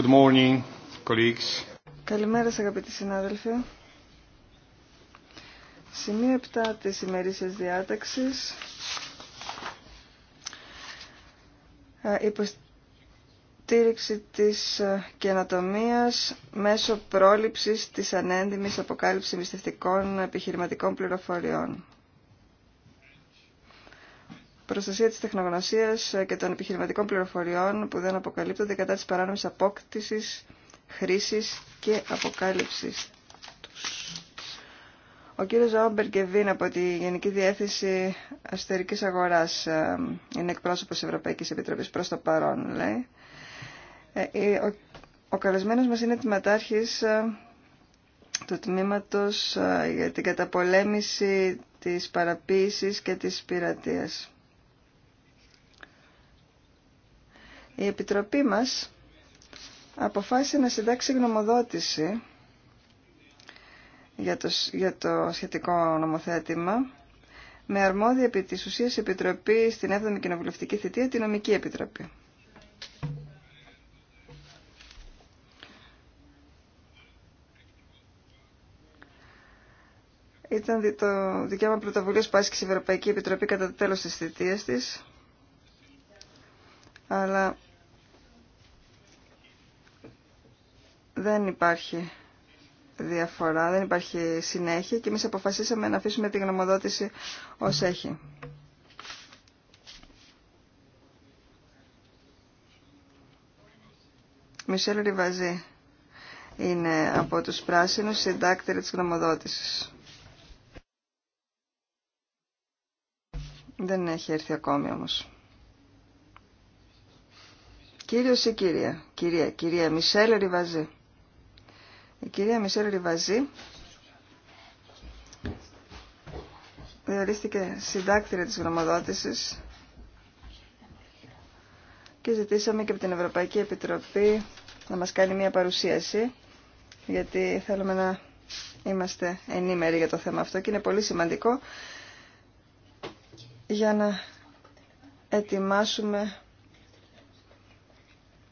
Good morning, colleagues. Καλημέρα σας αγαπητοί συνάδελφοι. Σημείο 7 της ημερήσιας διάταξης. Ε, υποστήριξη της ε, καινοτομίας μέσω πρόληψης της ανέντιμης αποκάλυψης μυστευτικών επιχειρηματικών πληροφοριών προστασία τη τεχνογνωσία και των επιχειρηματικών πληροφοριών που δεν αποκαλύπτονται κατά της παράνομης απόκτησης, χρήση και αποκάλυψή του. Ο κύριο Ζόμπερ Κεβίν από τη Γενική Διεύθυνση Αστερική αγορά ε, είναι εκπρόσωπο Ευρωπαϊκή Επιτροπή, προ το παρόν, λέει. Ε, ε, ο, καλεσμένο μα μας είναι τμηματάρχη του τμήματο για την καταπολέμηση τη παραποίηση και τη πειρατεία. Η Επιτροπή μας αποφάσισε να συντάξει γνωμοδότηση για το, για το σχετικό νομοθέτημα με αρμόδια επί της ουσίας επιτροπή στην 7η Κοινοβουλευτική Θητεία, τη Νομική Επιτροπή. Ήταν το δικαίωμα πρωτοβουλίας που άσκησε η Ευρωπαϊκή Επιτροπή κατά το τέλος της θητείας της, αλλά δεν υπάρχει διαφορά, δεν υπάρχει συνέχεια και εμείς αποφασίσαμε να αφήσουμε τη γνωμοδότηση ως έχει. Μισελ Ριβαζή είναι από τους πράσινους συντάκτερες της γνωμοδότησης. Δεν έχει έρθει ακόμη όμως. Κύριος ή κυρία, κυρία, κυρία Μισελ Ριβαζή. Η κυρία Μισελ Ριβαζή διορίστηκε συντάκτηρα της γνωμοδότησης και ζητήσαμε και από την Ευρωπαϊκή Επιτροπή να μας κάνει μια παρουσίαση γιατί θέλουμε να είμαστε ενήμεροι για το θέμα αυτό και είναι πολύ σημαντικό για να ετοιμάσουμε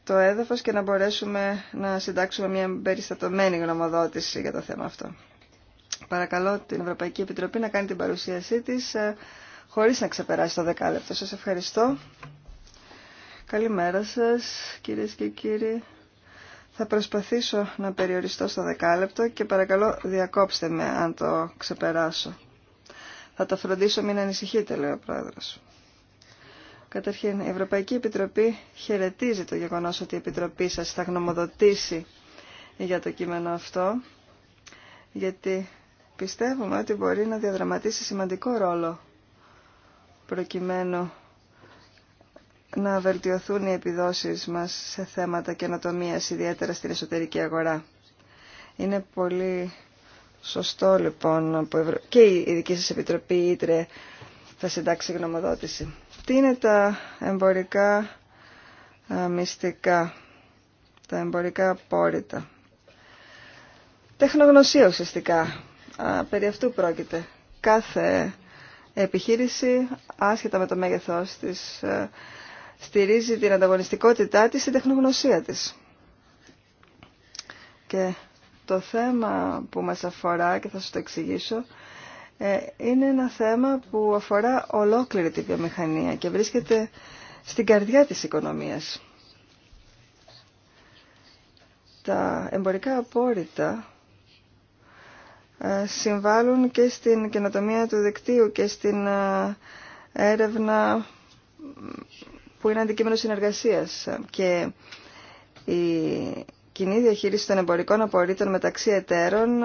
το έδαφος και να μπορέσουμε να συντάξουμε μια περιστατωμένη γνωμοδότηση για το θέμα αυτό. Παρακαλώ την Ευρωπαϊκή Επιτροπή να κάνει την παρουσίασή της ε, χωρίς να ξεπεράσει το δεκάλεπτο. Σας ευχαριστώ. Καλημέρα σας κυρίες και κύριοι. Θα προσπαθήσω να περιοριστώ στο δεκάλεπτο και παρακαλώ διακόψτε με αν το ξεπεράσω. Θα το φροντίσω μην ανησυχείτε, λέει ο Πρόεδρος. Καταρχήν, η Ευρωπαϊκή Επιτροπή χαιρετίζει το γεγονός ότι η Επιτροπή σας θα γνωμοδοτήσει για το κείμενο αυτό, γιατί πιστεύουμε ότι μπορεί να διαδραματίσει σημαντικό ρόλο προκειμένου να βελτιωθούν οι επιδόσεις μας σε θέματα καινοτομία ιδιαίτερα στην εσωτερική αγορά. Είναι πολύ σωστό λοιπόν και η δική σας Επιτροπή Ήτρε θα συντάξει γνωμοδότηση. Τι είναι τα εμπορικά ε, μυστικά, τα εμπορικά απόρριτα. Τεχνογνωσία ουσιαστικά. Περί αυτού πρόκειται. Κάθε επιχείρηση, άσχετα με το μέγεθός της, ε, στηρίζει την ανταγωνιστικότητά της στην τεχνογνωσία της. Και το θέμα που μας αφορά και θα σας το εξηγήσω ε, είναι ένα θέμα που αφορά ολόκληρη τη βιομηχανία και βρίσκεται στην καρδιά της οικονομίας. Τα εμπορικά απόρριτα ε, συμβάλλουν και στην καινοτομία του δικτύου και στην ε, έρευνα που είναι αντικείμενο συνεργασίας και η κοινή διαχείριση των εμπορικών απορρίτων μεταξύ εταίρων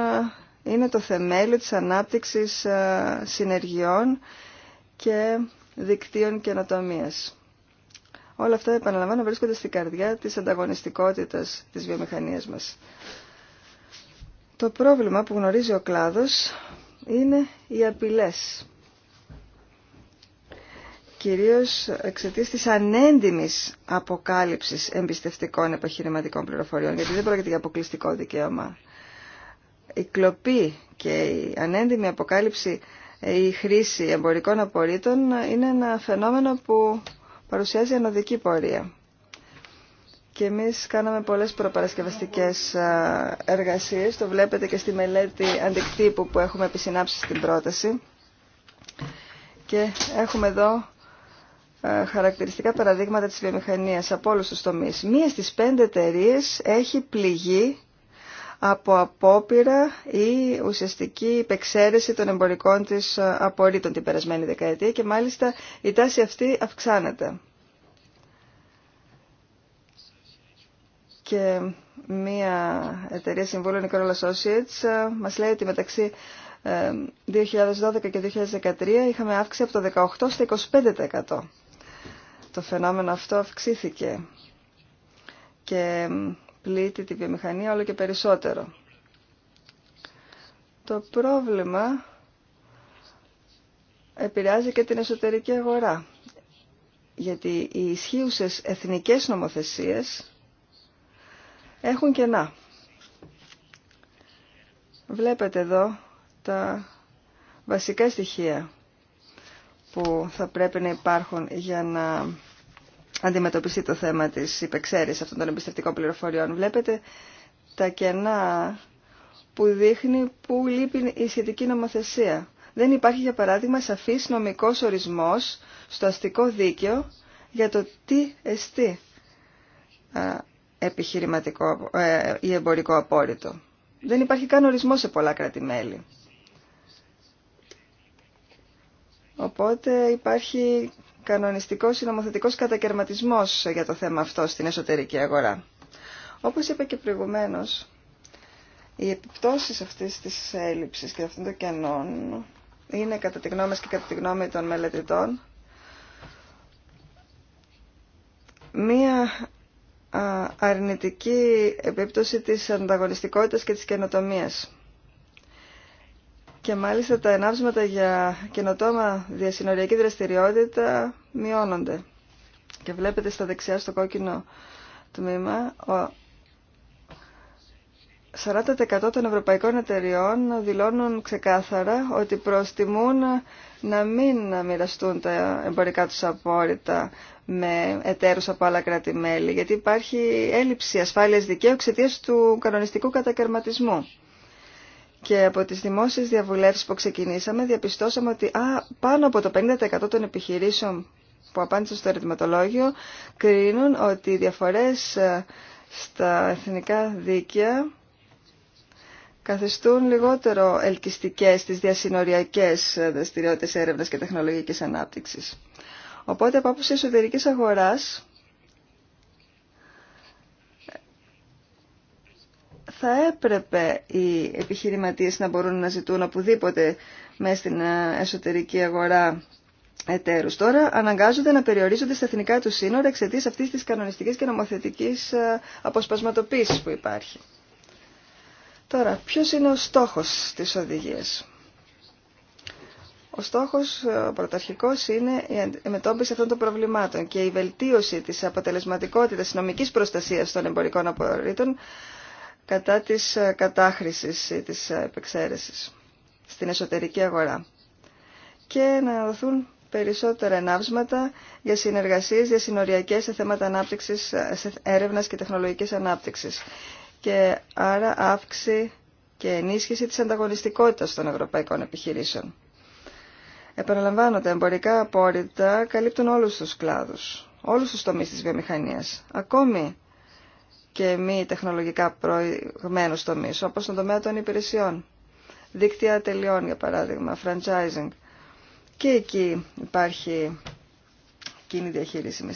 είναι το θεμέλιο της ανάπτυξης ε, συνεργειών και δικτύων καινοτομία. Όλα αυτά, επαναλαμβάνω, βρίσκονται στην καρδιά της ανταγωνιστικότητας της βιομηχανίας μας. Το πρόβλημα που γνωρίζει ο κλάδος είναι οι απειλές. Κυρίως εξαιτίας της ανέντιμης αποκάλυψης εμπιστευτικών επιχειρηματικών πληροφοριών, γιατί δεν πρόκειται για αποκλειστικό δικαίωμα η κλοπή και η ανέντιμη αποκάλυψη ε, η χρήση εμπορικών απορρίτων είναι ένα φαινόμενο που παρουσιάζει ανωδική πορεία. Και εμείς κάναμε πολλές προπαρασκευαστικές εργασίες, το βλέπετε και στη μελέτη αντικτύπου που έχουμε επισυνάψει στην πρόταση. Και έχουμε εδώ χαρακτηριστικά παραδείγματα της βιομηχανίας από όλους τους τομείς. Μία στις πέντε εταιρείε έχει πληγεί από απόπειρα ή ουσιαστική υπεξαίρεση των εμπορικών της ε, απορρίτων την περασμένη δεκαετία και μάλιστα η τάση αυτή αυξάνεται. Και μία εταιρεία συμβούλων, η Associates, ε, μας λέει ότι μεταξύ 2012 ε, και 2013 είχαμε αύξηση από το 18% στο 25%. Το φαινόμενο αυτό αυξήθηκε και πλήττει τη βιομηχανία όλο και περισσότερο. Το πρόβλημα επηρεάζει και την εσωτερική αγορά, γιατί οι ισχύουσες εθνικές νομοθεσίες έχουν κενά. Βλέπετε εδώ τα βασικά στοιχεία που θα πρέπει να υπάρχουν για να αντιμετωπιστεί το θέμα της υπεξαίρεσης αυτών των εμπιστευτικών πληροφοριών. Βλέπετε τα κενά που δείχνει που λείπει η σχετική νομοθεσία. Δεν υπάρχει, για παράδειγμα, σαφής νομικός ορισμός στο αστικό δίκαιο για το τι εστί επιχειρηματικό ε, ή εμπορικό απόρριτο. Δεν υπάρχει καν ορισμός σε πολλά κράτη-μέλη. Οπότε υπάρχει Κανονιστικό ή νομοθετικός κατακαιρματισμό για το θέμα αυτό στην εσωτερική αγορά. Όπως είπα και προηγουμένω, οι επιπτώσει αυτή τη έλλειψη και αυτών των κενών είναι κατά τη γνώμη και κατά τη γνώμη των μελετητών μία αρνητική επίπτωση της ανταγωνιστικότητας και της καινοτομίας. Και μάλιστα τα ενάψματα για καινοτόμα διασυνοριακή δραστηριότητα μειώνονται. Και βλέπετε στα δεξιά στο κόκκινο τμήμα, 40% των ευρωπαϊκών εταιριών δηλώνουν ξεκάθαρα ότι προστιμούν να μην μοιραστούν τα εμπορικά τους απόρριτα με εταίρους από άλλα κράτη-μέλη, γιατί υπάρχει έλλειψη ασφάλειας δικαίου εξαιτία του κανονιστικού κατακαιρματισμού. Και από τις δημόσιες διαβουλεύσεις που ξεκινήσαμε διαπιστώσαμε ότι α, πάνω από το 50% των επιχειρήσεων που απάντησαν στο ερωτηματολόγιο κρίνουν ότι οι διαφορές ε, στα εθνικά δίκαια καθιστούν λιγότερο ελκυστικές τις διασυνοριακές ε, δραστηριότητες έρευνας και τεχνολογικής ανάπτυξης. Οπότε από άποψη εσωτερικής αγοράς θα έπρεπε οι επιχειρηματίες να μπορούν να ζητούν οπουδήποτε μέσα στην ε, εσωτερική αγορά εταίρους. Τώρα αναγκάζονται να περιορίζονται στα εθνικά του σύνορα εξαιτία αυτής της κανονιστικής και νομοθετικής ε, αποσπασματοποίησης που υπάρχει. Τώρα, ποιος είναι ο στόχος της οδηγίας. Ο στόχος ε, ο πρωταρχικός είναι η αντιμετώπιση αυτών των προβλημάτων και η βελτίωση της αποτελεσματικότητας της νομικής προστασίας των εμπορικών απορρίτων κατά της ε, κατάχρησης ή της ε, επεξαίρεσης στην εσωτερική αγορά και να δοθούν περισσότερα ενάψματα για συνεργασίες διασυνοριακές σε θέματα ανάπτυξης, ε, έρευνας και τεχνολογικής ανάπτυξης και άρα αύξηση και ενίσχυση της ανταγωνιστικότητας των ευρωπαϊκών επιχειρήσεων. Επαναλαμβάνω, τα εμπορικά απόρριτα καλύπτουν όλους τους κλάδους, όλους τους τομείς της βιομηχανίας, ακόμη και μη τεχνολογικά προηγμένους τομείς, όπως στον τομέα των υπηρεσιών. Δίκτυα τελειών, για παράδειγμα, franchising. Και εκεί υπάρχει κοινή διαχείριση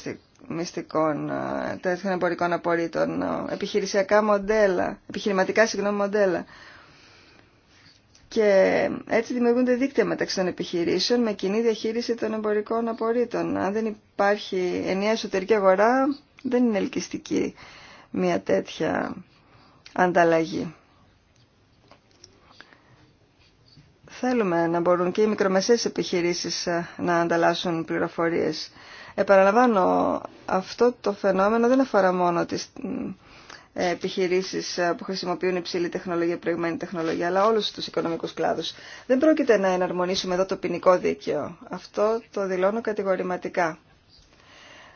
μυστικών, ε, τέτοιων εμπορικών απορρίτων, ε, επιχειρησιακά μοντέλα, επιχειρηματικά συγγνώμη μοντέλα. Και έτσι δημιουργούνται δίκτυα μεταξύ των επιχειρήσεων με κοινή διαχείριση των εμπορικών απορρίτων. Αν δεν υπάρχει ενιαία εσωτερική αγορά, δεν είναι ελκυστική μια τέτοια ανταλλαγή. Θέλουμε να μπορούν και οι μικρομεσαίες επιχειρήσεις ε, να ανταλλάσσουν πληροφορίες. Επαναλαμβάνω, αυτό το φαινόμενο δεν αφορά μόνο τις ε, επιχειρήσεις ε, που χρησιμοποιούν υψηλή τεχνολογία, προηγμένη τεχνολογία, αλλά όλους τους οικονομικούς κλάδους. Δεν πρόκειται να εναρμονίσουμε εδώ το ποινικό δίκαιο. Αυτό το δηλώνω κατηγορηματικά.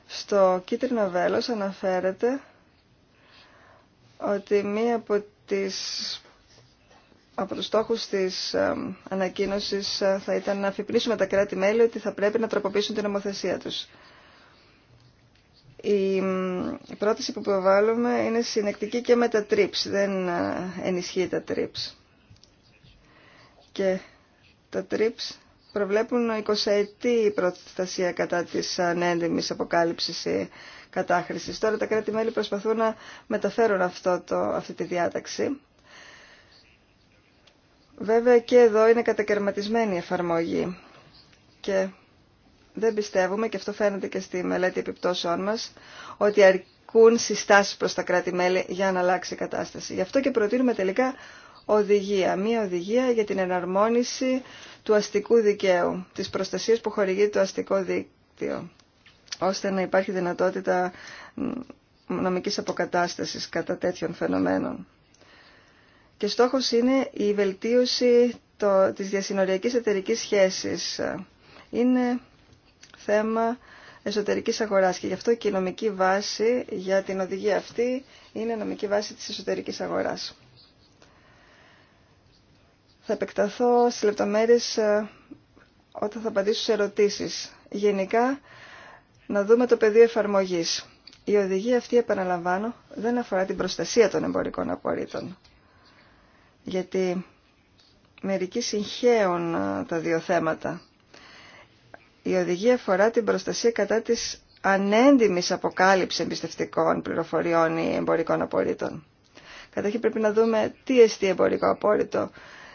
Στο κίτρινο βέλος αναφέρεται ότι μία από τις από τους στόχους της ανακοίνωσης ε, θα ήταν να αφιπνίσουμε τα κράτη-μέλη ότι θα πρέπει να τροποποιήσουν την νομοθεσία τους. Η, πρόταση που προβάλλουμε είναι συνεκτική και με τα TRIPS, δεν ε, ενισχύει τα TRIPS. Και τα TRIPS προβλέπουν 20 ετή προστασία κατά της ανέντιμης αποκάλυψης ή κατάχρησης. Τώρα τα κράτη-μέλη προσπαθούν να μεταφέρουν αυτό το, αυτή τη διάταξη. Βέβαια και εδώ είναι κατακαιρματισμένη η εφαρμογή και δεν πιστεύουμε, και αυτό φαίνεται και στη μελέτη επιπτώσεών μας, ότι αρκούν συστάσεις προς τα κράτη-μέλη για να αλλάξει η κατάσταση. Γι' αυτό και προτείνουμε τελικά οδηγία, μία οδηγία για την εναρμόνιση του αστικού δικαίου, της προστασίας που χορηγεί το αστικό δίκτυο, ώστε να υπάρχει δυνατότητα νομικής αποκατάστασης κατά τέτοιων φαινομένων. Και στόχος είναι η βελτίωση το, της διασυνοριακής εταιρικής σχέσης. Είναι θέμα εσωτερικής αγοράς και γι' αυτό και η νομική βάση για την οδηγία αυτή είναι νομική βάση της εσωτερικής αγοράς. Θα επεκταθώ στις λεπτομέρειες ε, όταν θα απαντήσω σε ερωτήσεις. Γενικά, να δούμε το πεδίο εφαρμογής. Η οδηγία αυτή, επαναλαμβάνω, δεν αφορά την προστασία των εμπορικών απορρίτων. Γιατί μερικοί συγχαίουν ε, τα δύο θέματα. Η οδηγία αφορά την προστασία κατά της ανέντιμης αποκάλυψης εμπιστευτικών πληροφοριών ή εμπορικών απορρίτων. Καταρχήν πρέπει να δούμε τι εστί εμπορικό απόρριτο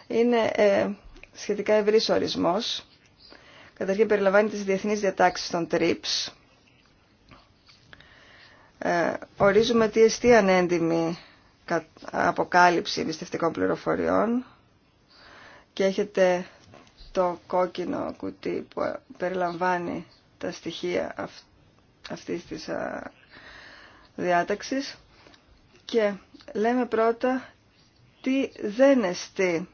είναι ε, σχετικά ευρύ ορισμό. Καταρχήν περιλαμβάνει τι διεθνεί διατάξει των TRIPS. Ε, ορίζουμε τι εστί ανέντιμη αποκάλυψη εμπιστευτικών πληροφοριών και έχετε το κόκκινο κουτί που ε, περιλαμβάνει τα στοιχεία αυτής της διάταξης και λέμε πρώτα τι δεν εστί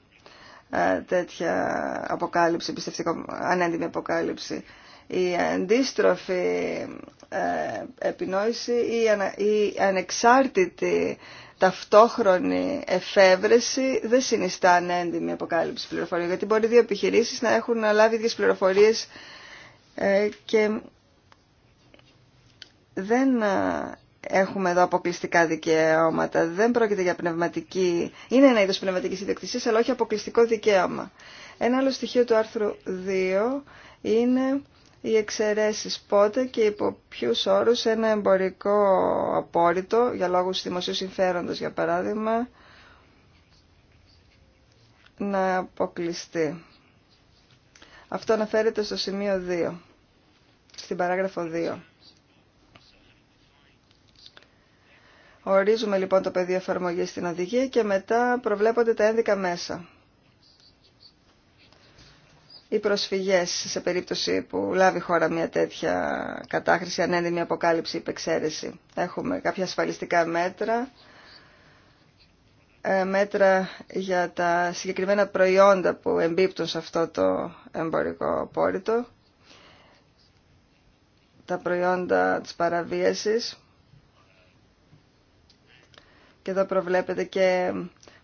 ε, τέτοια αποκάλυψη, πιστευτικό, ανέντιμη αποκάλυψη. Η αντίστροφη ε, επινόηση ή η ανεξάρτητη ταυτόχρονη εφεύρεση δεν συνιστά ανέντιμη αποκάλυψη πληροφοριών, γιατί μπορεί δύο επιχειρήσεις να έχουν λάβει ίδιες πληροφορίες ε, και δεν έχουμε εδώ αποκλειστικά δικαιώματα. Δεν πρόκειται για πνευματική... Είναι ένα είδος πνευματικής ιδιοκτησίας, αλλά όχι αποκλειστικό δικαίωμα. Ένα άλλο στοιχείο του άρθρου 2 είναι οι εξαιρέσει πότε και υπό ποιου όρου ένα εμπορικό απόρριτο, για λόγους δημοσίου συμφέροντος για παράδειγμα, να αποκλειστεί. Αυτό αναφέρεται στο σημείο 2, στην παράγραφο 2. Ορίζουμε λοιπόν το πεδίο εφαρμογής στην οδηγία και μετά προβλέπονται τα ένδικα μέσα. Οι προσφυγές σε περίπτωση που λάβει η χώρα μια τέτοια κατάχρηση, ανένδυμη αποκάλυψη, υπεξαίρεση. Έχουμε κάποια ασφαλιστικά μέτρα, ε, μέτρα για τα συγκεκριμένα προϊόντα που εμπίπτουν σε αυτό το εμπορικό πόρυτο. τα προϊόντα της παραβίασης και εδώ προβλέπεται και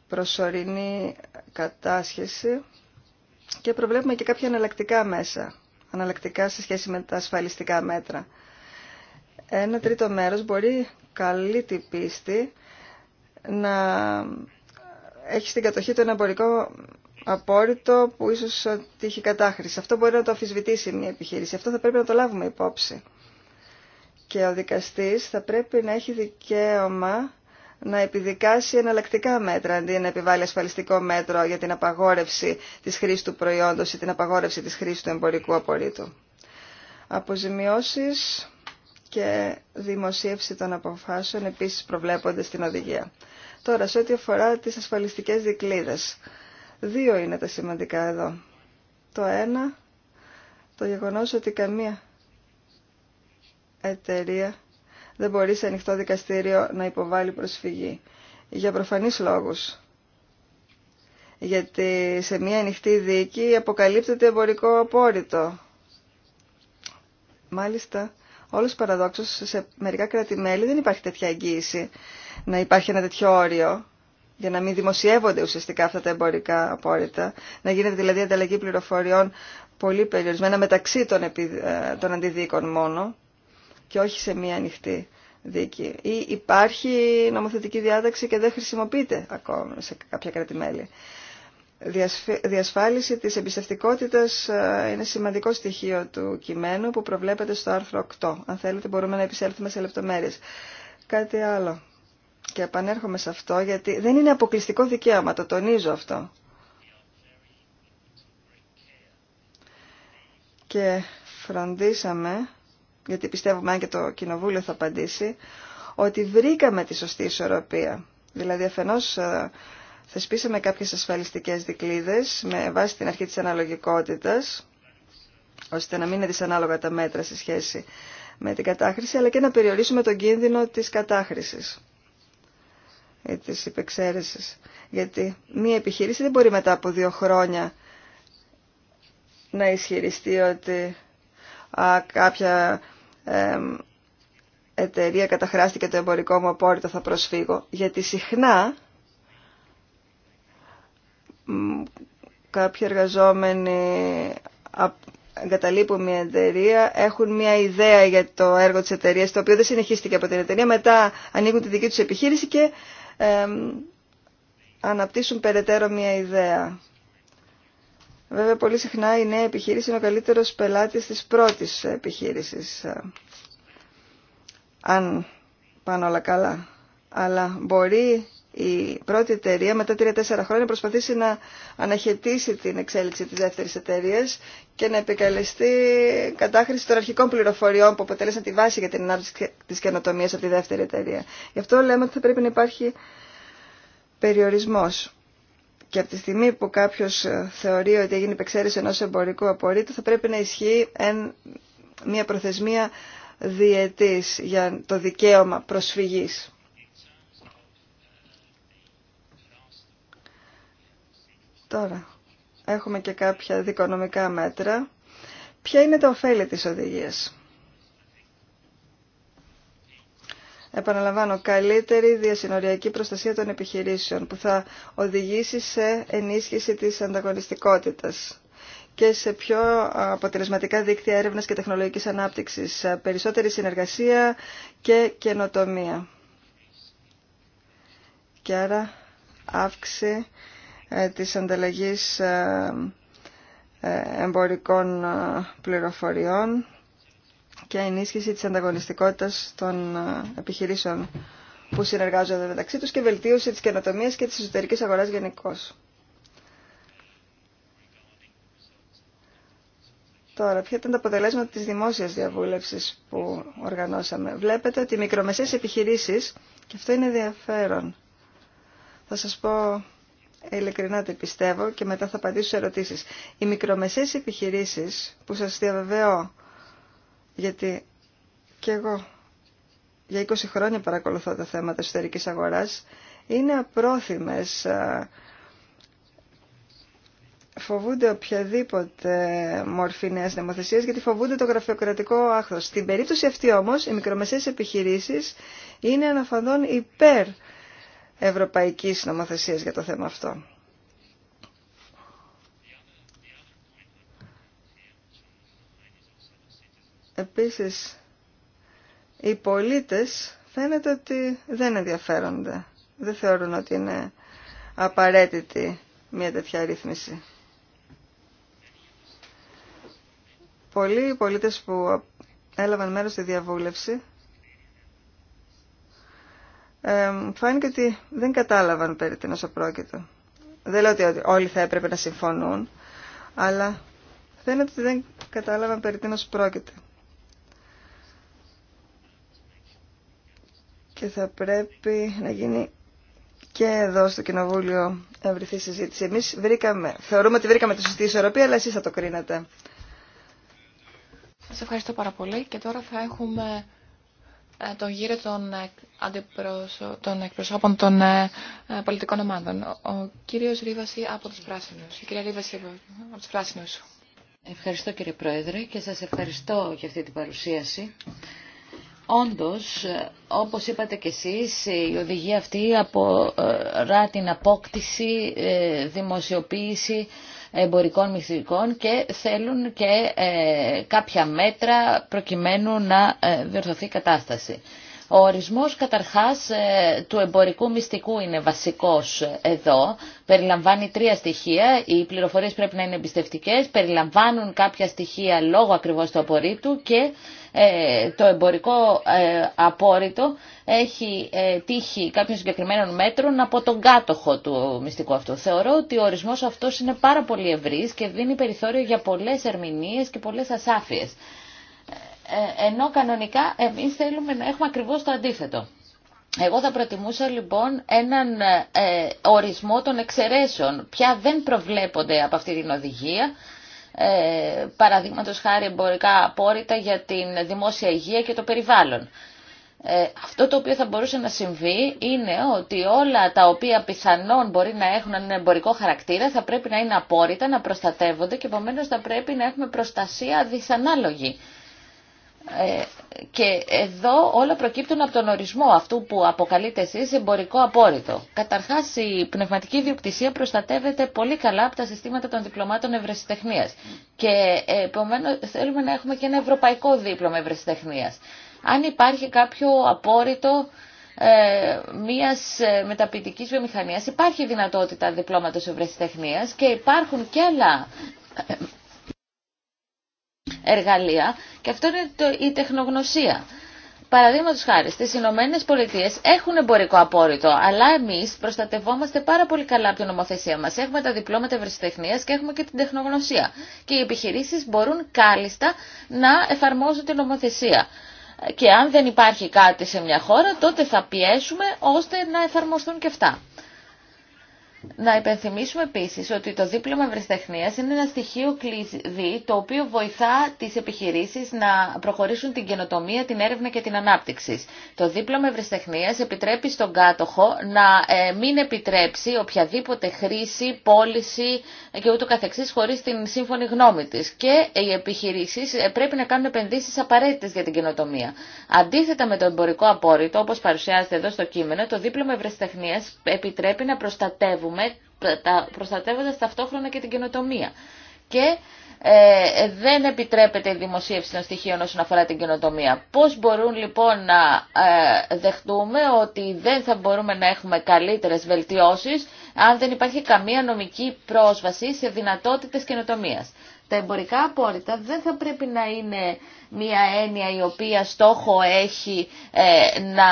προσωρινή κατάσχεση και προβλέπουμε και κάποια αναλλακτικά μέσα, αναλλακτικά σε σχέση με τα ασφαλιστικά μέτρα. Ένα τρίτο μέρος μπορεί καλή την πίστη να έχει στην κατοχή το ένα εμπορικό απόρριτο που ίσως τύχει κατάχρηση. Αυτό μπορεί να το αφισβητήσει μια επιχείρηση. Αυτό θα πρέπει να το λάβουμε υπόψη. Και ο δικαστής θα πρέπει να έχει δικαίωμα να επιδικάσει εναλλακτικά μέτρα αντί να επιβάλλει ασφαλιστικό μέτρο για την απαγόρευση της χρήσης του προϊόντος ή την απαγόρευση της χρήσης του εμπορικού απορρίτου. Αποζημιώσεις και δημοσίευση των αποφάσεων επίσης προβλέπονται στην οδηγία. Τώρα, σε ό,τι αφορά τις ασφαλιστικές δικλίδες, δύο είναι τα σημαντικά εδώ. Το ένα, το γεγονός ότι καμία εταιρεία δεν μπορεί σε ανοιχτό δικαστήριο να υποβάλει προσφυγή. Για προφανείς λόγους. Γιατί σε μια ανοιχτή δίκη αποκαλύπτεται εμπορικό απόρριτο. Μάλιστα, όλος παραδόξως σε μερικά κράτη-μέλη δεν υπάρχει τέτοια εγγύηση να υπάρχει ένα τέτοιο όριο για να μην δημοσιεύονται ουσιαστικά αυτά τα εμπορικά απόρριτα, να γίνεται δηλαδή ανταλλαγή πληροφοριών πολύ περιορισμένα μεταξύ των, επι... Ε, των αντιδίκων μόνο και όχι σε μία ανοιχτή δίκη. Ή υπάρχει νομοθετική διάταξη και δεν χρησιμοποιείται ακόμα σε κάποια κρατημέλη. Διασφάλιση της εμπιστευτικότητας ε, είναι σημαντικό στοιχείο του κειμένου που προβλέπεται στο άρθρο 8. Αν θέλετε μπορούμε να επισέλθουμε σε λεπτομέρειες. Κάτι άλλο. Και επανέρχομαι σε αυτό γιατί δεν είναι αποκλειστικό δικαίωμα, το τονίζω αυτό. Και φροντίσαμε γιατί πιστεύουμε αν και το Κοινοβούλιο θα απαντήσει, ότι βρήκαμε τη σωστή ισορροπία. Δηλαδή αφενός ε, θεσπίσαμε κάποιες ασφαλιστικές δικλίδες με βάση την αρχή της αναλογικότητας, ώστε να μην είναι δυσανάλογα τα μέτρα σε σχέση με την κατάχρηση, αλλά και να περιορίσουμε τον κίνδυνο της κατάχρησης ή της υπεξαίρεσης. Γιατί μία επιχείρηση δεν μπορεί μετά από δύο χρόνια να ισχυριστεί ότι α, κάποια εταιρεία καταχράστηκε το εμπορικό μου απόρριτο θα προσφύγω, γιατί συχνά κάποιοι εργαζόμενοι εγκαταλείπουν μια εταιρεία, έχουν μια ιδέα για το έργο της εταιρεία, το οποίο δεν συνεχίστηκε από την εταιρεία, μετά ανοίγουν τη δική τους επιχείρηση και αναπτύσσουν περαιτέρω μια ιδέα. Βέβαια, πολύ συχνά η νέα επιχείρηση είναι ο καλύτερος πελάτης της πρώτης επιχείρησης. Αν πάνε όλα καλά. Αλλά μπορεί η πρώτη εταιρεία μετά τρία-τέσσερα χρόνια να προσπαθήσει να αναχαιτήσει την εξέλιξη της δεύτερης εταιρεία και να επικαλεστεί κατάχρηση των αρχικών πληροφοριών που αποτέλεσαν τη βάση για την ανάπτυξη της καινοτομίας από τη δεύτερη εταιρεία. Γι' αυτό λέμε ότι θα πρέπει να υπάρχει περιορισμός. Και από τη στιγμή που κάποιο ε, θεωρεί ότι έγινε υπεξαίρεση ενό εμπορικού απορρίτου θα πρέπει να ισχύει μια προθεσμία διετής για το δικαίωμα προσφυγής. Τώρα, έχουμε και κάποια δικονομικά μέτρα. Ποια είναι τα ωφέλη της οδηγίας. επαναλαμβάνω, καλύτερη διασυνοριακή προστασία των επιχειρήσεων που θα οδηγήσει σε ενίσχυση της ανταγωνιστικότητας και σε πιο αποτελεσματικά δίκτυα έρευνας και τεχνολογικής ανάπτυξης, περισσότερη συνεργασία και καινοτομία. Και άρα αύξηση ε, της ανταλλαγής ε, ε, εμπορικών πληροφοριών και ενίσχυση της ανταγωνιστικότητας των ε, επιχειρήσεων που συνεργάζονται μεταξύ τους και βελτίωση της καινοτομίας και της εσωτερικής αγοράς γενικώ. Τώρα, ποια ήταν τα αποτελέσματα της δημόσιας διαβούλευσης που οργανώσαμε. Βλέπετε ότι οι μικρομεσαίες επιχειρήσεις, και αυτό είναι ενδιαφέρον, θα σας πω ειλικρινά τι πιστεύω και μετά θα απαντήσω σε ερωτήσεις. Οι μικρομεσαίες επιχειρήσεις, που σας διαβεβαιώ γιατί και εγώ για 20 χρόνια παρακολουθώ τα θέματα εσωτερικής αγοράς, είναι απρόθυμες. Ε, φοβούνται οποιαδήποτε μορφή νέας νομοθεσία γιατί φοβούνται το γραφειοκρατικό άχθος. Στην περίπτωση αυτή όμως οι μικρομεσαίες επιχειρήσεις είναι αναφαντών υπέρ ευρωπαϊκής νομοθεσίας για το θέμα αυτό. Επίσης, οι πολίτες φαίνεται ότι δεν ενδιαφέρονται. Δεν θεωρούν ότι είναι απαραίτητη μια τέτοια ρύθμιση. Πολλοί πολίτες που έλαβαν μέρος στη διαβούλευση φάνηκε ότι δεν κατάλαβαν περί την όσο Δεν λέω ότι όλοι θα έπρεπε να συμφωνούν, αλλά φαίνεται ότι δεν κατάλαβαν περί την πρόκειται. και θα πρέπει να γίνει και εδώ στο Κοινοβούλιο ευρυθή συζήτηση. Εμείς βρήκαμε, θεωρούμε ότι βρήκαμε τη σωστή ισορροπία, αλλά εσείς θα το κρίνετε. Σας ευχαριστώ πάρα πολύ και τώρα θα έχουμε ε, τον γύρο των, ε, αντιπροσω... των εκπροσώπων των ε, πολιτικών ομάδων. Ο κύριος Ρίβαση από τους Πράσινους. Η κυρία Ρίβαση από τους Πράσινους. Ευχαριστώ κύριε Πρόεδρε και σας ευχαριστώ για αυτή την παρουσίαση. Όντως, όπως είπατε κι εσείς, η οδηγία αυτή απορρά ε, την απόκτηση, ε, δημοσιοποίηση εμπορικών μυστικών και θέλουν και ε, κάποια μέτρα προκειμένου να διορθωθεί η κατάσταση. Ο ορισμός καταρχάς ε, του εμπορικού μυστικού είναι βασικός εδώ. Περιλαμβάνει τρία στοιχεία. Οι πληροφορίες πρέπει να είναι εμπιστευτικές, περιλαμβάνουν κάποια στοιχεία λόγω ακριβώς του απορρίτου και ε, το εμπορικό ε, απόρριτο έχει τύχει κάποιων συγκεκριμένων μέτρων από τον κάτοχο του μυστικού αυτού. Θεωρώ ότι ο ορισμός αυτός είναι πάρα πολύ ευρύς και δίνει περιθώριο για πολλές ερμηνείες και πολλές ασάφειες. Ε, ενώ κανονικά εμείς θέλουμε να έχουμε ακριβώς το αντίθετο. Εγώ θα προτιμούσα λοιπόν έναν ε, ε, ορισμό των εξαιρέσεων, πια δεν προβλέπονται από αυτή την οδηγία, ε, παραδείγματος χάρη εμπορικά απόρριτα για την δημόσια υγεία και το περιβάλλον. Ε, αυτό το οποίο θα μπορούσε να συμβεί είναι ότι όλα τα οποία πιθανόν μπορεί να έχουν ένα εμπορικό χαρακτήρα θα πρέπει να είναι απόρριτα, να προστατεύονται και επομένως θα πρέπει να έχουμε προστασία δυσανάλογη. Ε, και εδώ όλα προκύπτουν από τον ορισμό αυτού που αποκαλείται εσείς εμπορικό απόρριτο. Καταρχάς η πνευματική ιδιοκτησία προστατεύεται πολύ καλά από τα συστήματα των διπλωμάτων ευρεσιτεχνίας και επομένως θέλουμε να έχουμε και ένα ευρωπαϊκό δίπλωμα ευρεσιτεχνίας. Αν υπάρχει κάποιο απόρριτο ε, μιας ε, μεταπτυχιακής βιομηχανίας υπάρχει δυνατότητα διπλώματος ευρεσιτεχνίας και υπάρχουν και άλλα εργαλεία και αυτό είναι η τεχνογνωσία. Παραδείγματο χάρη, στι Ηνωμένε Πολιτείε έχουν εμπορικό απόρριτο, αλλά εμεί προστατευόμαστε πάρα πολύ καλά από την νομοθεσία μα. Έχουμε τα διπλώματα ευρεσιτεχνία και έχουμε και την τεχνογνωσία. Και οι επιχειρήσει μπορούν κάλλιστα να εφαρμόζουν την νομοθεσία. Και αν δεν υπάρχει κάτι σε μια χώρα, τότε θα πιέσουμε ώστε να εφαρμοστούν και αυτά. Να υπενθυμίσουμε επίση ότι το δίπλωμα ευρεσιτεχνία είναι ένα στοιχείο κλειδί το οποίο βοηθά τι επιχειρήσει να προχωρήσουν την καινοτομία, την έρευνα και την ανάπτυξη. Το δίπλωμα ευρεσιτεχνία επιτρέπει στον κάτοχο να ε, μην επιτρέψει οποιαδήποτε χρήση, πώληση και ούτω καθεξής χωρί την σύμφωνη γνώμη τη. Και οι επιχειρήσεις ε, πρέπει να κάνουν επενδύσει απαραίτητε για την καινοτομία. Αντίθετα με το εμπορικό απόρριτο, όπω παρουσιάζεται εδώ στο κείμενο, το δίπλωμα ευρεσιτεχνία επιτρέπει να προστατεύουν πούμε, προστατεύοντας ταυτόχρονα και την καινοτομία. Και ε, δεν επιτρέπεται η δημοσίευση των στοιχείων όσον αφορά την καινοτομία. Πώς μπορούν λοιπόν να ε, δεχτούμε ότι δεν θα μπορούμε να έχουμε καλύτερες βελτιώσεις αν δεν υπάρχει καμία νομική πρόσβαση σε δυνατότητες καινοτομίας. Τα εμπορικά απόρριτα δεν θα πρέπει να είναι μια έννοια η οποία στόχο έχει ε, να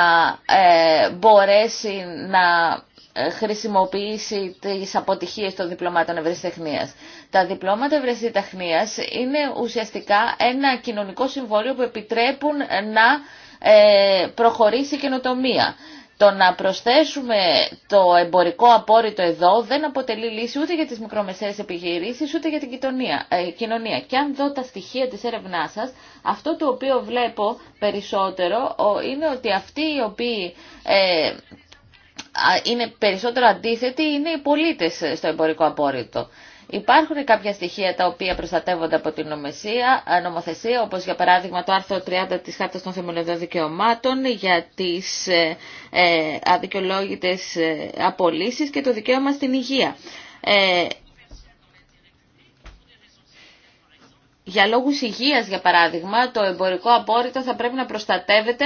μπορέσει να ε, χρησιμοποιήσει της αποτυχίας των διπλωμάτων ευρεσιτεχνίας. Τα διπλώματα ευρεσιτεχνίας είναι ουσιαστικά ένα κοινωνικό συμβόλαιο που επιτρέπουν να ε, προχωρήσει η καινοτομία. Το να προσθέσουμε το εμπορικό απόρριτο εδώ δεν αποτελεί λύση ούτε για τις μικρομεσαίες επιχειρήσεις ούτε για την κοινωνία. Ε, Και αν δω τα στοιχεία της έρευνά σας, αυτό το οποίο βλέπω περισσότερο είναι ότι αυτοί οι οποίοι είναι περισσότερο αντίθετοι είναι οι πολίτες στο εμπορικό απόρριτο. Υπάρχουν κάποια στοιχεία τα οποία προστατεύονται από την νομεσία, νομοθεσία, όπως για παράδειγμα το άρθρο 30 της Χάρτας των Θεμελιωδών Δικαιωμάτων για τις ε, ε, αδικαιολόγητες ε, απολύσεις και το δικαίωμα στην υγεία. Ε, για λόγους υγείας, για παράδειγμα, το εμπορικό απόρριτο θα πρέπει να προστατεύεται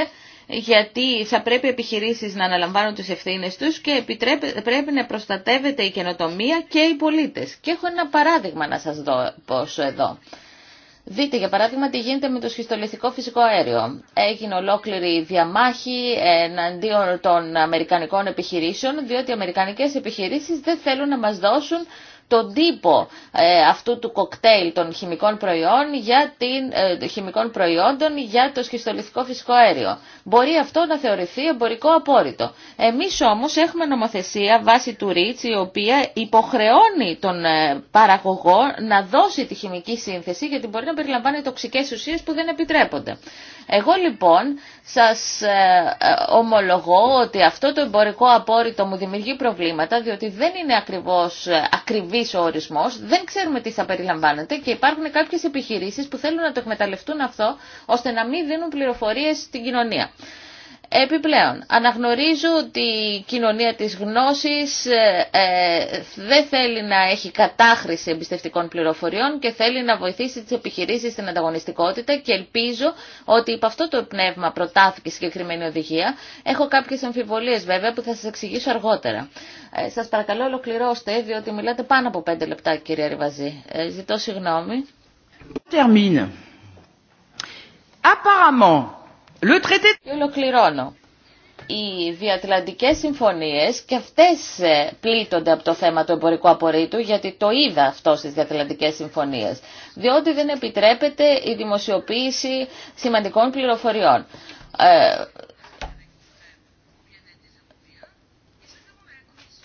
γιατί θα πρέπει οι επιχειρήσεις να αναλαμβάνουν τις ευθύνες τους και πρέπει να προστατεύεται η καινοτομία και οι πολίτες. Και έχω ένα παράδειγμα να σας δώσω εδώ. Δείτε για παράδειγμα τι γίνεται με το σχιστολιστικό φυσικό αέριο. Έγινε ολόκληρη διαμάχη εναντίον των αμερικανικών επιχειρήσεων, διότι οι αμερικανικές επιχειρήσεις δεν θέλουν να μας δώσουν τον τύπο ε, αυτού του κοκτέιλ των χημικών, προϊόν για την, ε, χημικών προϊόντων για το σχιστολιθικό φυσικό αέριο. Μπορεί αυτό να θεωρηθεί εμπορικό απόρριτο. Εμείς όμως έχουμε νομοθεσία βάσει του ΡΙΤΣ η οποία υποχρεώνει τον ε, παραγωγό να δώσει τη χημική σύνθεση γιατί μπορεί να περιλαμβάνει τοξικές ουσίες που δεν επιτρέπονται. Εγώ λοιπόν σας ε, ε, ομολογώ ότι αυτό το εμπορικό απόρριτο μου δημιουργεί προβλήματα διότι δεν είναι ακριβώς ε, ακριβής ο ορισμός, δεν ξέρουμε τι θα περιλαμβάνεται και υπάρχουν κάποιες επιχειρήσεις που θέλουν να το εκμεταλλευτούν αυτό ώστε να μην δίνουν πληροφορίες στην κοινωνία. Επιπλέον, αναγνωρίζω ότι η κοινωνία της γνώσης ε, ε, δεν θέλει να έχει κατάχρηση εμπιστευτικών πληροφοριών και θέλει να βοηθήσει τις επιχειρήσεις στην ανταγωνιστικότητα και ελπίζω ότι υπ' αυτό το πνεύμα προτάθηκε συγκεκριμένη οδηγία. Έχω κάποιες αμφιβολίες βέβαια που θα σας εξηγήσω αργότερα. Ε, σας παρακαλώ ολοκληρώστε διότι μιλάτε πάνω από πέντε λεπτά κυρία Ριβαζή. Ζητώ συγγνώμη. Termine. Apparemment, και ολοκληρώνω. Οι Διατλαντικέ συμφωνίες και αυτές ε, πλήττονται από το θέμα του εμπορικού απορρίτου γιατί το είδα αυτό στις διατλαντικές συμφωνίες. Διότι δεν επιτρέπεται η δημοσιοποίηση σημαντικών πληροφοριών. Ε,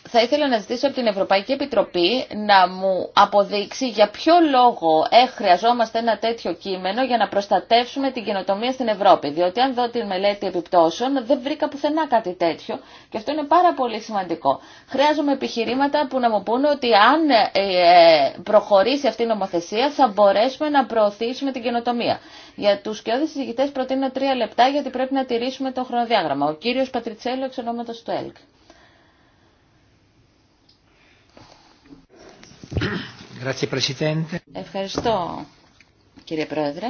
θα ήθελα να ζητήσω από την Ευρωπαϊκή Επιτροπή να μου αποδείξει για ποιο λόγο ε, χρειαζόμαστε ένα τέτοιο κείμενο για να προστατεύσουμε την καινοτομία στην Ευρώπη. Διότι αν δω τη μελέτη επιπτώσεων δεν βρήκα πουθενά κάτι τέτοιο και αυτό είναι πάρα πολύ σημαντικό. Χρειάζομαι επιχειρήματα που να μου πούνε ότι αν ε, προχωρήσει αυτή η νομοθεσία θα μπορέσουμε να προωθήσουμε την καινοτομία. Για του κοιόδη συζητητέ προτείνω τρία λεπτά γιατί πρέπει να τηρήσουμε το χρονοδιάγραμμα. Ο κύριο Πατριτσέλο του ΕΛΚ. Ευχαριστώ κύριε Πρόεδρε.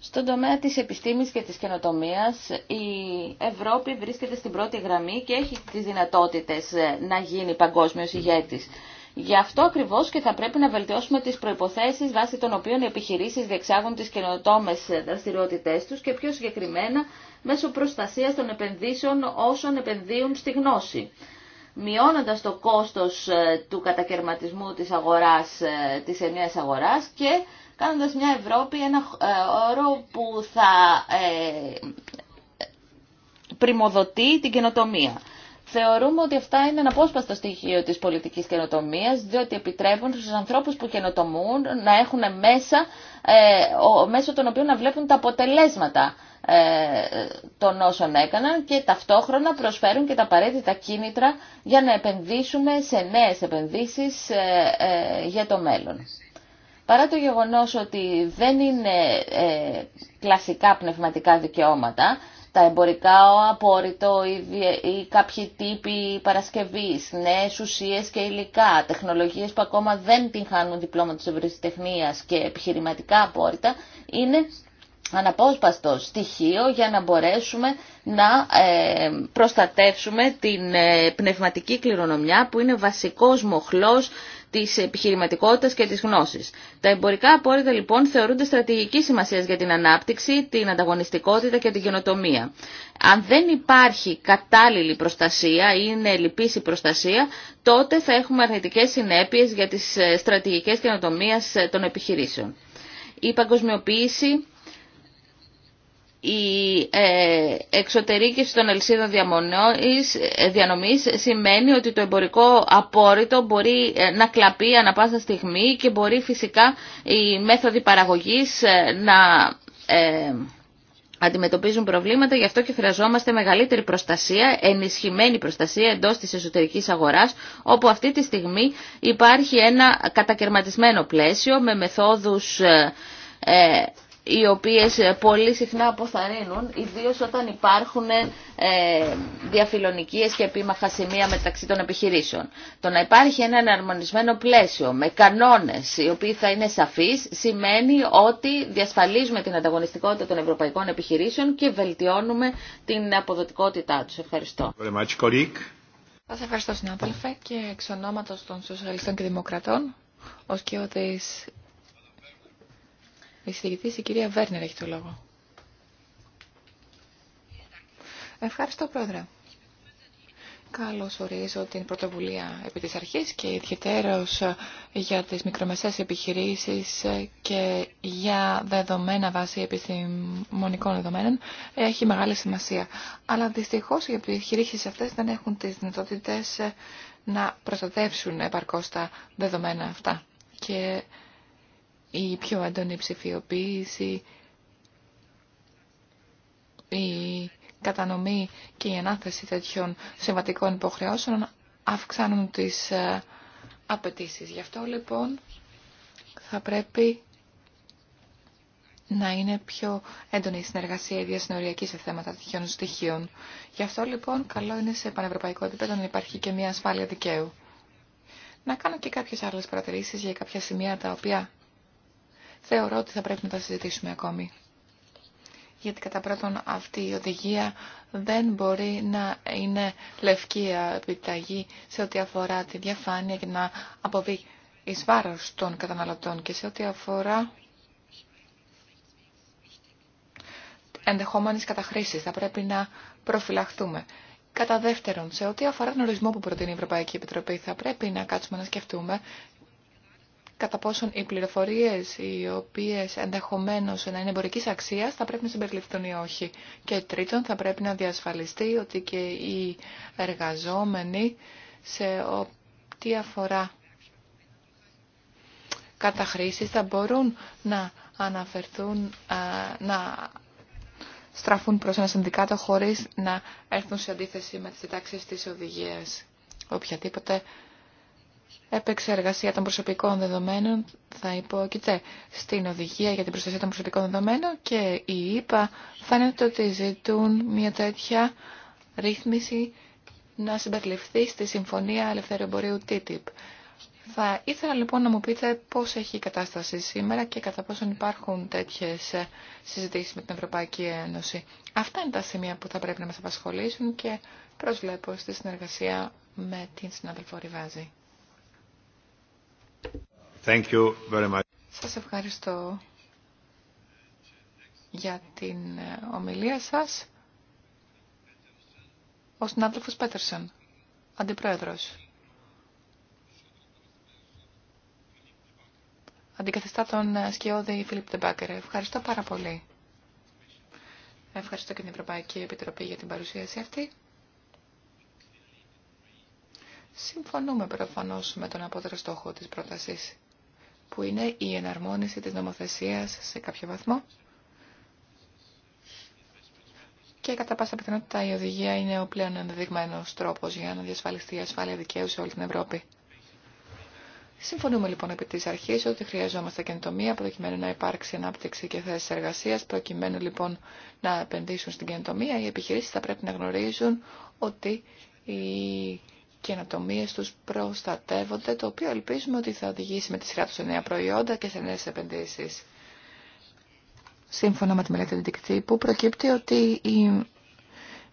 Στον τομέα της επιστήμης και της καινοτομίας η Ευρώπη βρίσκεται στην πρώτη γραμμή και έχει τις δυνατότητες ε, να γίνει παγκόσμιος ηγέτης. Γι' αυτό ακριβώ και θα πρέπει να βελτιώσουμε τι προποθέσει βάσει των οποίων οι επιχειρήσει διεξάγουν τι καινοτόμε δραστηριότητέ του και πιο συγκεκριμένα μέσω προστασία των επενδύσεων όσων επενδύουν στη γνώση μειώνοντας το κόστος ε, του κατακαιρματισμού της αγοράς, ε, της ενιαίας αγοράς και κάνοντας μια Ευρώπη ένα ε, όρο που θα ε, πρημοδοτεί την καινοτομία. Θεωρούμε ότι αυτά είναι ένα απόσπαστο στοιχείο της πολιτικής καινοτομίας, διότι επιτρέπουν στους ανθρώπους που καινοτομούν να έχουν μέσα, ε, ο, μέσω των οποίων να βλέπουν τα αποτελέσματα ε, των όσων έκαναν και ταυτόχρονα προσφέρουν και τα απαραίτητα κίνητρα για να επενδύσουμε σε νέες επενδύσεις ε, ε, για το μέλλον. Παρά το γεγονός ότι δεν είναι κλασικά πνευματικά δικαιώματα, τα εμπορικά, ο απόρριτο ή κάποιοι τύποι παρασκευής, νέες ουσίες και υλικά, τεχνολογίες που ακόμα δεν την χάνουν διπλώματος ευρεσιτεχνίας και επιχειρηματικά απόρριτα, είναι αναπόσπαστο στοιχείο για να μπορέσουμε να ε, προστατεύσουμε την ε, πνευματική κληρονομιά που είναι βασικός μοχλός της επιχειρηματικότητας και της γνώσης. Τα εμπορικά απόρριτα λοιπόν θεωρούνται στρατηγική σημασία για την ανάπτυξη, την ανταγωνιστικότητα και την καινοτομία. Αν δεν υπάρχει κατάλληλη προστασία ή είναι λυπής η προστασία, τότε θα έχουμε αρνητικές συνέπειες για τις ε, στρατηγικές καινοτομίας των επιχειρήσεων. Η παγκοσμιοποίηση η ε, εξωτερήκευση των αλυσίδων ε, διανομής σημαίνει ότι το εμπορικό απόρριτο μπορεί ε, να κλαπεί ανα πάσα στιγμή και μπορεί φυσικά οι μέθοδοι παραγωγής να αντιμετωπίζουν προβλήματα, γι' αυτό και χρειαζόμαστε μεγαλύτερη προστασία, ενισχυμένη προστασία εντός της εσωτερικής αγοράς, όπου αυτή τη στιγμή υπάρχει ένα κατακαιρματισμένο πλαίσιο με μεθόδους οι οποίες ε, πολύ συχνά αποθαρρύνουν, ιδίως όταν υπάρχουν ε, διαφιλονικίες και επίμαχα σημεία μεταξύ των επιχειρήσεων. Το να υπάρχει ένα εναρμονισμένο πλαίσιο με κανόνες οι οποίοι θα είναι σαφείς σημαίνει ότι διασφαλίζουμε την ανταγωνιστικότητα των ευρωπαϊκών επιχειρήσεων και βελτιώνουμε την αποδοτικότητά τους. Ευχαριστώ. Σας ευχαριστώ συνάδελφε και εξ ονόματος των Σοσιαλιστών και Δημοκρατών ως και η η κυρία Βέρνερ, έχει το λόγο. Ευχαριστώ, Πρόεδρε. Καλώ ορίζω την πρωτοβουλία επί της αρχής και ιδιαιτέρω για τις μικρομεσαίες επιχειρήσεις και για δεδομένα βάση επιστημονικών δεδομένων έχει μεγάλη σημασία. Αλλά δυστυχώς οι επιχειρήσεις αυτές δεν έχουν τις δυνατότητες να προστατεύσουν επαρκώς τα δεδομένα αυτά. Και η πιο έντονη ψηφιοποίηση, η κατανομή και η ανάθεση τέτοιων συμβατικών υποχρεώσεων αυξάνουν τις ε, απαιτήσει. Γι' αυτό λοιπόν θα πρέπει να είναι πιο έντονη η συνεργασία διασυνοριακή σε θέματα τέτοιων στοιχείων. Γι' αυτό λοιπόν καλό είναι σε πανευρωπαϊκό επίπεδο να υπάρχει και μια ασφάλεια δικαίου. Να κάνω και κάποιες άλλες παρατηρήσεις για κάποια σημεία τα οποία θεωρώ ότι θα πρέπει να τα συζητήσουμε ακόμη. Γιατί κατά πρώτον αυτή η οδηγία δεν μπορεί να είναι λευκή επιταγή σε ό,τι αφορά τη διαφάνεια και να αποβεί εις βάρος των καταναλωτών και σε ό,τι αφορά ενδεχόμενες καταχρήσεις. Θα πρέπει να προφυλαχθούμε. Κατά δεύτερον, σε ό,τι αφορά τον ορισμό που προτείνει η Ευρωπαϊκή Επιτροπή, θα πρέπει να κάτσουμε να σκεφτούμε κατά πόσον οι πληροφορίες οι οποίες ενδεχομένως να είναι εμπορική αξίας θα πρέπει να συμπεριληφθούν ή όχι. Και τρίτον, θα πρέπει να διασφαλιστεί ότι και οι εργαζόμενοι σε ό,τι αφορά καταχρήσεις θα μπορούν να αναφερθούν, να στραφούν προς ένα συνδικάτο χωρίς να έρθουν σε αντίθεση με τις διτάξεις της οδηγίας. Οποιαδήποτε επεξεργασία των προσωπικών δεδομένων θα υπόκειται στην οδηγία για την προστασία των προσωπικών δεδομένων και οι ΕΠΑ φαίνεται ότι ζητούν μια τέτοια ρύθμιση να συμπεριληφθεί στη Συμφωνία Ελευθερίου Μπορείου TTIP. Θα ήθελα λοιπόν να μου πείτε πώς έχει η κατάσταση σήμερα και κατά πόσον υπάρχουν τέτοιες ε, συζητήσεις με την Ευρωπαϊκή Ένωση. Αυτά είναι τα σημεία που θα πρέπει να μας απασχολήσουν και προσβλέπω στη συνεργασία με την συνάδελφο Ριβάζη. Thank Σας ευχαριστώ για την ε, ομιλία σας. Ο συνάδελφος Πέτερσον, αντιπρόεδρος. Αντικαθιστά τον ε, σκιώδη Φιλίπ Τεμπάκερ. Ευχαριστώ πάρα πολύ. Ευχαριστώ και την Ευρωπαϊκή Επιτροπή για την παρουσίαση αυτή. Συμφωνούμε προφανώς με τον απότερο στόχο της πρότασης, που είναι η εναρμόνιση της νομοθεσίας σε κάποιο βαθμό και κατά πάσα πιθανότητα η οδηγία είναι ο πλέον ενδεδειγμένο τρόπος για να διασφαλιστεί η ασφάλεια δικαίου σε όλη την Ευρώπη. Συμφωνούμε λοιπόν επί της αρχής ότι χρειαζόμαστε καινοτομία προκειμένου να υπάρξει ανάπτυξη και θέσεις εργασίας, προκειμένου λοιπόν να επενδύσουν στην καινοτομία. Οι επιχειρήσεις θα πρέπει να γνωρίζουν ότι η καινοτομίε του προστατεύονται, το οποίο ελπίζουμε ότι θα οδηγήσει με τη σειρά του σε νέα προϊόντα και σε νέε επενδύσει. Σύμφωνα με τη μελέτη που προκύπτει ότι οι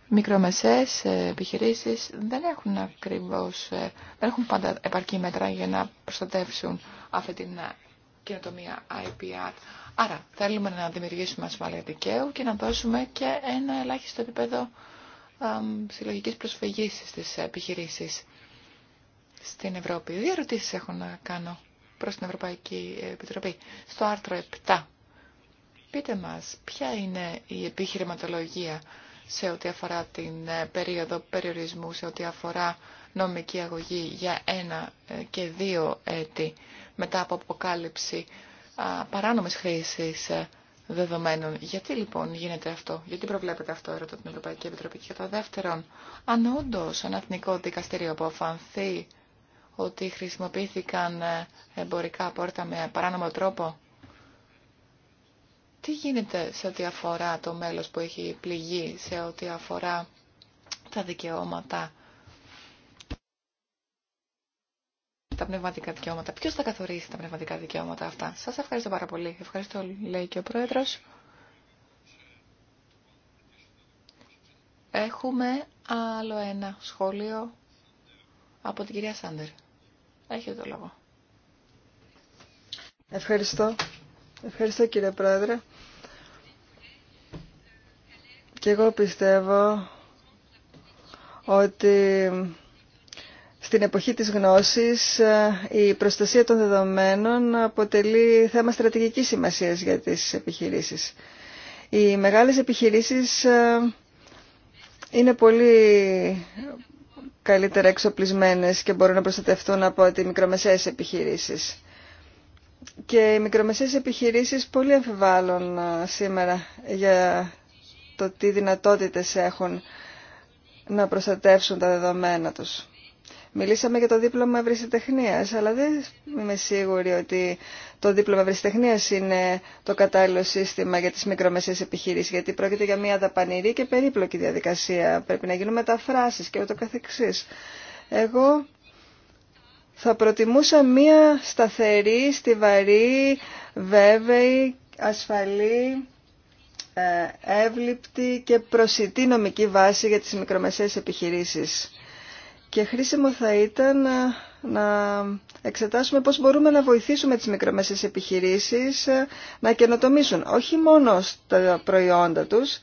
μικρομεσαίες επιχειρήσεις δεν έχουν δεν έχουν πάντα επαρκή μέτρα για να προστατεύσουν αυτή την καινοτομία IPR. Άρα θέλουμε να δημιουργήσουμε ασφάλεια δικαίου και να δώσουμε και ένα ελάχιστο επίπεδο συλλογικής προσφυγής στις επιχειρήσεις στην Ευρώπη. Δύο ερωτήσει έχω να κάνω προς την Ευρωπαϊκή Επιτροπή. Στο άρθρο 7, πείτε μας ποια είναι η επιχειρηματολογία σε ό,τι αφορά την ε, περίοδο περιορισμού, σε ό,τι αφορά νομική αγωγή για ένα ε, και δύο έτη μετά από αποκάλυψη παράνομης χρήσης ε, δεδομένων. Γιατί λοιπόν γίνεται αυτό, γιατί προβλέπεται αυτό, ρωτώ την Ευρωπαϊκή Επιτροπή. Και το δεύτερον, αν όντω ένα εθνικό δικαστήριο αποφανθεί ότι χρησιμοποιήθηκαν ε, εμπορικά πόρτα με παράνομο τρόπο, τι γίνεται σε ό,τι αφορά το μέλος που έχει πληγεί, σε ό,τι αφορά τα δικαιώματα τα πνευματικά δικαιώματα. Ποιο θα καθορίσει τα πνευματικά δικαιώματα αυτά. Σα ευχαριστώ πάρα πολύ. Ευχαριστώ, λέει και ο Πρόεδρο. Έχουμε άλλο ένα σχόλιο από την κυρία Σάντερ. Έχετε το λόγο. Ευχαριστώ. Ευχαριστώ κύριε Πρόεδρε. Και εγώ πιστεύω ότι στην εποχή της γνώσης ε, η προστασία των δεδομένων αποτελεί θέμα στρατηγικής σημασίας για τις επιχειρήσεις. Οι μεγάλες επιχειρήσεις ε, είναι πολύ καλύτερα εξοπλισμένες και μπορούν να προστατευτούν από τις μικρομεσαίες επιχειρήσεις. Και οι μικρομεσαίες επιχειρήσεις πολύ αμφιβάλλουν ε, σήμερα για το τι δυνατότητες έχουν να προστατεύσουν τα δεδομένα τους. Μιλήσαμε για το δίπλωμα ευρεσιτεχνία, αλλά δεν είμαι σίγουρη ότι το δίπλωμα ευρεσιτεχνία είναι το κατάλληλο σύστημα για τι μικρομεσαίες επιχειρήσει, γιατί πρόκειται για μια δαπανηρή και περίπλοκη διαδικασία. Πρέπει να γίνουν μεταφράσει και ούτω καθεξή. Εγώ θα προτιμούσα μια σταθερή, στιβαρή, βέβαιη, ασφαλή ε, εύληπτη και προσιτή νομική βάση για τις μικρομεσαίες επιχειρήσεις. Και χρήσιμο θα ήταν ε, να εξετάσουμε πώς μπορούμε να βοηθήσουμε τις μικρομεσαίες επιχειρήσεις ε, να καινοτομήσουν όχι μόνο τα προϊόντα τους,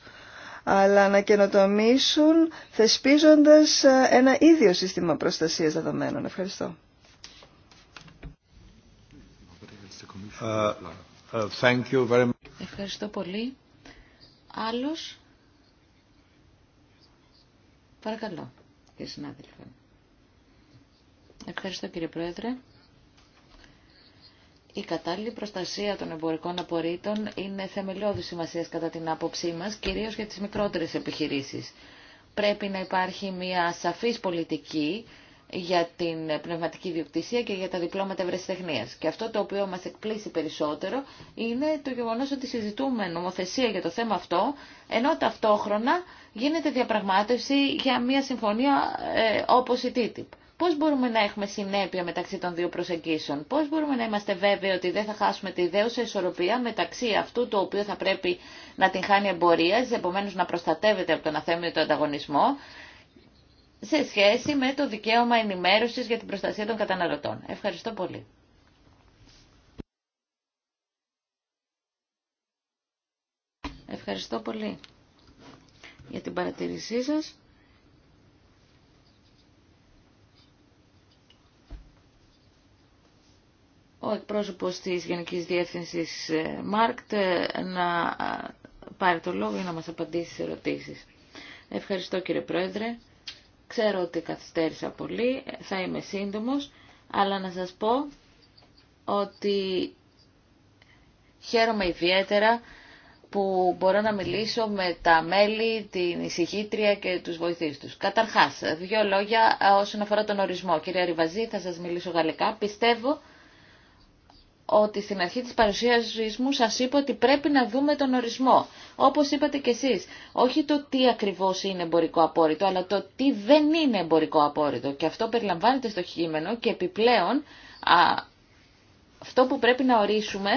αλλά να καινοτομήσουν θεσπίζοντας ε, ένα ίδιο σύστημα προστασίας δεδομένων. Ευχαριστώ. Uh, uh, Ευχαριστώ πολύ. Άλλος. Παρακαλώ, κύριε συνάδελφε. Ευχαριστώ κύριε Πρόεδρε. Η κατάλληλη προστασία των εμπορικών απορρίτων είναι θεμελιώδης σημασίας κατά την άποψή μας, κυρίως για τις μικρότερες επιχειρήσεις. Πρέπει να υπάρχει μια σαφής πολιτική για την πνευματική διοκτησία και για τα διπλώματα ευρεσιτεχνία. Και αυτό το οποίο μα εκπλήσει περισσότερο είναι το γεγονό ότι συζητούμε νομοθεσία για το θέμα αυτό, ενώ ταυτόχρονα γίνεται διαπραγμάτευση για μια συμφωνία ε, όπω η TTIP. Πώς μπορούμε να έχουμε συνέπεια μεταξύ των δύο προσεγγίσεων. Πώς μπορούμε να είμαστε βέβαιοι ότι δεν θα χάσουμε τη δέουσα ισορροπία μεταξύ αυτού το οποίο θα πρέπει να την χάνει εμπορία, επομένω να προστατεύεται από τον αθέμητο ανταγωνισμό, σε σχέση με το δικαίωμα ενημέρωσης για την προστασία των καταναλωτών. Ευχαριστώ πολύ. Ευχαριστώ πολύ για την παρατηρήσή σας. ο εκπρόσωπος της Γενικής Διεύθυνσης ε, ΜΑΡΚΤ ε, να ε, πάρει το λόγο για να μας απαντήσει σε ερωτήσεις. Ευχαριστώ κύριε Πρόεδρε. Ξέρω ότι καθυστέρησα πολύ, θα είμαι σύντομος, αλλά να σας πω ότι χαίρομαι ιδιαίτερα που μπορώ να μιλήσω με τα μέλη, την εισηγήτρια και τους βοηθείς τους. Καταρχάς, δύο λόγια όσον αφορά τον ορισμό. Κύριε Ριβαζή, θα σας μιλήσω γαλλικά. Πιστεύω ότι στην αρχή της παρουσίασης μου σας είπα ότι πρέπει να δούμε τον ορισμό. Όπως είπατε κι εσείς, όχι το τι ακριβώς είναι εμπορικό απόρριτο, αλλά το τι δεν είναι εμπορικό απόρριτο. Και αυτό περιλαμβάνεται στο κείμενο και επιπλέον α, αυτό που πρέπει να ορίσουμε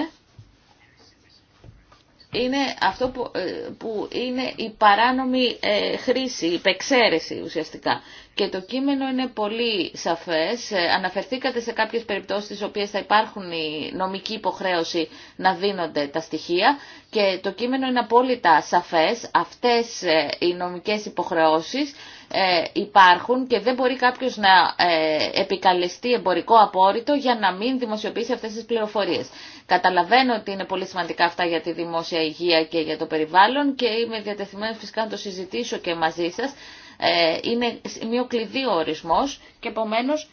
είναι αυτό ε, που, είναι η παράνομη ε, χρήση, η υπεξαίρεση ουσιαστικά. Και το κείμενο είναι πολύ σαφές. Ε, αναφερθήκατε σε κάποιες περιπτώσεις στις οποίες θα υπάρχουν η νομική υποχρέωση να δίνονται τα στοιχεία και το κείμενο είναι απόλυτα σαφές. Αυτές οι νομικές υποχρεώσεις ε, υπάρχουν και δεν μπορεί κάποιος να ε, επικαλεστεί εμπορικό απόρριτο για να μην δημοσιοποιήσει αυτές τις πληροφορίες. Καταλαβαίνω ότι είναι πολύ σημαντικά αυτά για τη δημόσια υγεία και για το περιβάλλον και είμαι διατεθειμένη φυσικά να το συζητήσω και μαζί σας. Ε, είναι μία κλειδί ο ορισμός και επομένως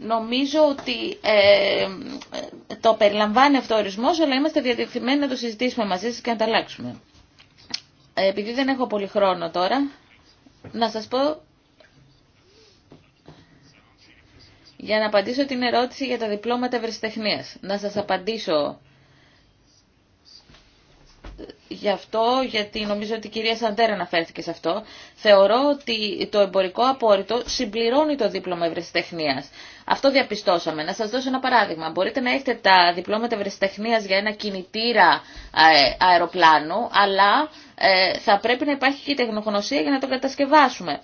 Νομίζω ότι το περιλαμβάνει αυτό ο ορισμός, αλλά είμαστε διατεθειμένοι να το συζητήσουμε μαζί σας και να τα αλλάξουμε. Επειδή δεν έχω πολύ χρόνο τώρα, να σας πω για να απαντήσω την ερώτηση για τα διπλώματα ευρεσιτεχνίας. Να σας απαντήσω γι' αυτό, γιατί νομίζω ότι η κυρία Σαντέρα αναφέρθηκε σε αυτό, θεωρώ ότι το εμπορικό απόρριτο συμπληρώνει το δίπλωμα ευρεσιτεχνία. Αυτό διαπιστώσαμε. Να σας δώσω ένα παράδειγμα. Μπορείτε να έχετε τα διπλώματα ευρεσιτεχνία για ένα κινητήρα ε, αεροπλάνου, αλλά ε, θα πρέπει να υπάρχει και η τεχνογνωσία για να το κατασκευάσουμε.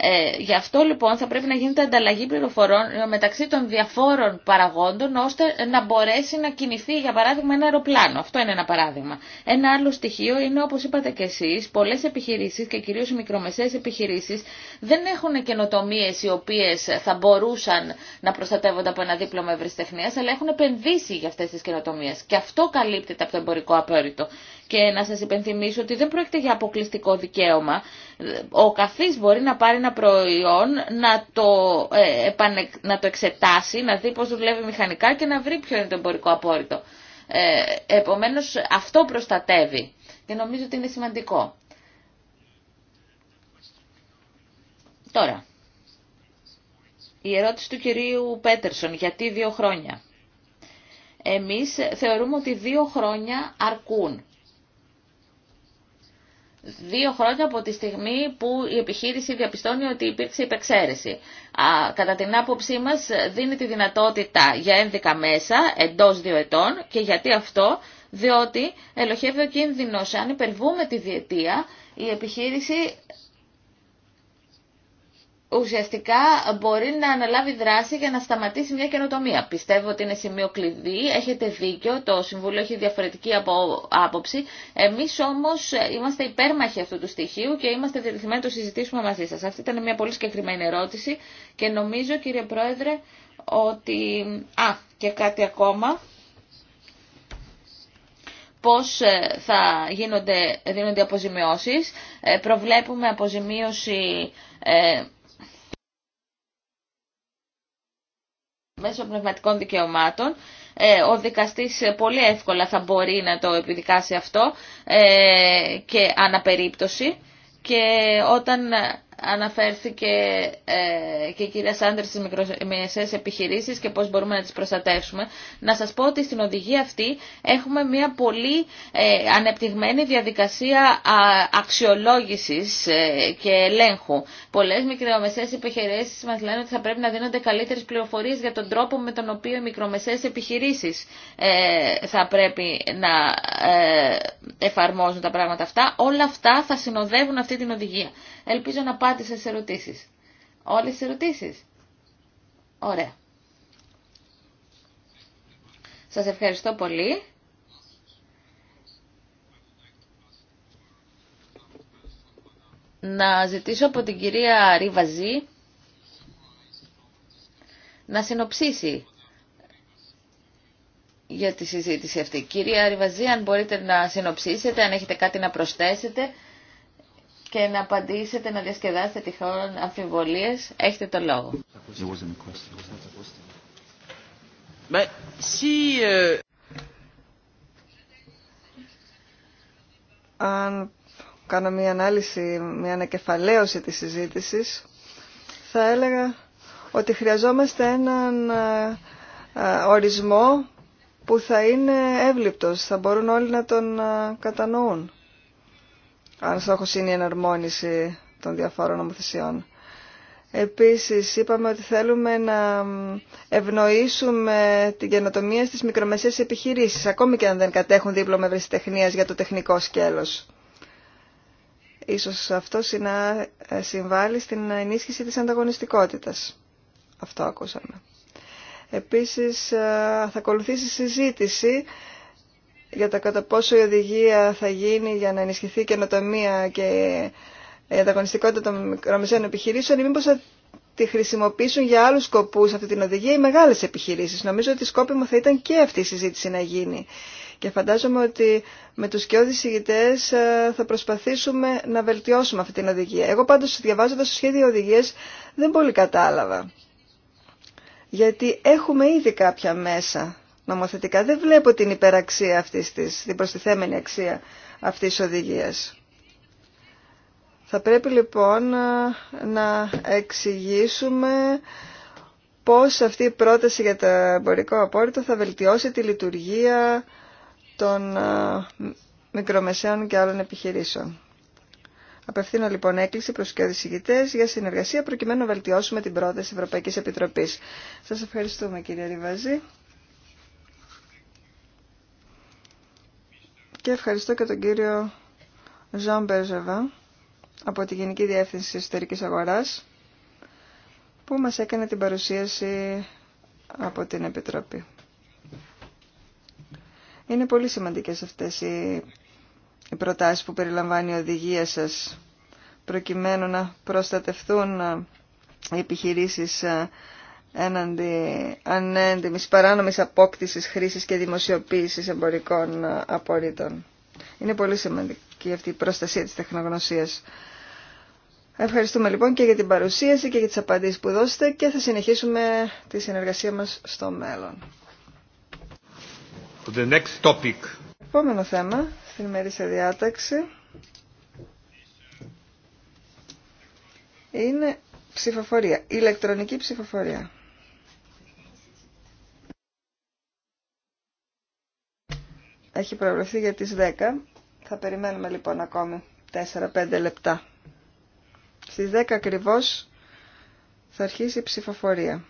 Ε, γι' αυτό λοιπόν θα πρέπει να γίνεται ανταλλαγή πληροφορών μεταξύ των διαφόρων παραγόντων ώστε να μπορέσει να κινηθεί για παράδειγμα ένα αεροπλάνο. Αυτό είναι ένα παράδειγμα. Ένα άλλο στοιχείο είναι όπως είπατε και εσείς, πολλές επιχειρήσεις και κυρίως οι μικρομεσαίες επιχειρήσεις δεν έχουν καινοτομίε οι οποίες θα μπορούσαν να προστατεύονται από ένα δίπλωμα ευρεσιτεχνίας αλλά έχουν επενδύσει για αυτές τις καινοτομίε. Και αυτό καλύπτεται από το εμπορικό απόρριτο. Και να σας υπενθυμίσω ότι δεν πρόκειται για αποκλειστικό δικαίωμα. Ο καθής μπορεί να πάρει ένα προϊόν, να το, ε, να το εξετάσει, να δει πώς δουλεύει μηχανικά και να βρει ποιο είναι το εμπορικό απόρριτο. Ε, επομένως αυτό προστατεύει και νομίζω ότι είναι σημαντικό. Τώρα, η ερώτηση του κυρίου Πέτερσον, γιατί δύο χρόνια. Εμείς θεωρούμε ότι δύο χρόνια αρκούν δύο χρόνια από τη στιγμή που η επιχείρηση διαπιστώνει ότι υπήρξε υπεξαίρεση. Α, κατά την άποψή μας δίνει τη δυνατότητα για ένδικα μέσα εντός δύο ετών και γιατί αυτό, διότι ελοχεύει ο κίνδυνος αν υπερβούμε τη διετία η επιχείρηση ουσιαστικά μπορεί να αναλάβει δράση για να σταματήσει μια καινοτομία. Πιστεύω ότι είναι σημείο κλειδί, έχετε δίκιο, το Συμβούλιο έχει διαφορετική άποψη. Εμείς όμως είμαστε υπέρμαχοι αυτού του στοιχείου και είμαστε διεθυμένοι να το συζητήσουμε μαζί σας. Αυτή ήταν μια πολύ συγκεκριμένη ερώτηση και νομίζω κύριε Πρόεδρε ότι... Α, και κάτι ακόμα πώς ε, θα γίνονται, δίνονται αποζημιώσεις. Ε, προβλέπουμε αποζημίωση ε, μέσω πνευματικών δικαιωμάτων. Ε, ο δικαστής πολύ εύκολα θα μπορεί να το επιδικάσει αυτό ε, και αναπερίπτωση και όταν Αναφέρθηκε ε, και η κυρία Σάντερ στις μικρομεσαίες επιχειρήσεις και πώς μπορούμε να τις προστατεύσουμε. Να σας πω ότι στην οδηγία αυτή έχουμε μια πολύ ε, ανεπτυγμένη διαδικασία αξιολόγησης ε, και ελέγχου. Πολλές μικρομεσαίες επιχειρήσεις μας λένε ότι θα πρέπει να δίνονται καλύτερες πληροφορίες για τον τρόπο με τον οποίο οι μικρομεσαίες επιχειρήσεις ε, θα πρέπει να εφαρμόζουν τα πράγματα αυτά. Όλα αυτά θα συνοδεύουν αυτή την οδηγία. Ελπίζω να πάτε σε ερωτήσεις. Όλες τις ερωτήσεις. Ωραία. Σας ευχαριστώ πολύ. Να ζητήσω από την κυρία Ριβαζή να συνοψίσει για τη συζήτηση αυτή. Κυρία Ριβαζή, αν μπορείτε να συνοψίσετε, αν έχετε κάτι να προσθέσετε και να απαντήσετε, να διασκεδάσετε τυχόν αμφιβολίες. Έχετε το λόγο. Uh, Αν κάνω μια ανάλυση, μια ανακεφαλαίωση της συζήτησης, θα έλεγα ότι χρειαζόμαστε έναν ε, ε, ορισμό που θα είναι εύληπτος, θα μπορούν όλοι να τον ε, κατανοούν αν στόχος είναι η εναρμόνιση των διαφόρων νομοθεσιών. Επίσης είπαμε ότι θέλουμε να ευνοήσουμε την καινοτομία στις μικρομεσαίες επιχειρήσεις, ακόμη και αν δεν κατέχουν δίπλωμα ευρεσιτεχνίας για το τεχνικό σκέλος. Ίσως αυτό ε, συμβάλλει στην ενίσχυση της ανταγωνιστικότητας. Αυτό ακούσαμε. Επίσης ε, θα ακολουθήσει συζήτηση για το κατά πόσο η οδηγία θα γίνει για να ενισχυθεί η καινοτομία και η ανταγωνιστικότητα των μικρομεσαίων επιχειρήσεων ή μήπως θα τη χρησιμοποιήσουν για άλλους σκοπούς αυτή την οδηγία οι μεγάλες επιχειρήσεις. Νομίζω ότι μου θα ήταν και αυτή η συζήτηση να γίνει. Και φαντάζομαι ότι με τους και ηγητές ε, θα προσπαθήσουμε να βελτιώσουμε αυτή την οδηγία. Εγώ πάντως διαβάζοντας το σχέδιο οδηγίες δεν πολύ κατάλαβα. Γιατί έχουμε ήδη κάποια μέσα νομοθετικά. Δεν βλέπω την υπεραξία αυτή τη, την προστιθέμενη αξία αυτή τη οδηγία. Θα πρέπει λοιπόν ε, να εξηγήσουμε πώς αυτή η πρόταση για το εμπορικό απόρριτο θα βελτιώσει τη λειτουργία των ε, μικρομεσαίων και άλλων επιχειρήσεων. Απευθύνω λοιπόν έκκληση προς και οδησηγητές για συνεργασία προκειμένου να βελτιώσουμε την πρόταση Ευρωπαϊκής Επιτροπής. Σας ευχαριστούμε κύριε Ριβαζή. και ευχαριστώ και τον κύριο Ζαν Μπέζεβα από τη Γενική Διεύθυνση Εσωτερικής Αγοράς που μας έκανε την παρουσίαση από την Επιτροπή. Είναι πολύ σημαντικές αυτές οι, προτάσεις που περιλαμβάνει η οδηγία σας προκειμένου να προστατευτούν ε, οι επιχειρήσεις ε, έναντι ανέντιμης παράνομης απόκτησης, χρήσης και δημοσιοποίησης εμπορικών ε, απορρίτων. Είναι πολύ σημαντική αυτή η προστασία της τεχνογνωσίας. Ευχαριστούμε λοιπόν και για την παρουσίαση και για τις απαντήσεις που δώσετε και θα συνεχίσουμε τη συνεργασία μας στο μέλλον. The next topic. Επόμενο θέμα στην ημερήσια διάταξη είναι ψηφοφορία, ηλεκτρονική ψηφοφορία. έχει προβληθεί για τις 10. Θα περιμένουμε λοιπόν ακόμη 4-5 λεπτά. Στις 10 ακριβώς θα αρχίσει η ψηφοφορία.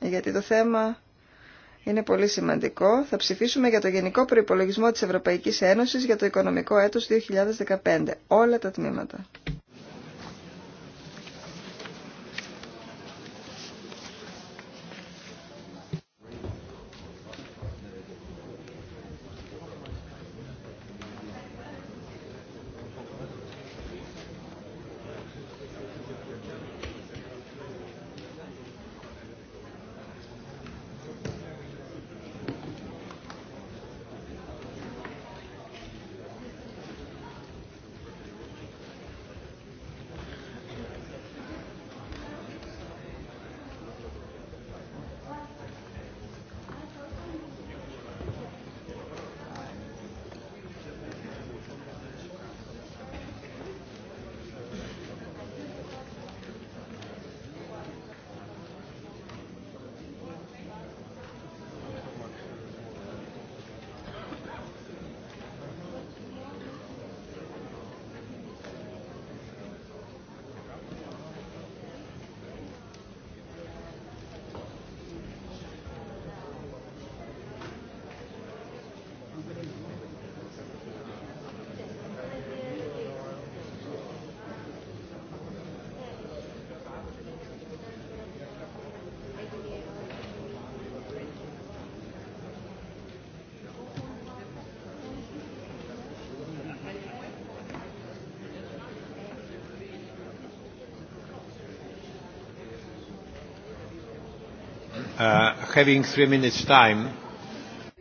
Γιατί το θέμα είναι πολύ σημαντικό. Θα ψηφίσουμε για το Γενικό Προϋπολογισμό της Ευρωπαϊκής Ένωσης για το Οικονομικό Έτος 2015. Όλα τα τμήματα.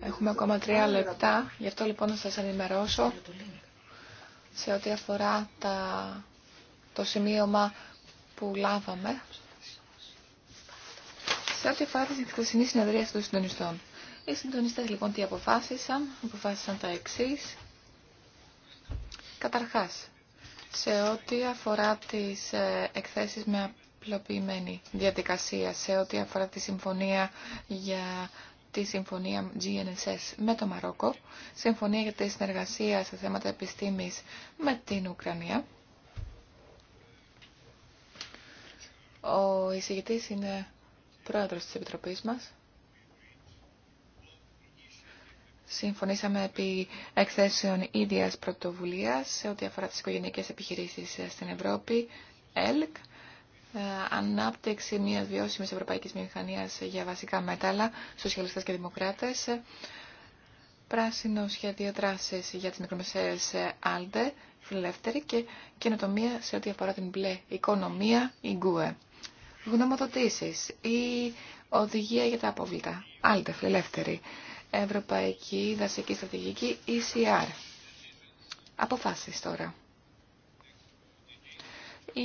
Έχουμε ακόμα τρία λεπτά, γι' αυτό λοιπόν να σας ενημερώσω σε ό,τι αφορά τα... το σημείωμα που λάβαμε σε ό,τι αφορά τη χθεσινή συνεδρία των συντονιστών. Οι συντονιστές λοιπόν τι αποφάσισαν, αποφάσισαν τα εξή. Καταρχάς, σε ό,τι αφορά τις ε, εκθέσεις με απλοποιημένη διαδικασία σε ό,τι αφορά τη συμφωνία για τη συμφωνία GNSS με το Μαρόκο, συμφωνία για τη συνεργασία σε θέματα επιστήμης με την Ουκρανία. Ο εισηγητής είναι πρόεδρος της Επιτροπής μας. Συμφωνήσαμε επί εκθέσεων ίδιας πρωτοβουλίας σε ό,τι αφορά τις οικογενειακές επιχειρήσεις στην Ευρώπη, ΕΛΚ. Ε, ανάπτυξη μιας βιώσιμης ευρωπαϊκής μηχανίας για βασικά μέταλλα, σοσιαλιστές και δημοκράτες, πράσινο σχέδιο δράση για τις μικρομεσαίες ε, Άλτε, φιλελεύθερη και καινοτομία σε ό,τι αφορά την μπλε οικονομία, η ΓΚΟΕ. Γνωμοδοτήσεις, η οδηγία για τα απόβλητα, Άλτε, φιλελεύθερη, Ευρωπαϊκή Δασική Στρατηγική, ECR. Αποφάσεις τώρα. Η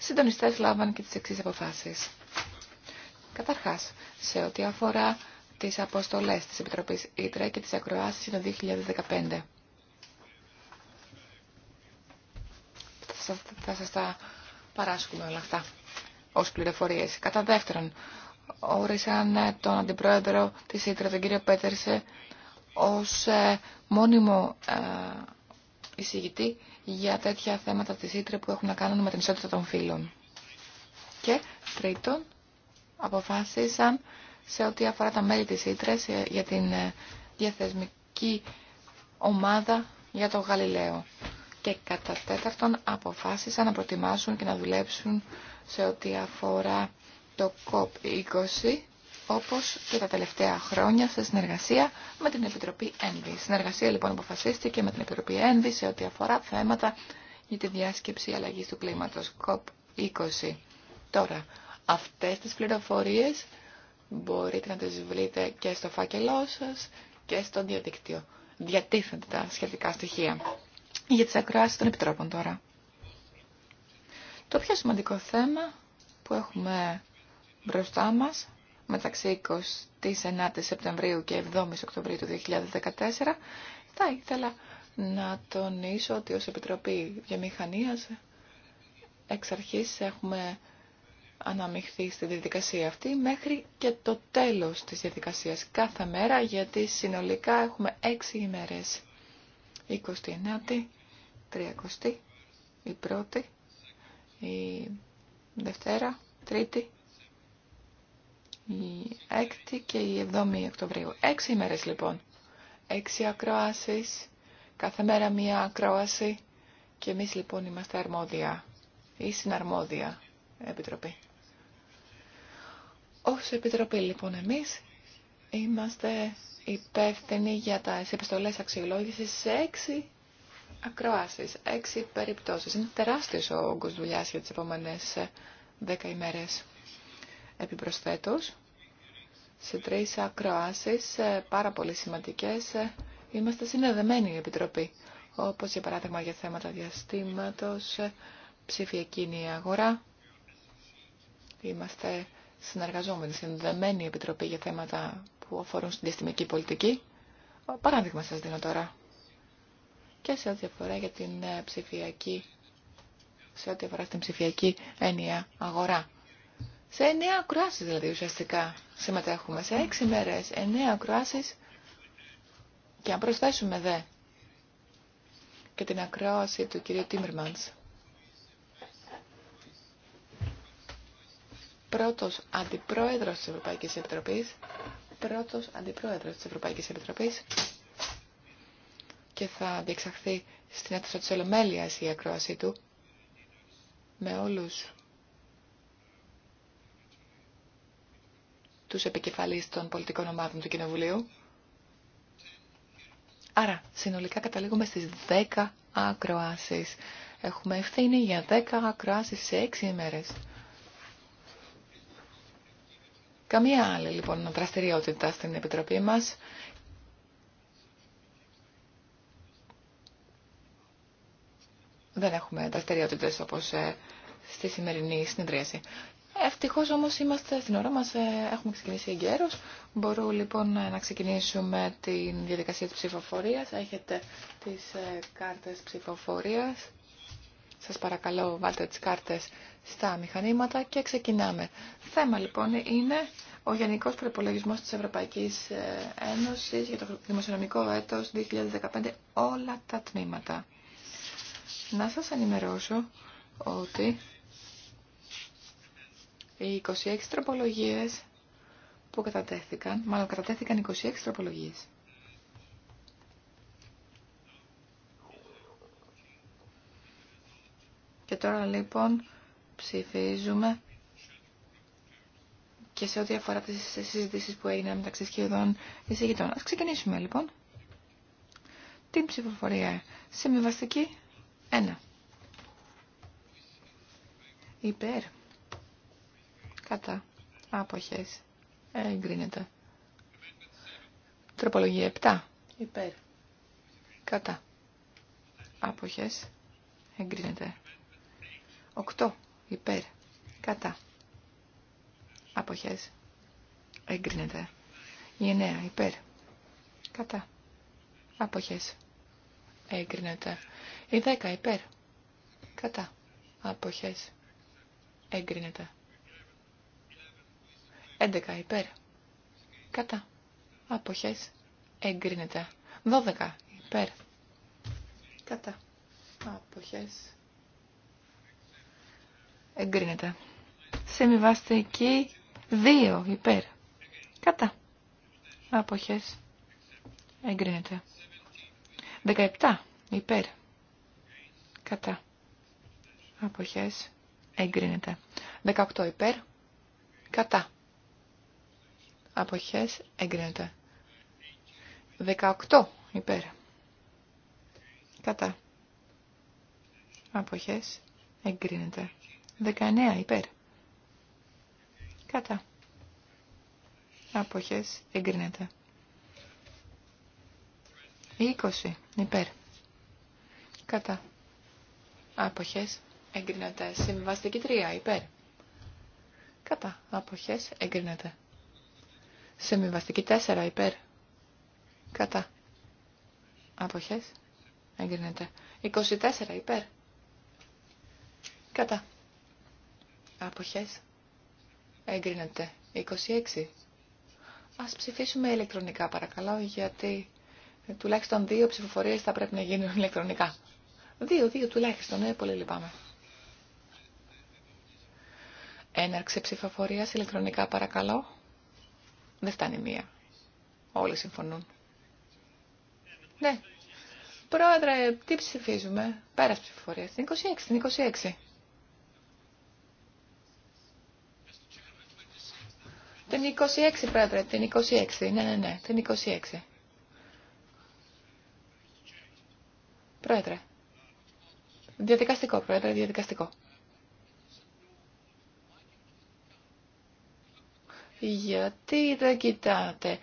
Συντονιστέ λάμβανε και τι εξή αποφάσει. Καταρχά σε ό,τι αφορά τι αποστολέ τη Επιτροπή Ήτρα και τι ακροάσει το 2015. Θα σας τα παράσχουμε όλα αυτά ως πληροφορίες. Κατά δεύτερον, όρισαν τον Αντιπρόεδρο της Ήτρα, τον κύριο Πέτερσε, ως ε, μόνιμο ε, εισηγητή για τέτοια θέματα της Ήτρε που έχουν να κάνουν με την ισότητα των φύλων. Και τρίτον, αποφάσισαν σε ό,τι αφορά τα μέλη της Ήτρε για την ε, διαθεσμική ομάδα για το Γαλιλαίο. Και κατά τέταρτον αποφάσισαν να προετοιμάσουν και να δουλέψουν σε ό,τι αφορά το COP20 όπως και τα τελευταία χρόνια σε συνεργασία με την Επιτροπή ΕΝΒΗ. Συνεργασία λοιπόν αποφασίστηκε με την Επιτροπή ΕΝΒΗ σε ό,τι αφορά θέματα για τη διάσκεψη αλλαγή του κλίματος COP20. Τώρα, αυτές τις πληροφορίες μπορείτε να τις βρείτε και στο φάκελό σας και στο διαδίκτυο. Διατίθενται τα σχετικά στοιχεία για τις ακροάσεις των επιτρόπων τώρα. Το πιο σημαντικό θέμα που έχουμε μπροστά μας μεταξύ 29 Σεπτεμβρίου και 7 Οκτωβρίου του 2014, θα ήθελα να τονίσω ότι ως Επιτροπή βιομηχανία εξ αρχής έχουμε αναμειχθεί στη διαδικασία αυτή μέχρι και το τέλος της διαδικασίας κάθε μέρα γιατί συνολικά έχουμε 6 ημέρες 29η, 30η, η πρώτη, η Δευτέρα, Τρίτη η 6η και η 7η Οκτωβρίου. Έξι ημέρες λοιπόν. Έξι ακροάσεις, κάθε μέρα μία ακρόαση και εμείς λοιπόν είμαστε αρμόδια ή συναρμόδια επιτροπή. Ως επιτροπή λοιπόν εμείς είμαστε υπεύθυνοι για τα επιστολές αξιολόγησης σε έξι ακροάσεις, έξι περιπτώσεις. Είναι τεράστιος ο όγκος δουλειάς για τις επόμενες δέκα ημέρες. Επιπροσθέτως, σε τρεις ακροάσεις πάρα πολύ σημαντικές είμαστε συνεδεμένοι η Επιτροπή, όπως για παράδειγμα για θέματα διαστήματος, ψηφιακή αγορά. Είμαστε συνεργαζόμενοι, συνδεδεμένοι η Επιτροπή για θέματα που αφορούν στην διαστημική πολιτική. Παράδειγμα σας δίνω τώρα. Και σε ό,τι αφορά για την ψηφιακή, σε ό,τι αφορά στην ψηφιακή έννοια αγορά. Σε εννέα ακροάσει δηλαδή ουσιαστικά συμμετέχουμε. Σε έξι μέρες εννέα ακροάσει. και αν προσθέσουμε δε και την ακρόαση του κυρίου Τίμερμαντ. Πρώτο αντιπρόεδρο τη Ευρωπαϊκή Επιτροπή. Πρώτο αντιπρόεδρο τη Ευρωπαϊκή Επιτροπή Και θα διεξαχθεί στην αίθουσα τη Ολομέλεια η ακρόαση του με όλους τους επικεφαλείς των πολιτικών ομάδων του Κοινοβουλίου. Άρα, συνολικά καταλήγουμε στις 10 ακροάσεις. Έχουμε ευθύνη για 10 ακροάσεις σε 6 ημέρες. Καμία άλλη λοιπόν δραστηριότητα στην Επιτροπή μας. Δεν έχουμε δραστηριότητες όπως ε, στη σημερινή συνεδρίαση. Ευτυχώ όμω είμαστε στην ώρα μα, ε, έχουμε ξεκινήσει εγκαίρω. Μπορούμε λοιπόν ε, να ξεκινήσουμε τη διαδικασία τη ψηφοφορία. Έχετε τι ε, κάρτε ψηφοφορία. Σα παρακαλώ, βάλτε τι κάρτε στα μηχανήματα και ξεκινάμε. Θέμα λοιπόν είναι ο Γενικό Προπολογισμό τη Ευρωπαϊκή Ένωση για το δημοσιονομικό έτο 2015, όλα τα τμήματα. Να σα ενημερώσω ότι οι 26 τροπολογίες που κατατέθηκαν, μάλλον κατατέθηκαν 26 τροπολογίες. Και τώρα λοιπόν ψηφίζουμε και σε ό,τι αφορά τις συζητήσεις που έγιναν μεταξύ σχεδόν εισηγητών. Ας ξεκινήσουμε λοιπόν. Την ψηφοφορία συμβιβαστική 1. Υπέρ. Κατά. Άποχες. Εγκρίνεται. Τροπολογία 7. Υπέρ. Κατά. Άποχες. Εγκρίνεται. 8. Υπέρ. Κατά. Άποχες. Εγκρίνεται. 9. Υπέρ. Κατά. Άποχες. Εγκρίνεται. Η 10. Υπέρ. Κατά. Άποχες. Εγκρίνεται. 11 υπέρ. Κατά. Αποχές. Εγκρίνεται. 12 υπέρ. Κατά. Αποχές. Εγκρίνεται. εκεί 2 υπέρ. Κατά. Αποχές. Εγκρίνεται. 17 υπέρ. Κατά. Αποχές. Εγκρίνεται. 18 υπέρ. Κατά αποχές εγκρίνεται. 18 υπέρ. Κατά. Αποχές εγκρίνεται. 19 υπέρ. Κατά. Αποχές εγκρίνεται. 20 υπέρ. Κατά. Αποχές εγκρίνεται. Συμβαστική 3 υπέρ. Κατά. Αποχές εγκρίνεται. Σεμιβαστική 4 υπέρ. Κατά. Αποχές. Εγκρίνεται. 24 υπέρ. Κατά. Αποχές. Εγκρίνεται. 26. Ας ψηφίσουμε ηλεκτρονικά παρακαλώ γιατί τουλάχιστον δύο ψηφοφορίες θα πρέπει να γίνουν ηλεκτρονικά. Δύο, δύο τουλάχιστον, ναι, πολύ λυπάμαι. Έναρξη ψηφοφορίας ηλεκτρονικά παρακαλώ. Δεν φτάνει μία. Όλοι συμφωνούν. Ναι. Πρόεδρε, τι ψηφίζουμε. Πέρα ψηφοφορία. Την 26, 26. Την 26, πρόεδρε, την 26. Ναι, ναι, ναι, την 26. Πρόεδρε. Διαδικαστικό, πρόεδρε, διαδικαστικό. Γιατί δεν κοιτάτε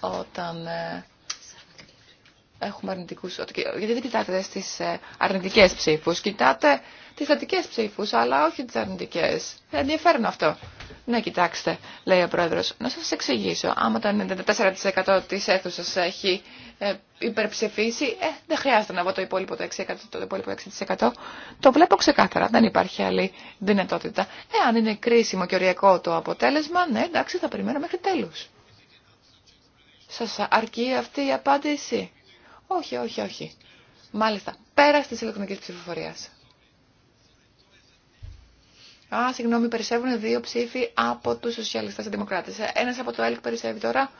όταν ε, έχουμε αρνητικούς... Γιατί δεν κοιτάτε στις ε, αρνητικές ψήφους. Κοιτάτε τις θετικές ψήφους, αλλά όχι τις αρνητικές. Ενδιαφέρον αυτό. Ναι, κοιτάξτε, λέει ο πρόεδρος, να σας εξηγήσω. Άμα το 94% της αίθουσας έχει ε, υπερψηφίσει, ε, δεν χρειάζεται να βγω το υπόλοιπο το 6%, το υπόλοιπο 6%. Το βλέπω ξεκάθαρα, δεν υπάρχει άλλη δυνατότητα. Εάν είναι κρίσιμο και οριακό το αποτέλεσμα, ναι, εντάξει, θα περιμένω μέχρι τέλους. Σας αρκεί αυτή η απάντηση. Όχι, όχι, όχι. Μάλιστα, πέρα της ηλεκτρονικής ψηφοφορία. Α, συγγνώμη, περισσεύουν δύο ψήφοι από τους σοσιαλιστές δημοκράτε. δημοκράτες. Ε, ένας από το ΕΛΚ περισσεύει τώρα.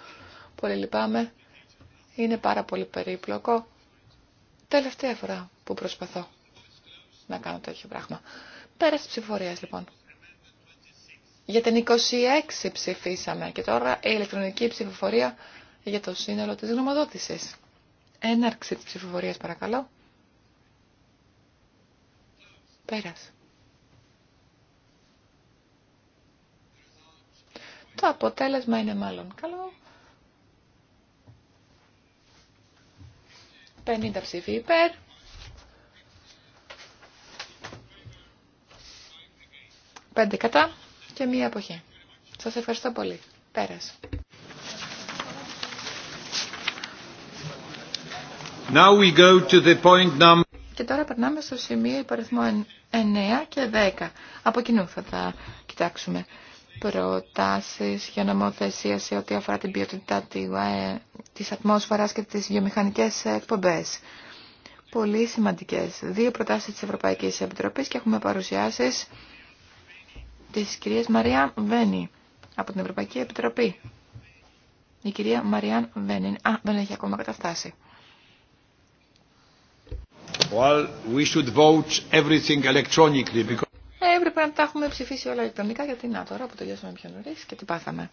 Πολύ λυπάμαι. Είναι πάρα πολύ περίπλοκο. Τελευταία φορά που προσπαθώ να κάνω τέτοιο πράγμα. τη ψηφοφορίας, λοιπόν. Για την 26 ψηφίσαμε και τώρα η ηλεκτρονική ψηφοφορία για το σύνολο της γνωμοδότησης. Έναρξη της ψηφοφορίας παρακαλώ. Πέρασε. Το αποτέλεσμα είναι μάλλον καλό. 50 ψήφοι υπέρ. Πέντε κατά και μία αποχή. Σας ευχαριστώ πολύ. Πέρας. Now we go to the point number... Και τώρα περνάμε στο σημείο υπαριθμό 9 και 10. Από κοινού θα τα κοιτάξουμε προτάσεις για νομοθεσία σε ό,τι αφορά την ποιότητα της ατμόσφαιρας και τις βιομηχανικές εκπομπές. Πολύ σημαντικές. Δύο προτάσεις της Ευρωπαϊκής Επιτροπής και έχουμε παρουσιάσεις της κυρίας Μαρία Βένι από την Ευρωπαϊκή Επιτροπή. Η κυρία Μαριάν Βένιν. Α, δεν έχει ακόμα καταφτάσει. Well, we should vote everything electronically because έπρεπε να τα έχουμε ψηφίσει όλα ηλεκτρονικά γιατί να τώρα που τελειώσαμε πιο νωρί και τι πάθαμε.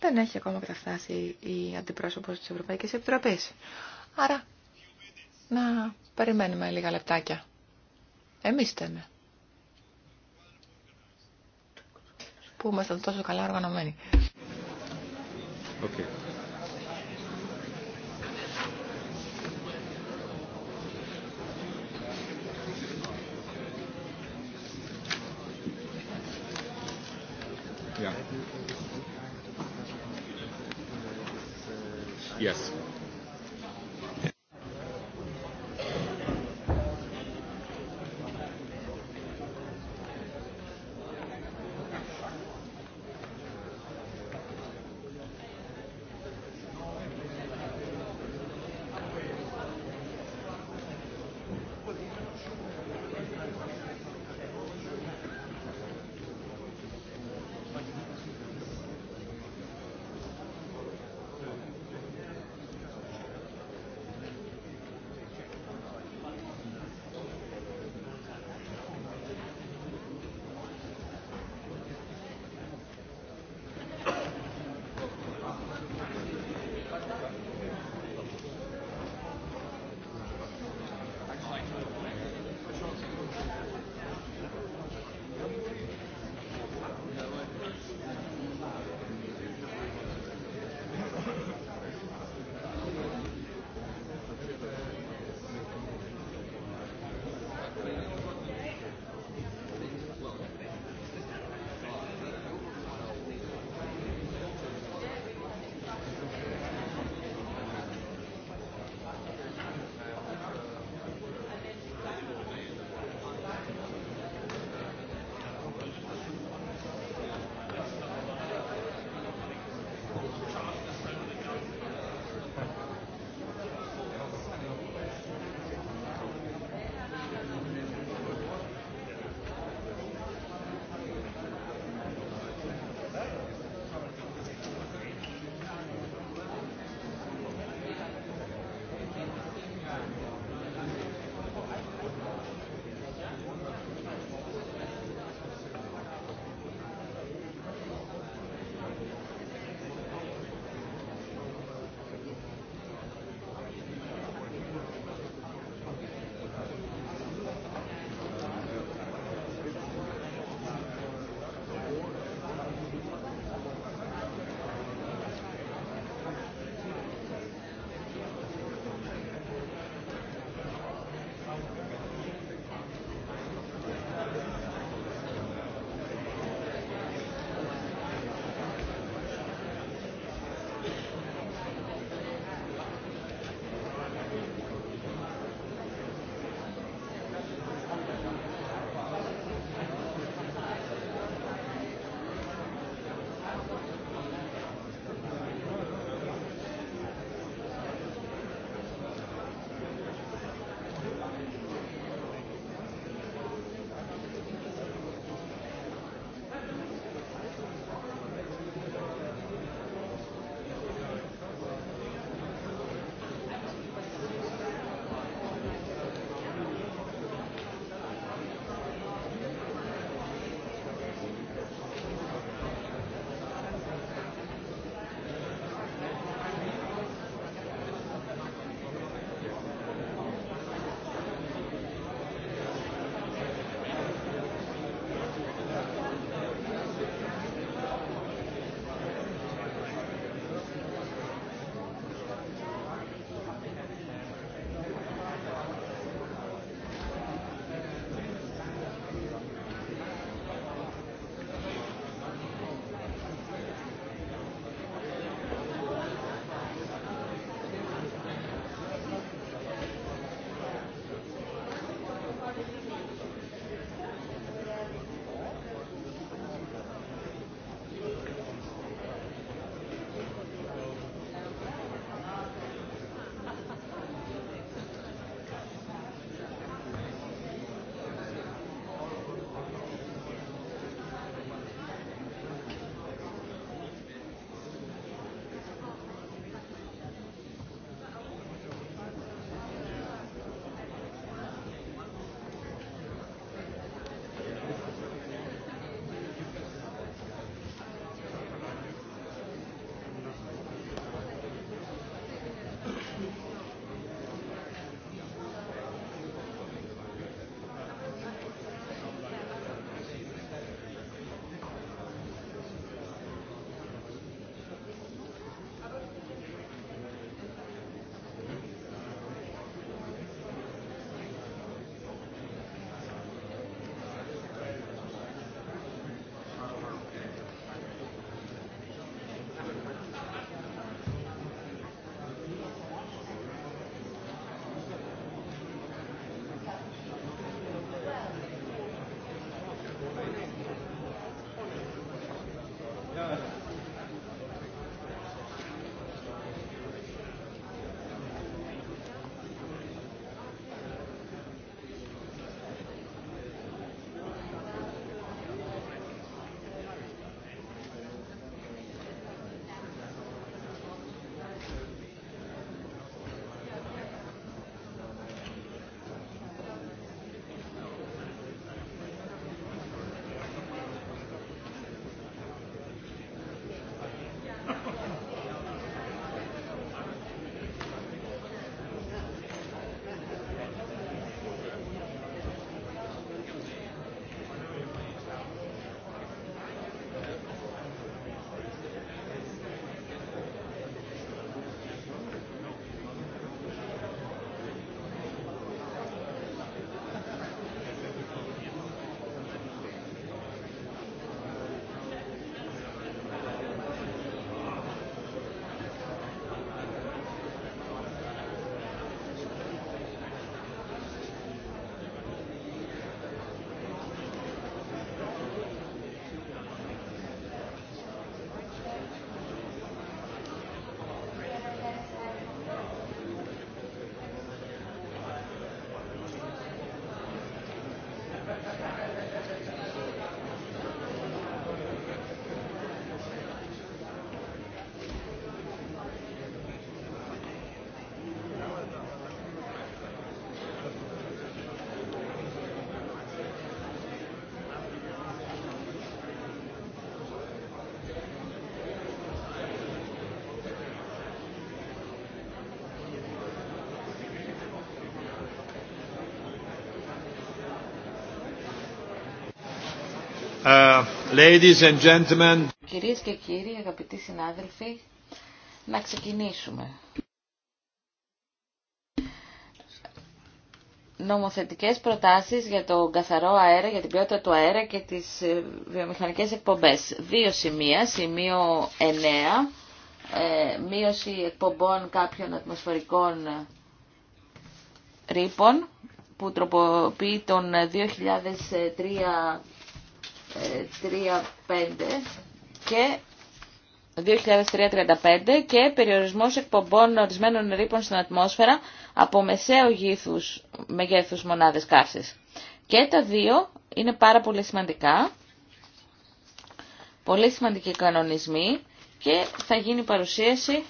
Δεν έχει ακόμα καταφτάσει η αντιπρόσωπο της Ευρωπαϊκή Επιτροπής. Άρα να περιμένουμε λίγα λεπτάκια. Εμείς στέμε. Που ήμασταν τόσο καλά οργανωμένοι. Ladies and gentlemen. Κυρίες και κύριοι, αγαπητοί συνάδελφοι, να ξεκινήσουμε. Νομοθετικές προτάσεις για το καθαρό αέρα, για την ποιότητα του αέρα και τις ε, βιομηχανικές εκπομπές. Δύο σημεία, σημείο 9, ε, μείωση εκπομπών κάποιων ατμοσφαιρικών ρήπων που τροποποιεί τον 2003 3-5 και 2035 και περιορισμός εκπομπών ορισμένων ρήπων στην ατμόσφαιρα από μεσαίο γήθους, μεγέθους μονάδες καύσης. Και τα δύο είναι πάρα πολύ σημαντικά, πολύ σημαντικοί κανονισμοί και θα γίνει παρουσίαση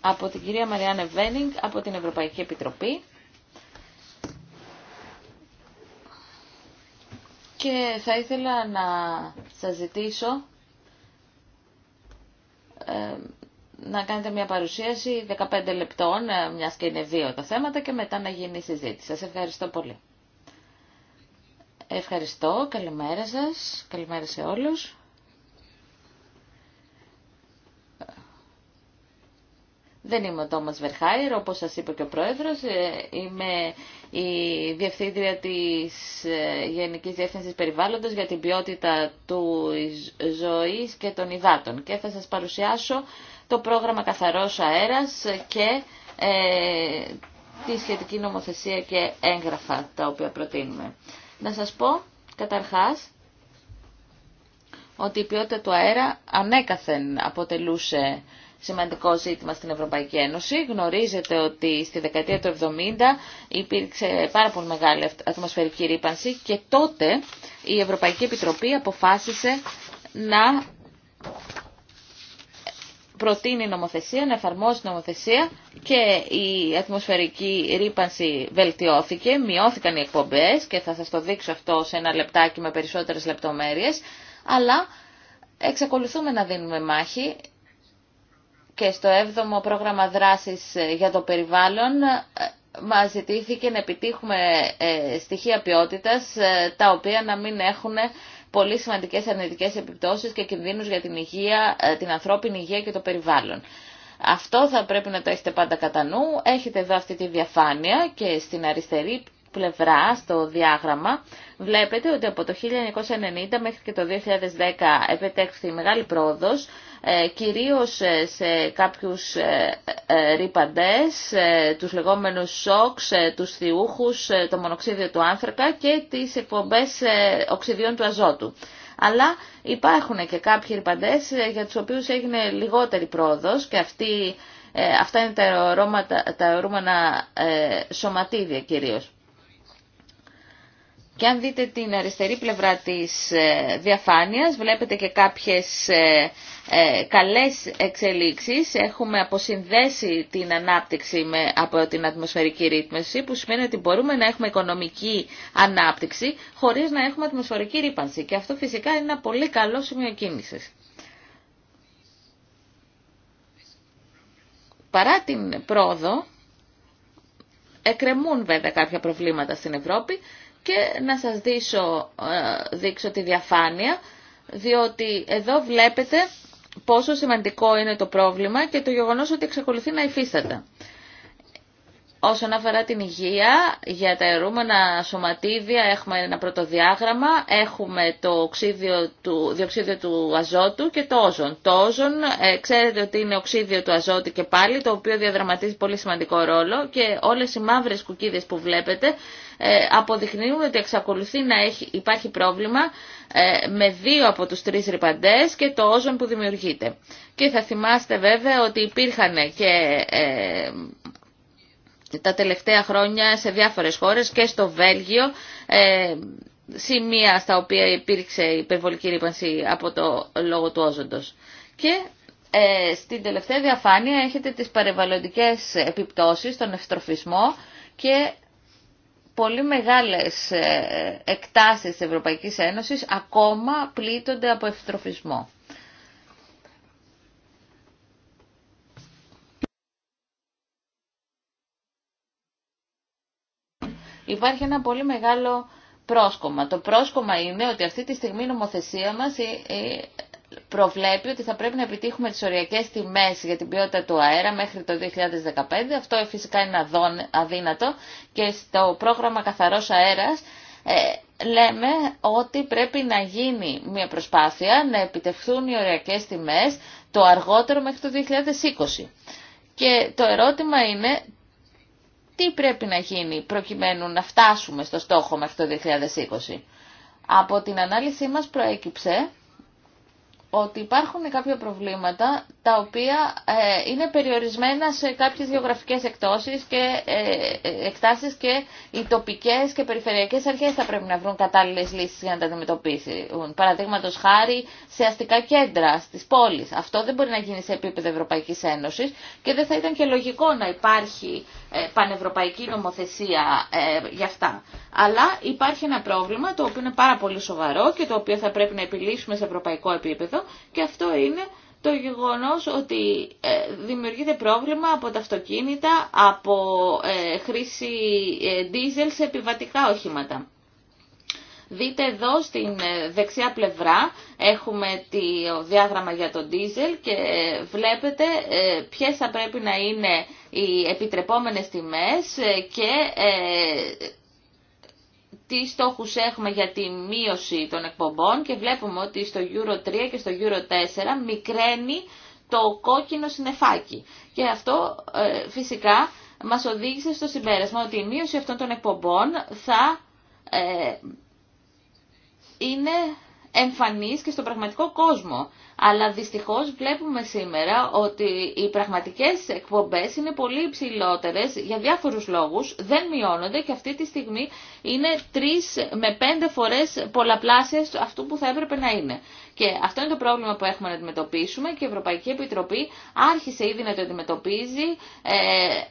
από την κυρία Μαριάννε Βένιγκ από την Ευρωπαϊκή Επιτροπή. και θα ήθελα να σας ζητήσω ε, να κάνετε μια παρουσίαση 15 λεπτών, ε, μιας και είναι δύο τα θέματα και μετά να γίνει η συζήτηση. Σας ευχαριστώ πολύ. Ευχαριστώ. Καλημέρα σας. Καλημέρα σε όλους. Δεν είμαι ο Τόμα Βερχάιρ, όπως σας είπε και ο Πρόεδρος. Ε, είμαι η Διευθύντρια της ε, Γενικής Διεύθυνσης Περιβάλλοντος για την ποιότητα του ζωή και των υδάτων. Και θα σας παρουσιάσω το πρόγραμμα καθαρό Αέρας και ε, τη σχετική νομοθεσία και έγγραφα τα οποία προτείνουμε. Να σας πω καταρχάς ότι η ποιότητα του αέρα ανέκαθεν αποτελούσε σημαντικό ζήτημα στην Ευρωπαϊκή Ένωση. Γνωρίζετε ότι στη δεκαετία του 70 υπήρξε πάρα πολύ μεγάλη ατμοσφαιρική ρήπανση και τότε η Ευρωπαϊκή Επιτροπή αποφάσισε να προτείνει νομοθεσία, να εφαρμόσει νομοθεσία και η ατμοσφαιρική ρήπανση βελτιώθηκε, μειώθηκαν οι εκπομπές και θα σας το δείξω αυτό σε ένα λεπτάκι με περισσότερες λεπτομέρειες, αλλά εξακολουθούμε να δίνουμε μάχη και στο 7ο πρόγραμμα δράσης ε, για το περιβάλλον ε, μας ζητήθηκε να επιτύχουμε ε, στοιχεία ποιότητας τα οποία να μην έχουν πολύ σημαντικές αρνητικές επιπτώσεις και κινδύνους για την υγεία, την ανθρώπινη υγεία και το περιβάλλον. Αυτό θα πρέπει να το έχετε πάντα κατά νου. Έχετε εδώ αυτή τη διαφάνεια και στην αριστερή πλευρά στο διάγραμμα βλέπετε ότι από το 1990 μέχρι και το 2010 επετέχθη μεγάλη πρόοδος ε, κυρίως ε, σε κάποιους ε, ρήπαντες, τους λεγόμενους σόξ, τους θιούχους, το μονοξίδιο του άνθρακα και τις εκπομπές οξυδιών του αζότου. Αλλά υπάρχουν και κάποιοι ρηπαντές για τους οποίους έγινε λιγότερη πρόοδος και αυτά είναι τα, ορώματα, τα σωματίδια κυρίως. Και αν δείτε την αριστερή πλευρά της ε, διαφάνειας, βλέπετε και κάποιες ε, ε, καλές εξελίξεις. Έχουμε αποσυνδέσει την ανάπτυξη από την ατμοσφαιρική ρύθμιση, που σημαίνει ότι μπορούμε να έχουμε οικονομική ανάπτυξη χωρίς να έχουμε ατμοσφαιρική ρήπανση. Και αυτό φυσικά είναι ένα πολύ καλό σημείο κίνηση. Παρά την πρόοδο, εκκρεμούν βέβαια κάποια προβλήματα στην Ευρώπη, και να σας δείξω, ε, δείξω τη διαφάνεια, διότι εδώ βλέπετε πόσο σημαντικό είναι το πρόβλημα και το γεγονός ότι εξακολουθεί να υφίσταται. Όσον αφορά την υγεία, για τα αιρούμενα σωματίδια έχουμε ένα πρωτοδιάγραμμα, έχουμε το οξύδιο του, διοξίδιο του αζότου και το όζον. Το όζον ε, ξέρετε ότι είναι οξύδιο του αζότου και πάλι, το οποίο διαδραματίζει πολύ σημαντικό ρόλο και όλες οι μαύρες κουκίδες που βλέπετε ε, αποδεικνύουν ότι εξακολουθεί να έχει, υπάρχει πρόβλημα ε, με δύο από τους τρεις ρηπαντές και το όζον που δημιουργείται. Και θα θυμάστε βέβαια ότι υπήρχαν και τα τελευταία χρόνια σε διάφορες χώρες και στο Βέλγιο ε, σημεία στα οποία υπήρξε υπερβολική ρήπανση από το λόγο του όζοντος. Και ε, στην τελευταία διαφάνεια έχετε τις παρεμβαλλοντικές επιπτώσεις, τον ευστροφισμό και πολύ μεγάλες ε, εκτάσεις της Ευρωπαϊκής Ένωσης ακόμα πλήττονται από ευστροφισμό. Υπάρχει ένα πολύ μεγάλο πρόσκομα. Το πρόσκομα είναι ότι αυτή τη στιγμή η νομοθεσία μας ε, ε, προβλέπει ότι θα πρέπει να επιτύχουμε τις οριακές τιμές για την ποιότητα του αέρα μέχρι το 2015. Αυτό φυσικά είναι αδύνατο και στο πρόγραμμα Καθαρός Αέρας ε, λέμε ότι πρέπει να γίνει μια προσπάθεια να επιτευχθούν οι οριακές τιμές το αργότερο μέχρι το 2020. Και το ερώτημα είναι τι πρέπει να γίνει προκειμένου να φτάσουμε στο στόχο μέχρι το 2020. Από την ανάλυση μας προέκυψε ότι υπάρχουν κάποια προβλήματα τα οποία ε, είναι περιορισμένα σε κάποιες γεωγραφικές εκτόσεις και, ε, ε, εκτάσεις και οι τοπικές και περιφερειακές αρχές θα πρέπει να βρουν κατάλληλες λύσεις για να τα αντιμετωπίσουν. Παραδείγματο χάρη σε αστικά κέντρα, στις πόλεις. Αυτό δεν μπορεί να γίνει σε επίπεδο Ευρωπαϊκής Ένωσης και δεν θα ήταν και λογικό να υπάρχει ε, πανευρωπαϊκή νομοθεσία για αυτά. Αλλά υπάρχει ένα πρόβλημα το οποίο είναι πάρα πολύ σοβαρό και το οποίο θα πρέπει να επιλύσουμε σε ευρωπαϊκό επίπεδο και αυτό είναι το γεγονός ότι ε, δημιουργείται πρόβλημα από τα αυτοκίνητα, από ε, χρήση ε, diesel σε επιβατικά οχήματα. Δείτε εδώ στην δεξιά πλευρά έχουμε το διάγραμμα για τον diesel και βλέπετε ποιες θα πρέπει να είναι οι επιτρεπόμενες τιμές και τι στόχους έχουμε για τη μείωση των εκπομπών και βλέπουμε ότι στο Euro 3 και στο Euro 4 μικραίνει το κόκκινο συννεφάκι. Και αυτό ε, φυσικά μας οδήγησε στο συμπέρασμα ότι η μείωση αυτών των εκπομπών θα ε, είναι εμφανής και στον πραγματικό κόσμο αλλά δυστυχώς βλέπουμε σήμερα ότι οι πραγματικές εκπομπές είναι πολύ υψηλότερε για διάφορους λόγους, δεν μειώνονται και αυτή τη στιγμή είναι τρεις με πέντε φορές πολλαπλάσιες αυτού που θα έπρεπε να είναι. Και αυτό είναι το πρόβλημα που έχουμε να αντιμετωπίσουμε και η Ευρωπαϊκή Επιτροπή άρχισε ήδη να το αντιμετωπίζει ε,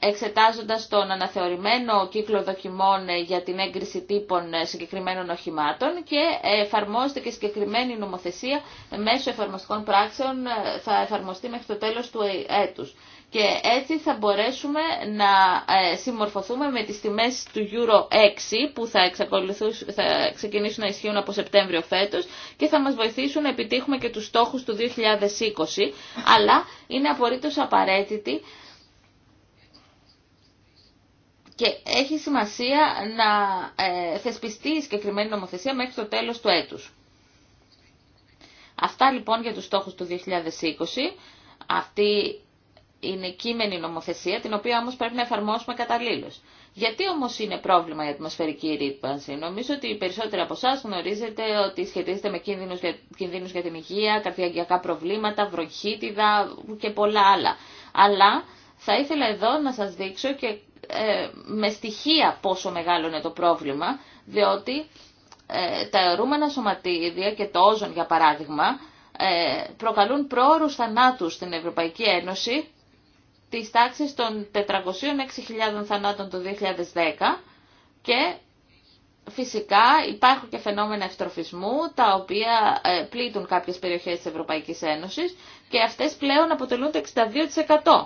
εξετάζοντας τον αναθεωρημένο κύκλο δοκιμών ε, για την έγκριση τύπων ε, συγκεκριμένων οχημάτων και εφαρμόζεται και συγκεκριμένη νομοθεσία μέσω εφαρμοστικών πράξεων θα εφαρμοστεί μέχρι το τέλος του έτους και έτσι θα μπορέσουμε να ε, συμμορφωθούμε με τις τιμές του Euro 6 που θα, θα ξεκινήσουν να ισχύουν από Σεπτέμβριο φέτος και θα μας βοηθήσουν να επιτύχουμε και τους στόχους του 2020 αλλά είναι απορρίτως απαραίτητη και έχει σημασία να ε, θεσπιστεί η συγκεκριμένη νομοθεσία μέχρι το τέλος του έτους. Αυτά λοιπόν για τους στόχους του 2020. Αυτή είναι κείμενη νομοθεσία, την οποία όμως πρέπει να εφαρμόσουμε καταλήλως. Γιατί όμως είναι πρόβλημα η ατμοσφαιρική ρήπανση. Νομίζω ότι οι περισσότεροι από εσά γνωρίζετε ότι σχετίζεται με κίνδυνους για, για την υγεία, καρδιακά προβλήματα, βροχίτιδα και πολλά άλλα. Αλλά θα ήθελα εδώ να σας δείξω και ε, με στοιχεία πόσο μεγάλο είναι το πρόβλημα, διότι ε, τα αιρούμενα σωματίδια και το όζον για παράδειγμα, ε, προκαλούν πρόωρους θανάτους στην Ευρωπαϊκή Ένωση της τάξης των 406.000 θανάτων το 2010 και φυσικά υπάρχουν και φαινόμενα ευτροφισμού τα οποία ε, πλήττουν κάποιες περιοχές της Ευρωπαϊκής Ένωσης και αυτές πλέον αποτελούν το 62%.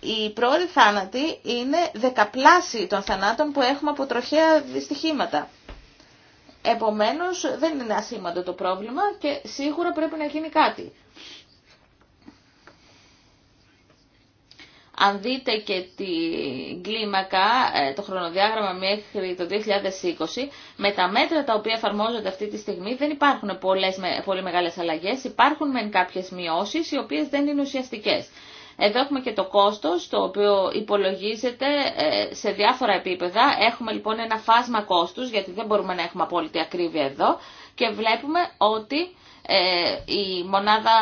Οι πρόοροι θάνατοι είναι δεκαπλάσιοι των θανάτων που έχουμε από τροχαία δυστυχήματα. Επομένως δεν είναι ασήμαντο το πρόβλημα και σίγουρα πρέπει να γίνει κάτι. Αν δείτε και την κλίμακα, ε, το χρονοδιάγραμμα μέχρι το 2020, με τα μέτρα τα οποία εφαρμόζονται αυτή τη στιγμή δεν υπάρχουν πολλές, πολύ μεγάλες αλλαγές, υπάρχουν μεν κάποιες μειώσεις οι οποίες δεν είναι ουσιαστικές. Εδώ έχουμε και το κόστος, το οποίο υπολογίζεται ε, σε διάφορα επίπεδα. Έχουμε λοιπόν ένα φάσμα κόστους, γιατί δεν μπορούμε να έχουμε απόλυτη ακρίβεια εδώ, και βλέπουμε ότι ε, η μονάδα,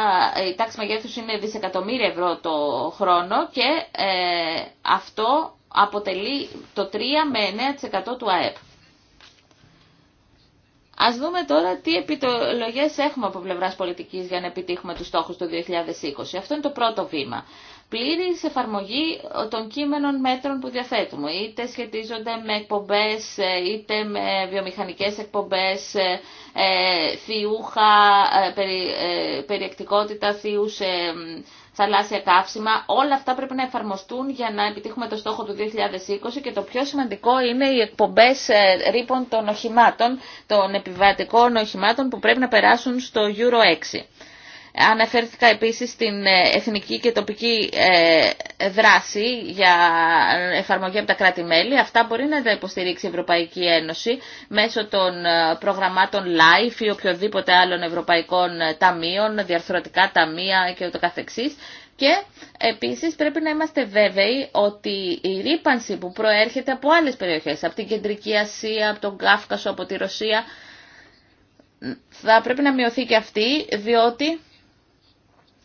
η τάξη μεγέθους είναι δισεκατομμύρια ευρώ το χρόνο και ε, αυτό αποτελεί το 3 με 9% του ΑΕΠ. Ας δούμε τώρα τι επιτολογές έχουμε από πλευράς πολιτικής για να επιτύχουμε τους στόχους του 2020. Αυτό είναι το πρώτο βήμα πλήρης εφαρμογή των κείμενων μέτρων που διαθέτουμε. Είτε σχετίζονται με εκπομπές, ε, είτε με βιομηχανικές εκπομπές, ε, ε, θιούχα, περιεκτικότητα θείου σε θαλάσσια καύσιμα. Όλα αυτά πρέπει να εφαρμοστούν για να επιτύχουμε το στόχο του 2020 και το πιο σημαντικό είναι οι εκπομπές ρήπων των οχημάτων, των επιβατικών οχημάτων που πρέπει να περάσουν στο Euro 6. Αναφέρθηκα επίσης στην ε, εθνική και τοπική ε, δράση για εφαρμογή από τα κράτη-μέλη. Αυτά μπορεί να τα υποστηρίξει η Ευρωπαϊκή Ένωση μέσω των ε, προγραμμάτων LIFE ή οποιοδήποτε άλλων ευρωπαϊκών ταμείων, διαρθρωτικά ταμεία και ούτω καθεξής. Και επίσης πρέπει να είμαστε βέβαιοι ότι η ρήπανση που προέρχεται από άλλες περιοχές, από την Κεντρική Ασία, από τον Κάφκασο, από τη Ρωσία, θα πρέπει να μειωθεί και αυτή, διότι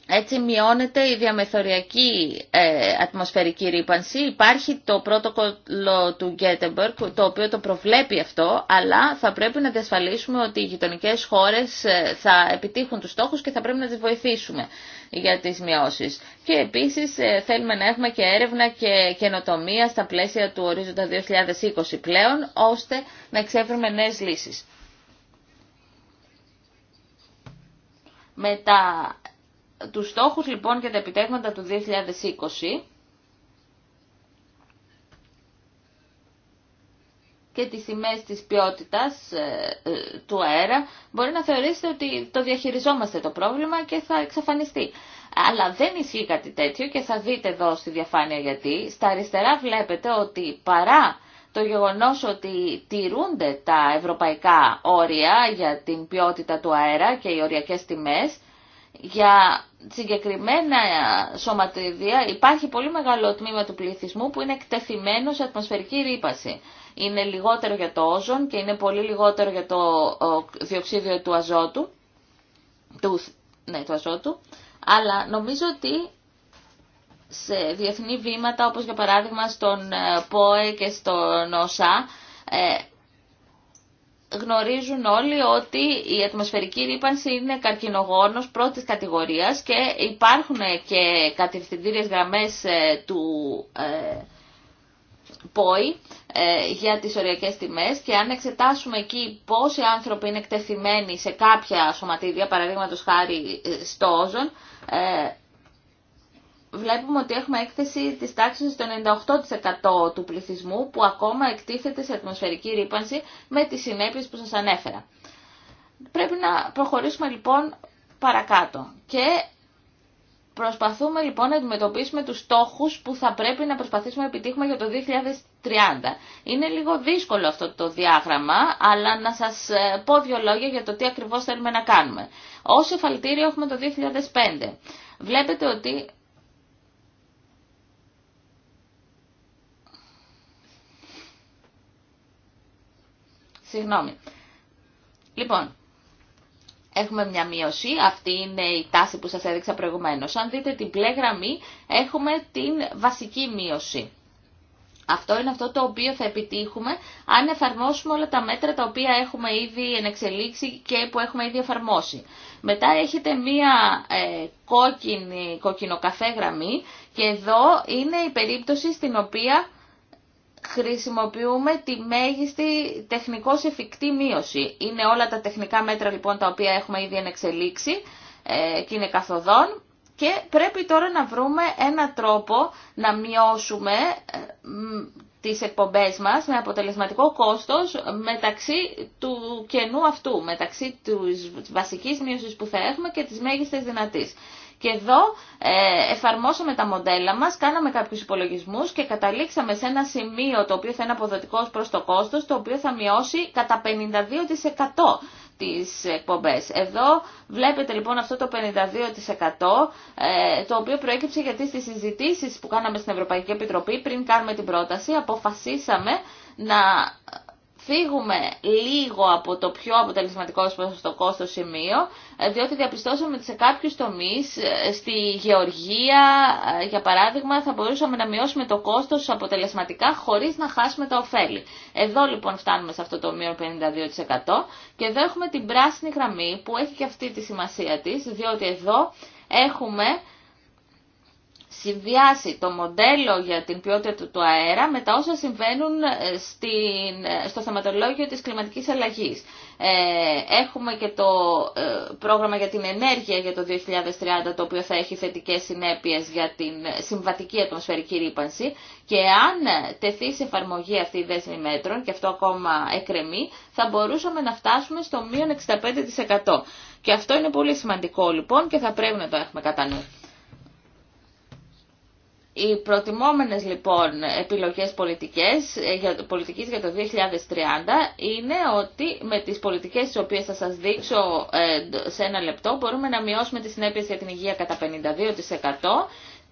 έτσι μειώνεται η διαμεθοριακή ε, ατμοσφαιρική ρήπανση. Υπάρχει το πρότοκολλο του Γκέτεμπερκ, το οποίο το προβλέπει αυτό, αλλά θα πρέπει να διασφαλίσουμε ότι οι γειτονικέ χώρες ε, θα επιτύχουν τους στόχους και θα πρέπει να τις βοηθήσουμε για τις μειώσεις. Και επίσης ε, θέλουμε να έχουμε και έρευνα και καινοτομία στα πλαίσια του ορίζοντα 2020 πλέον, ώστε να εξεύρουμε νέες λύσεις. Με τους στόχους λοιπόν και τα επιτέγματα του 2020 και τις τιμές της ποιότητας ε, ε, του αέρα, μπορεί να θεωρήσετε ότι το διαχειριζόμαστε το πρόβλημα και θα εξαφανιστεί. Αλλά δεν ισχύει κάτι τέτοιο και θα δείτε εδώ στη διαφάνεια γιατί. Στα αριστερά βλέπετε ότι παρά το γεγονός ότι τηρούνται τα ευρωπαϊκά όρια για την ποιότητα του αέρα και οι οριακές τιμές, για συγκεκριμένα σωματιδία υπάρχει πολύ μεγάλο τμήμα του πληθυσμού που είναι εκτεθειμένο σε ατμοσφαιρική ρήπαση. Είναι λιγότερο για το όζον και είναι πολύ λιγότερο για το διοξίδιο του αζότου, του, ναι, του αλλά νομίζω ότι σε διεθνή βήματα, όπως για παράδειγμα στον ε, ΠΟΕ και στον ΟΣΑ, ε, γνωρίζουν όλοι ότι η ατμοσφαιρική ρήπανση είναι καρκινογόνος πρώτης κατηγορίας και υπάρχουν και κατευθυντήριες γραμμές ε, του ε, ΠΟΗ ε, για τις οριακές τιμές και αν εξετάσουμε εκεί πόσοι άνθρωποι είναι εκτεθειμένοι σε κάποια σωματίδια, παραδείγματο χάρη στο όζον, βλέπουμε ότι έχουμε έκθεση της τάξης των 98% του πληθυσμού που ακόμα εκτίθεται σε ατμοσφαιρική ρήπανση με τις συνέπειες που σας ανέφερα. Πρέπει να προχωρήσουμε λοιπόν παρακάτω και προσπαθούμε λοιπόν να αντιμετωπίσουμε τους στόχους που θα πρέπει να προσπαθήσουμε να επιτύχουμε για το 2030. Είναι λίγο δύσκολο αυτό το διάγραμμα, αλλά να σας ε, πω δύο λόγια για το τι ακριβώς θέλουμε να κάνουμε. Όσο εφαλτήριο έχουμε το 2005. Βλέπετε ότι Συγγνώμη. Λοιπόν, έχουμε μια μείωση, αυτή είναι η τάση που σας έδειξα προηγουμένως. Αν δείτε την πλέ γραμμή, έχουμε την βασική μείωση. Αυτό είναι αυτό το οποίο θα επιτύχουμε αν εφαρμόσουμε όλα τα μέτρα τα οποία έχουμε ήδη ενεξελίξει και που έχουμε ήδη εφαρμόσει. Μετά έχετε μία ε, κόκκινη, γραμμή και εδώ είναι η περίπτωση στην οποία χρησιμοποιούμε τη μέγιστη τεχνικώς εφικτή μείωση. Είναι όλα τα τεχνικά μέτρα λοιπόν τα οποία έχουμε ήδη ενεξελίξει ε, και είναι καθοδόν και πρέπει τώρα να βρούμε ένα τρόπο να μειώσουμε ε, τις εκπομπές μας με αποτελεσματικό κόστος μεταξύ του κενού αυτού, μεταξύ της βασικής μείωσης που θα έχουμε και της μέγιστης δυνατής. Και εδώ ε, εφαρμόσαμε τα μοντέλα μας, κάναμε κάποιους υπολογισμούς και καταλήξαμε σε ένα σημείο το οποίο θα είναι αποδοτικό προς το κόστος, το οποίο θα μειώσει κατά 52% τις εκπομπές. Εδώ βλέπετε λοιπόν αυτό το 52% ε, το οποίο προέκυψε γιατί στις συζητήσεις που κάναμε στην Ευρωπαϊκή Επιτροπή πριν κάνουμε την πρόταση αποφασίσαμε να φύγουμε λίγο από το πιο αποτελεσματικό το κόστος σημείο, ε, διότι διαπιστώσαμε ότι σε κάποιους τομείς, ε, στη γεωργία, ε, για παράδειγμα, θα μπορούσαμε να μειώσουμε το κόστος αποτελεσματικά χωρίς να χάσουμε τα ωφέλη. Εδώ λοιπόν φτάνουμε σε αυτό το μείον 52% και εδώ έχουμε την πράσινη γραμμή που έχει και αυτή τη σημασία της, διότι εδώ έχουμε συνδυάσει το μοντέλο για την ποιότητα του αέρα με τα όσα συμβαίνουν ε, στην, ε, στο θεματολόγιο της κλιματικής αλλαγής. Ε, έχουμε και το πρόγραμμα για την ενέργεια για το 2030, το οποίο θα έχει θετικές συνέπειες για την συμβατική ατμοσφαιρική ρήπανση και αν τεθεί σε εφαρμογή αυτή η δέσμη μέτρων, και αυτό ακόμα εκρεμεί, θα μπορούσαμε να φτάσουμε στο μείον 65%. Και αυτό είναι πολύ σημαντικό λοιπόν και θα πρέπει να το έχουμε κατά νου. Οι προτιμόμενες λοιπόν επιλογές πολιτικές, ε, πολιτικής για το 2030 είναι ότι με τις πολιτικές τις οποίες θα σας δείξω ε, σε ένα λεπτό μπορούμε να μειώσουμε τις συνέπειες για την υγεία κατά 52%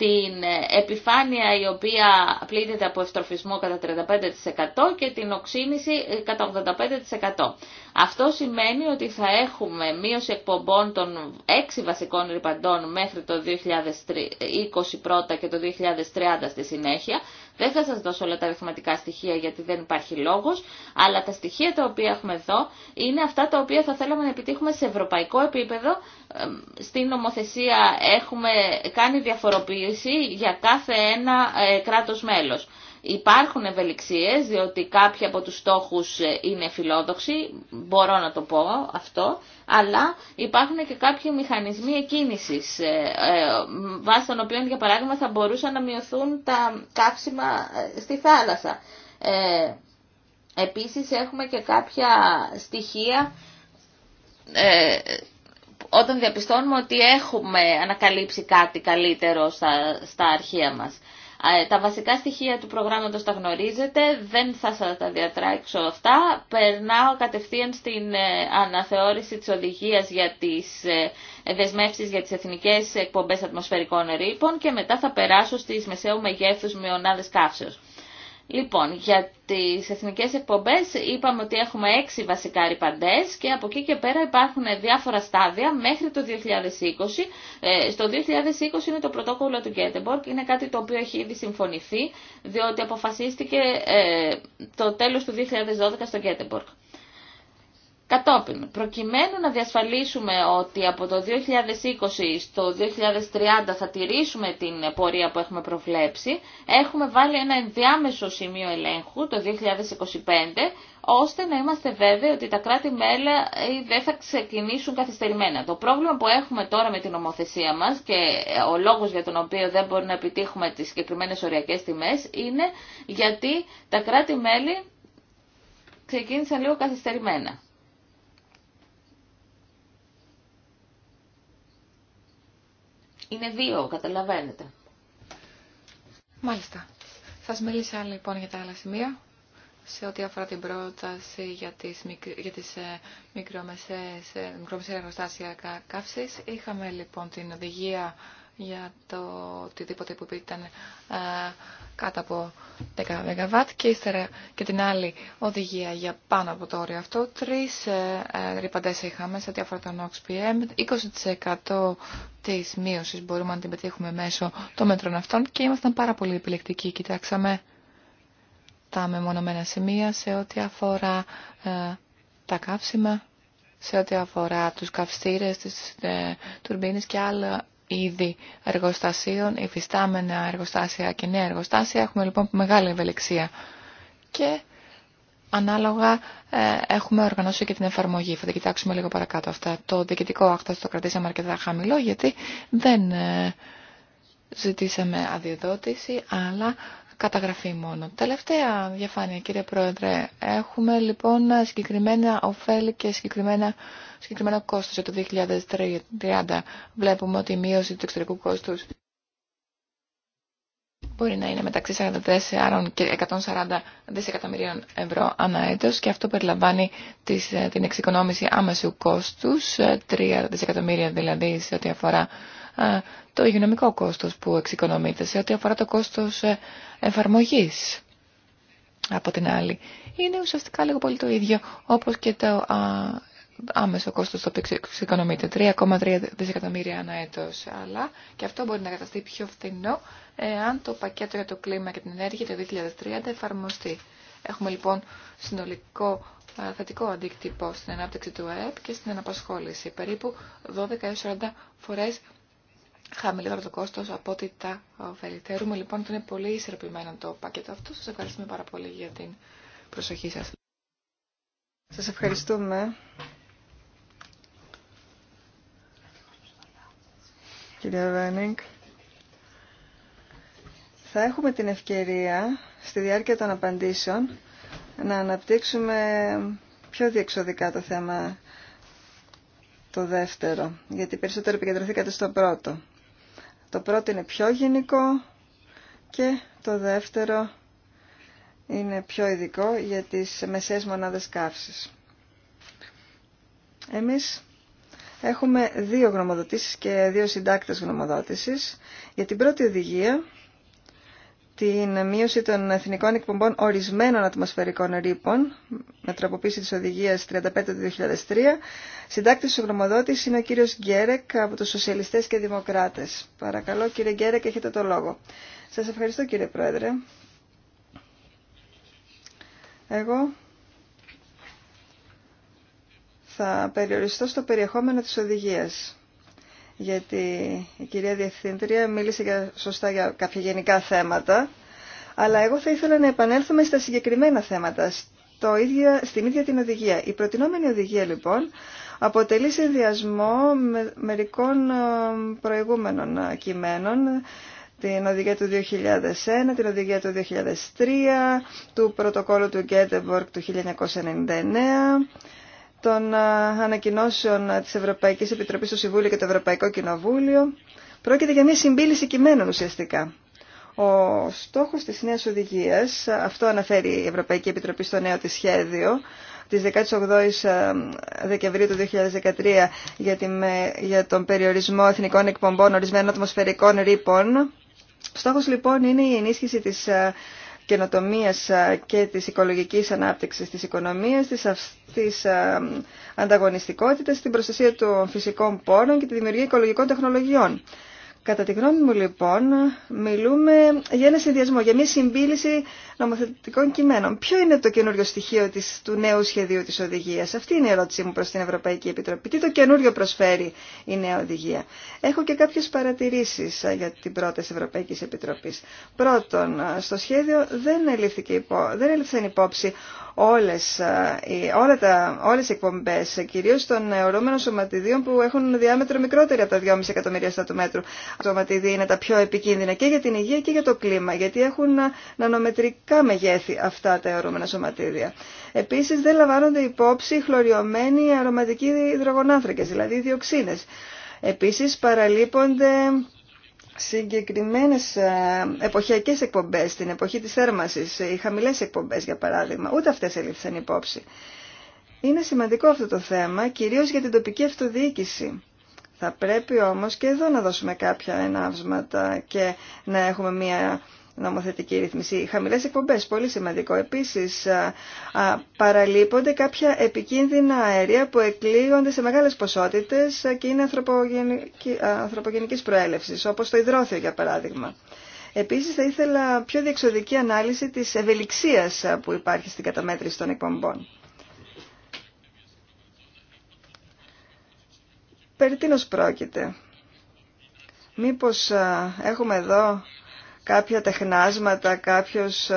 την επιφάνεια η οποία πλήττεται από ευστροφισμό κατά 35% και την οξύνηση ε, κατά 85%. Αυτό σημαίνει ότι θα έχουμε μείωση εκπομπών των 6 βασικών ρηπαντών μέχρι το 2020 ε, και το 2030 στη συνέχεια, δεν θα σας δώσω όλα τα αριθματικά στοιχεία γιατί δεν υπάρχει λόγος, αλλά τα στοιχεία τα οποία έχουμε εδώ είναι αυτά τα οποία θα θέλαμε να επιτύχουμε σε ευρωπαϊκό επίπεδο. Στην νομοθεσία έχουμε κάνει διαφοροποίηση για κάθε ένα ε, κράτος μέλος. Υπάρχουν ευελιξίες, διότι κάποιοι από τους στόχους ε, είναι φιλόδοξοι, μπορώ να το πω αυτό, αλλά υπάρχουν και κάποιοι μηχανισμοί εκκίνησης, ε, ε, βάσει των οποίων, για παράδειγμα, θα μπορούσαν να μειωθούν τα κάψιμα στη θάλασσα. Επίσης, έχουμε και κάποια στοιχεία όταν διαπιστώνουμε ότι έχουμε ανακαλύψει κάτι καλύτερο στα, στα αρχεία μας. Ε, τα βασικά στοιχεία του προγράμματος τα γνωρίζετε, δεν θα σας τα διατράξω αυτά. Περνάω κατευθείαν στην ε, αναθεώρηση της οδηγίας για τις ε, δεσμεύσεις για τις εθνικές εκπομπές ατμοσφαιρικών ρήπων και μετά θα περάσω στις μεσαίου μεγέθους μειονάδες καύσεως. Λοιπόν, για τις εθνικές εκπομπές είπαμε ότι έχουμε έξι βασικά ρηπαντές και από εκεί και πέρα υπάρχουν διάφορα στάδια μέχρι το 2020. Ε, στο 2020 είναι το πρωτόκολλο του Γκέτεμπορκ, είναι κάτι το οποίο έχει ήδη συμφωνηθεί, διότι αποφασίστηκε ε, το τέλος του 2012 στο Γκέτεμπορκ. Κατόπιν, προκειμένου να διασφαλίσουμε ότι από το 2020 στο 2030 θα τηρήσουμε την πορεία που έχουμε προβλέψει, έχουμε βάλει ένα ενδιάμεσο σημείο ελέγχου το 2025, ώστε να είμαστε βέβαιοι ότι τα κράτη-μέλη ε, δεν θα ξεκινήσουν καθυστερημένα. Το πρόβλημα που έχουμε τώρα με την νομοθεσία μας και ε, ο λόγος για τον οποίο δεν μπορούμε να επιτύχουμε τις συγκεκριμένες οριακές τιμές είναι γιατί τα κράτη-μέλη ξεκίνησαν λίγο καθυστερημένα. Είναι δύο, καταλαβαίνετε. Μάλιστα. Σας μίλησα λοιπόν για τα άλλα σημεία σε ό,τι αφορά την πρόταση για τις, για τις ε, ε, εργοστάσια καύσης. Είχαμε λοιπόν την οδηγία για το οτιδήποτε που ήταν ε, κάτω από 10 ΜΒ και ύστερα και την άλλη οδηγία για πάνω από το όριο αυτό. Τρεις ρηπαντέ ε, ε, ρηπαντές είχαμε σε ό,τι αφορά τον OXPM. 20% της μείωσης μπορούμε να την πετύχουμε μέσω των μέτρων αυτών και ήμασταν πάρα πολύ επιλεκτικοί. Κοιτάξαμε τα μεμονωμένα σημεία σε ό,τι αφορά τα καύσιμα, σε ό,τι αφορά τους καυστήρες, τις ε, τουρμπίνες και άλλα είδη εργοστασίων, υφιστάμενα εργοστάσια και νέα εργοστάσια. Έχουμε λοιπόν μεγάλη ευελιξία και ανάλογα ε, έχουμε οργανώσει και την εφαρμογή. Θα τα κοιτάξουμε λίγο παρακάτω αυτά. Το διοικητικό άκτο το κρατήσαμε αρκετά χαμηλό γιατί δεν ε, ζητήσαμε αδειοδότηση αλλά καταγραφή μόνο. Τελευταία διαφάνεια, κύριε Πρόεδρε. Έχουμε λοιπόν συγκεκριμένα ωφέλη και συγκεκριμένα, συγκεκριμένα κόστος για το 2030. Βλέπουμε ότι η μείωση του εξωτερικού κόστους μπορεί να είναι μεταξύ 44 και 140 δισεκατομμυρίων ευρώ ανά έτος και αυτό περιλαμβάνει ε, την εξοικονόμηση άμεσου κόστους, 3 ε, δισεκατομμύρια δηλαδή σε ό,τι αφορά ε, το υγειονομικό κόστος που εξοικονομείται σε ό,τι αφορά το κόστος ε, εφαρμογής από την άλλη. Είναι ουσιαστικά λίγο πολύ το ίδιο όπως και το άμεσο κόστος το οποίο εξοικονομείται, 3,3 δισεκατομμύρια ανά έτος. Αλλά και αυτό μπορεί να καταστεί πιο φθηνό εάν το πακέτο για το κλίμα και την ενέργεια το 2030 εφαρμοστεί. Έχουμε λοιπόν συνολικό θετικό αντίκτυπο στην ανάπτυξη του ΑΕΠ και στην αναπασχόληση, περίπου 12 έως 40 φορές χαμηλότερο το κόστο από ό,τι τα ωφέλη. λοιπόν ότι είναι πολύ ισορροπημένο το πακέτο αυτό. Σα ευχαριστούμε πάρα πολύ για την προσοχή σα. Σα ευχαριστούμε. Κυρία Βένιγκ. Θα έχουμε την ευκαιρία στη διάρκεια των απαντήσεων να αναπτύξουμε πιο διεξοδικά το θέμα το δεύτερο, γιατί περισσότερο επικεντρωθήκατε στο πρώτο. Το πρώτο είναι πιο γενικό και το δεύτερο είναι πιο ειδικό για τις μεσαίες μονάδες καύσης. Εμείς έχουμε δύο γνωμοδοτήσεις και δύο συντάκτες γνωμοδότησης. Για την πρώτη οδηγία την μείωση των εθνικών εκπομπών ορισμένων ατμοσφαιρικών ρήπων, με τροποποίηση της οδηγίας 35 του 2003, συντάκτης του γνωμοδότης είναι ο κύριος Γκέρεκ από τους Σοσιαλιστές και Δημοκράτες. Παρακαλώ κύριε Γκέρεκ, έχετε το λόγο. Σας ευχαριστώ κύριε Πρόεδρε. Εγώ θα περιοριστώ στο περιεχόμενο της οδηγίας γιατί η κυρία Διευθύντρια μίλησε για, σωστά για κάποια γενικά θέματα, αλλά εγώ θα ήθελα να επανέλθουμε στα συγκεκριμένα θέματα, στο ίδια, στην ίδια την οδηγία. Η προτινόμενη οδηγία λοιπόν αποτελεί συνδυασμό μερικών ε, προηγούμενων ε, κειμένων, την οδηγία του 2001, την οδηγία του 2003, του πρωτοκόλου του Γκέτεμπορκ του 1999, των ανακοινώσεων της Ευρωπαϊκής Επιτροπής στο Συμβούλιο και το Ευρωπαϊκό Κοινοβούλιο πρόκειται για μια συμπίληση κειμένων ουσιαστικά. Ο στόχος της νέας οδηγίας, αυτό αναφέρει η Ευρωπαϊκή Επιτροπή στο νέο της σχέδιο, της 18ης Δεκεμβρίου του 2013 για, για τον περιορισμό εθνικών εκπομπών ορισμένων ατμοσφαιρικών ρήπων. Στόχος λοιπόν είναι η ενίσχυση της καινοτομία ε, και της οικολογικής ανάπτυξης της οικονομίας, της, της ε, ανταγωνιστικότητας, την προστασία των φυσικών πόρων και τη δημιουργία οικολογικών τεχνολογιών. Κατά τη γνώμη μου λοιπόν μιλούμε για ένα συνδυασμό, για μια συμπίληση νομοθετικών κειμένων. Ποιο είναι το καινούριο στοιχείο της, του νέου σχεδίου της οδηγίας. Αυτή είναι η ερώτησή μου προς την Ευρωπαϊκή Επιτροπή. Τι το καινούριο προσφέρει η νέα οδηγία. Έχω και κάποιες παρατηρήσεις ε, για την πρόταση Ευρωπαϊκής Επιτροπής. Πρώτον, ε, στο σχέδιο δεν, υπό, δεν υπόψη όλες, ε, όλα τα, όλες οι εκπομπές, κυρίως των αιωρούμενων σωματιδίων που έχουν διάμετρο μικρότερη από τα 2,5 εκατομμύρια στάτου μέτρου. Τα σωματιδία είναι τα πιο επικίνδυνα και για την υγεία και για το κλίμα, γιατί έχουν νανομετρικά μεγέθη αυτά τα αιωρούμενα σωματίδια. Επίσης δεν λαμβάνονται υπόψη χλωριωμένοι αρωματικοί υδρογονάνθρακες, δηλαδή διοξίνες. Επίσης παραλείπονται συγκεκριμένες ε, εποχιακές εκπομπές, την εποχή της θέρμασης, οι χαμηλές εκπομπές για παράδειγμα, ούτε αυτές έλειψαν υπόψη. Είναι σημαντικό αυτό το θέμα, κυρίως για την τοπική αυτοδιοίκηση. Θα πρέπει όμως και εδώ να δώσουμε κάποια ενάυσματα και να έχουμε μια νομοθετική ρύθμιση. Χαμηλέ χαμηλές πολύ σημαντικό. Επίσης, παραλείπονται κάποια επικίνδυνα αέρια που εκλείονται σε μεγάλες ποσότητες και είναι ανθρωπογενικής προέλευση, όπως το υδρόθιο για παράδειγμα. Επίσης θα ήθελα πιο διεξοδική ανάλυση της ευελιξία που υπάρχει στην καταμέτρηση των εκπομπών. Περί τίνος πρόκειται. Μήπως έχουμε εδώ κάποια τεχνάσματα, κάποιους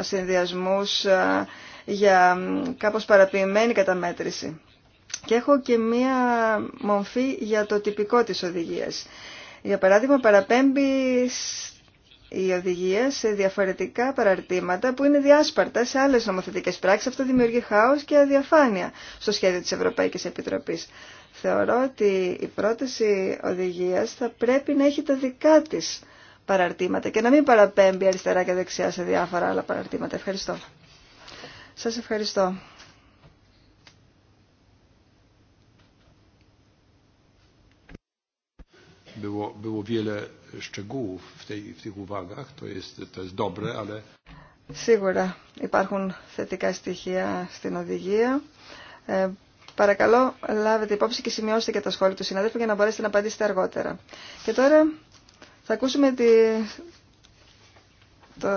συνδυασμούς για κάπως παραποιημένη καταμέτρηση. Και έχω και μία μορφή για το τυπικό της οδηγίας. Για παράδειγμα, παραπέμπει η οδηγία σε διαφορετικά παραρτήματα που είναι διάσπαρτα σε άλλες νομοθετικές πράξεις. Αυτό δημιουργεί χάος και αδιαφάνεια στο σχέδιο της Ευρωπαϊκής Επιτροπής. Θεωρώ ότι η πρόταση οδηγίας θα πρέπει να έχει τα δικά της παραρτήματα και να μην παραπέμπει αριστερά και δεξιά σε διάφορα άλλα παραρτήματα. Ευχαριστώ. Σας ευχαριστώ. Σίγουρα υπάρχουν θετικά στοιχεία στην οδηγία. Ε, παρακαλώ, λάβετε υπόψη και σημειώστε και τα σχόλια του συναδέλφου για να μπορέσετε να απαντήσετε αργότερα. Και τώρα θα ακούσουμε τη, το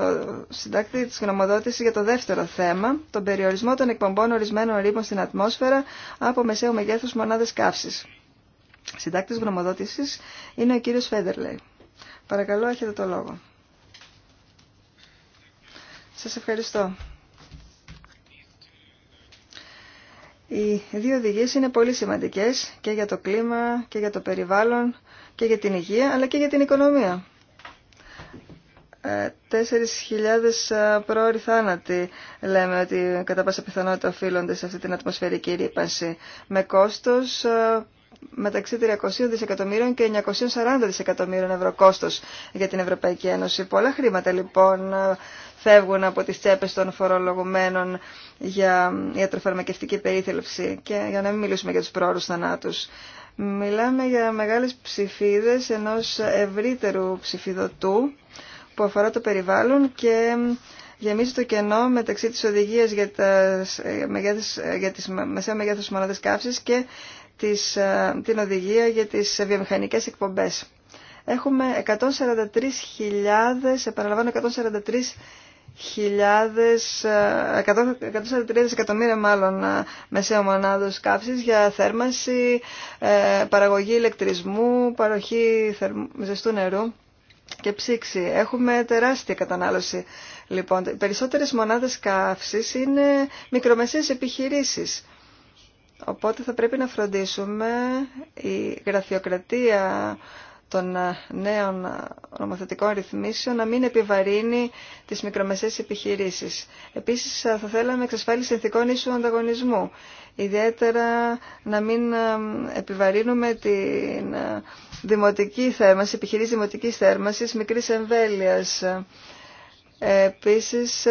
συντάκτη της Γνωμοδότηση για το δεύτερο θέμα, τον περιορισμό των εκπομπών ορισμένων ρήμων στην ατμόσφαιρα από μεσαίου μεγέθους μονάδες καύσης. Συντάκτης γνωμοδότησης είναι ο κύριος Φέντερλεϊ. Παρακαλώ, έχετε το λόγο. Σας ευχαριστώ. Οι δύο οδηγίες είναι πολύ σημαντικές και για το κλίμα και για το περιβάλλον και για την υγεία αλλά και για την οικονομία. 4.000 ε, ε, πρόωροι θάνατοι λέμε ότι κατά πάσα πιθανότητα οφείλονται σε αυτή την ατμοσφαιρική ρήπανση με κόστος ε, μεταξύ 300 δισεκατομμύριων και 940 δισεκατομμύριων ευρώ κόστος για την Ευρωπαϊκή Ένωση. Πολλά χρήματα λοιπόν φεύγουν από τις τσέπες των φορολογουμένων για ιατροφαρμακευτική περίθαλψη και για να μην μιλήσουμε για τους πρόωρους θανάτους. Μιλάμε για μεγάλες ψηφίδες ενός ευρύτερου ψηφιδωτού που αφορά το περιβάλλον και γεμίζει το κενό μεταξύ της οδηγίας για, τα, ε, ε, για τις μεσαία μεγέθους μονάδες καύσης και της, ε, την οδηγία για τις βιομηχανικές εκπομπές. Έχουμε 143.000, επαναλαμβάνω 143.000 χιλιάδες, 143 ε, εκατομμύρια μάλλον ε, μεσαίου μονάδος καύσης για θέρμανση, ε, παραγωγή ηλεκτρισμού, παροχή ζεστού νερού και ψήξη. Έχουμε τεράστια κατανάλωση. Λοιπόν, οι περισσότερες μονάδες καύσης είναι μικρομεσαίες επιχειρήσεις. Οπότε θα πρέπει να φροντίσουμε η γραφειοκρατία των ε, νέων ε, νομοθετικών ρυθμίσεων να μην επιβαρύνει τις μικρομεσαίες επιχειρήσεις. Επίσης ε, θα θέλαμε εξασφάλιση συνθηκών ίσου ανταγωνισμού. Ιδιαίτερα να μην επιβαρύνουμε την δημοτική θέρμανση, επιχειρήση δημοτικής θέρμασης, μικρής εμβέλειας. Επίσης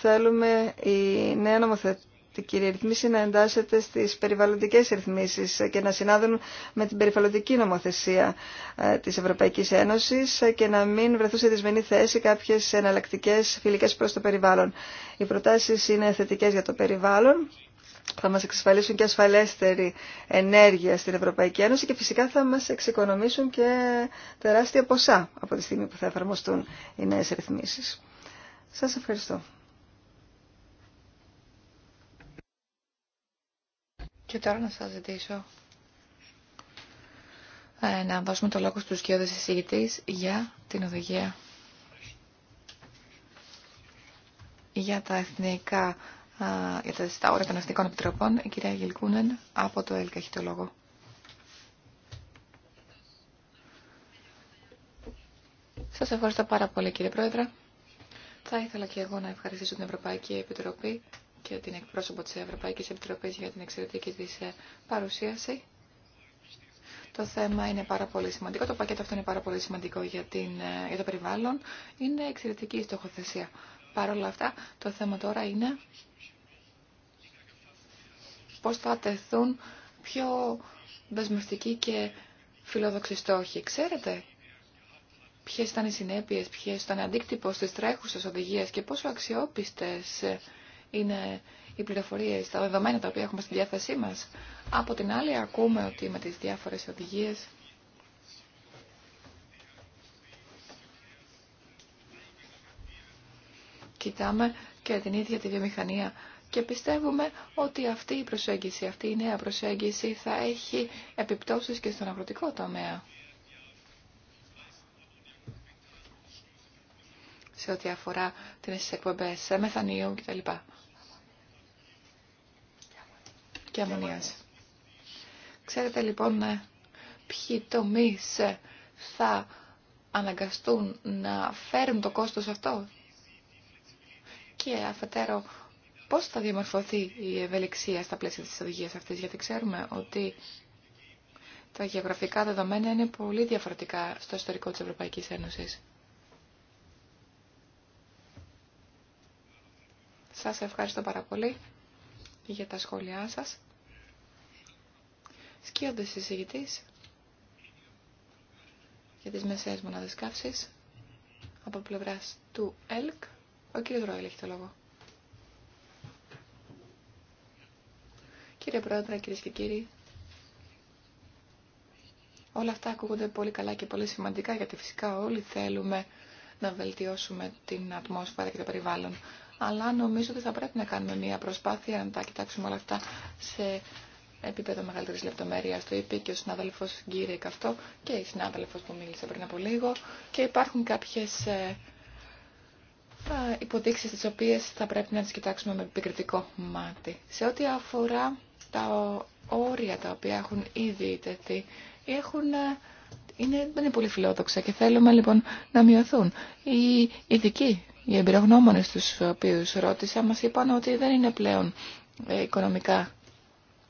θέλουμε η νέα νομοθετική την ρυθμίση να εντάσσεται στις περιβαλλοντικές ρυθμίσεις και να συνάδουν με την περιβαλλοντική νομοθεσία ε, της Ευρωπαϊκής Ένωσης και να μην βρεθούν σε δυσμενή θέση κάποιες εναλλακτικέ φιλικές προς το περιβάλλον. Οι προτάσεις είναι θετικές για το περιβάλλον. Θα μας εξασφαλίσουν και ασφαλέστερη ενέργεια στην Ευρωπαϊκή Ένωση και φυσικά θα μας εξοικονομήσουν και τεράστια ποσά από τη στιγμή που θα εφαρμοστούν οι νέες ρυθμίσεις. Σας ευχαριστώ. Και τώρα να σας ζητήσω ε, να δώσουμε το λόγο στους κοιόδες εισηγητής για την οδηγία για τα εθνικά για τα, όρια των εθνικών επιτροπών η κυρία Γελκούνεν από το ΕΛΚΑ έχει το λόγο Σας ευχαριστώ πάρα πολύ κύριε Πρόεδρε θα ήθελα και εγώ να ευχαριστήσω την Ευρωπαϊκή Επιτροπή και την εκπρόσωπο της Ευρωπαϊκής Επιτροπής για την εξαιρετική της ε, παρουσίαση. Το θέμα είναι πάρα πολύ σημαντικό. Το πακέτο αυτό είναι πάρα πολύ σημαντικό για, την, ε, το περιβάλλον. Είναι εξαιρετική η στοχοθεσία. Παρ' όλα αυτά, το θέμα τώρα είναι πώς θα τεθούν πιο δεσμευτικοί και φιλόδοξοι στόχοι. Ξέρετε ποιες ήταν οι συνέπειες, ποιες ήταν αντίκτυπος της τρέχουσας οδηγίας και πόσο αξιόπιστες είναι οι πληροφορίε, τα δεδομένα τα οποία έχουμε στη διάθεσή μας. Από την άλλη ακούμε ότι με τι διάφορε οδηγίε. κοιτάμε και την ίδια τη βιομηχανία και πιστεύουμε ότι αυτή η προσέγγιση, αυτή η νέα προσέγγιση θα έχει επιπτώσεις και στον αγροτικό τομέα. σε ό,τι αφορά τις εκπομπές σε μεθανείο κτλ και αμμονίας. Ξέρετε λοιπόν ε, ποιοι τομεί ε, θα αναγκαστούν να φέρουν το κόστος αυτό και αφετέρου πώς θα διαμορφωθεί η ευελιξία στα πλαίσια της οδηγίας αυτής, γιατί ξέρουμε ότι τα γεωγραφικά δεδομένα είναι πολύ διαφορετικά στο ιστορικό της Ευρωπαϊκής Ένωσης. Σας ευχαριστώ πάρα πολύ για τα σχόλιά σας. Σκύοντας εισηγητής για τις μεσαίες μονάδες καύσης από πλευράς του ΕΛΚ. Ο κύριος Ρόιλ έχει το λόγο. Κύριε Πρόεδρε, κυρίε και κύριοι, όλα αυτά ακούγονται πολύ καλά και πολύ σημαντικά γιατί φυσικά όλοι θέλουμε να βελτιώσουμε την ατμόσφαιρα και το περιβάλλον. Αλλά νομίζω ότι θα πρέπει να κάνουμε μια προσπάθεια να τα κοιτάξουμε όλα αυτά σε επίπεδο μεγαλύτερη λεπτομέρεια. Το είπε και ο συνάδελφο και αυτό και η συνάδελφο που μίλησε πριν από λίγο. Και υπάρχουν κάποιε ε, υποδείξει τι οποίε θα πρέπει να τι κοιτάξουμε με επικριτικό μάτι. Σε ό,τι αφορά τα όρια τα οποία έχουν ήδη τεθεί, έχουν, ε, είναι, δεν είναι πολύ φιλόδοξα και θέλουμε λοιπόν να μειωθούν. Οι ειδικοί, οι εμπειρογνώμονε του ε, οποίου ρώτησα, μα είπαν ότι δεν είναι πλέον οικονομικά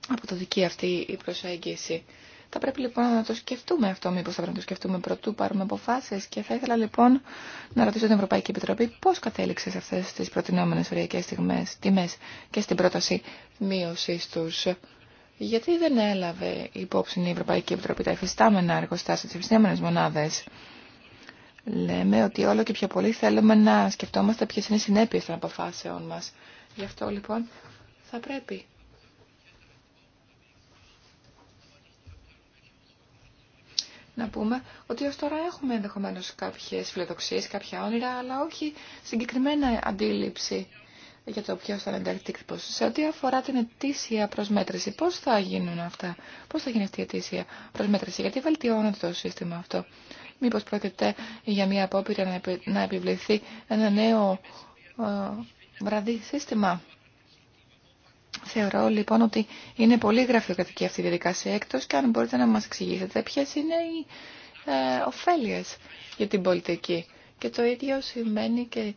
από το δική αυτή η προσέγγιση. Θα πρέπει λοιπόν να το σκεφτούμε αυτό, μήπω θα πρέπει να το σκεφτούμε πρωτού πάρουμε αποφάσει. Και θα ήθελα λοιπόν να ρωτήσω την Ευρωπαϊκή Επιτροπή πώ κατέληξε σε αυτέ τι προτινόμενε οριακέ τιμέ και στην πρόταση μείωση του. Γιατί δεν έλαβε υπόψη η Ευρωπαϊκή Επιτροπή τα εφιστάμενα εργοστάσια, τι εφιστάμενε μονάδε. Λέμε ότι όλο και πιο πολύ θέλουμε να σκεφτόμαστε ποιε είναι οι συνέπειε των αποφάσεών μα. Γι' αυτό λοιπόν θα πρέπει να πούμε ότι ως τώρα έχουμε ενδεχομένως κάποιες φιλοδοξίες, κάποια όνειρα, αλλά όχι συγκεκριμένα αντίληψη για το ποιος θα είναι αντίκτυπος. Σε ό,τι αφορά την ετήσια προσμέτρηση, πώς θα γίνουν αυτά, πώς θα γίνει αυτή η ετήσια προσμέτρηση, γιατί βελτιώνεται το σύστημα αυτό. Μήπως πρόκειται για μια απόπειρα να επιβληθεί ένα νέο ε, βραδύ σύστημα. Θεωρώ λοιπόν ότι είναι πολύ γραφειοκρατική αυτή η διαδικασία έκτος και αν μπορείτε να μας εξηγήσετε ποιες είναι οι ε, για την πολιτική. Και το ίδιο σημαίνει και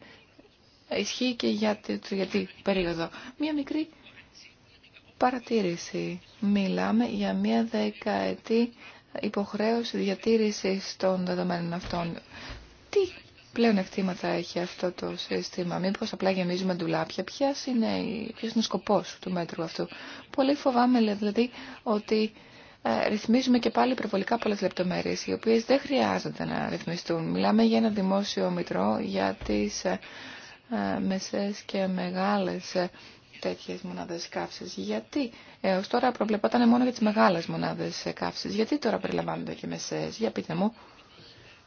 ισχύει και για την τη περίοδο. Μία μικρή παρατήρηση. Μιλάμε για μία δεκαετή υποχρέωση διατήρησης των δεδομένων αυτών. Τι πλέον έχει αυτό το σύστημα. Μήπως απλά γεμίζουμε ντουλάπια. Ποιος είναι, ποιος είναι ο σκοπός του μέτρου αυτού. Πολύ φοβάμαι δηλαδή ότι ε, ρυθμίζουμε και πάλι υπερβολικά πολλές λεπτομέρειες, οι οποίες δεν χρειάζονται να ρυθμιστούν. Μιλάμε για ένα δημόσιο μητρό για τις ε, ε, μεσέ και μεγάλες τέτοιε μονάδε καύση. Γιατί έω τώρα προβλεπόταν μόνο για τι μεγάλε μονάδε καύση. Γιατί τώρα περιλαμβάνονται και μεσέ, για πείτε μου.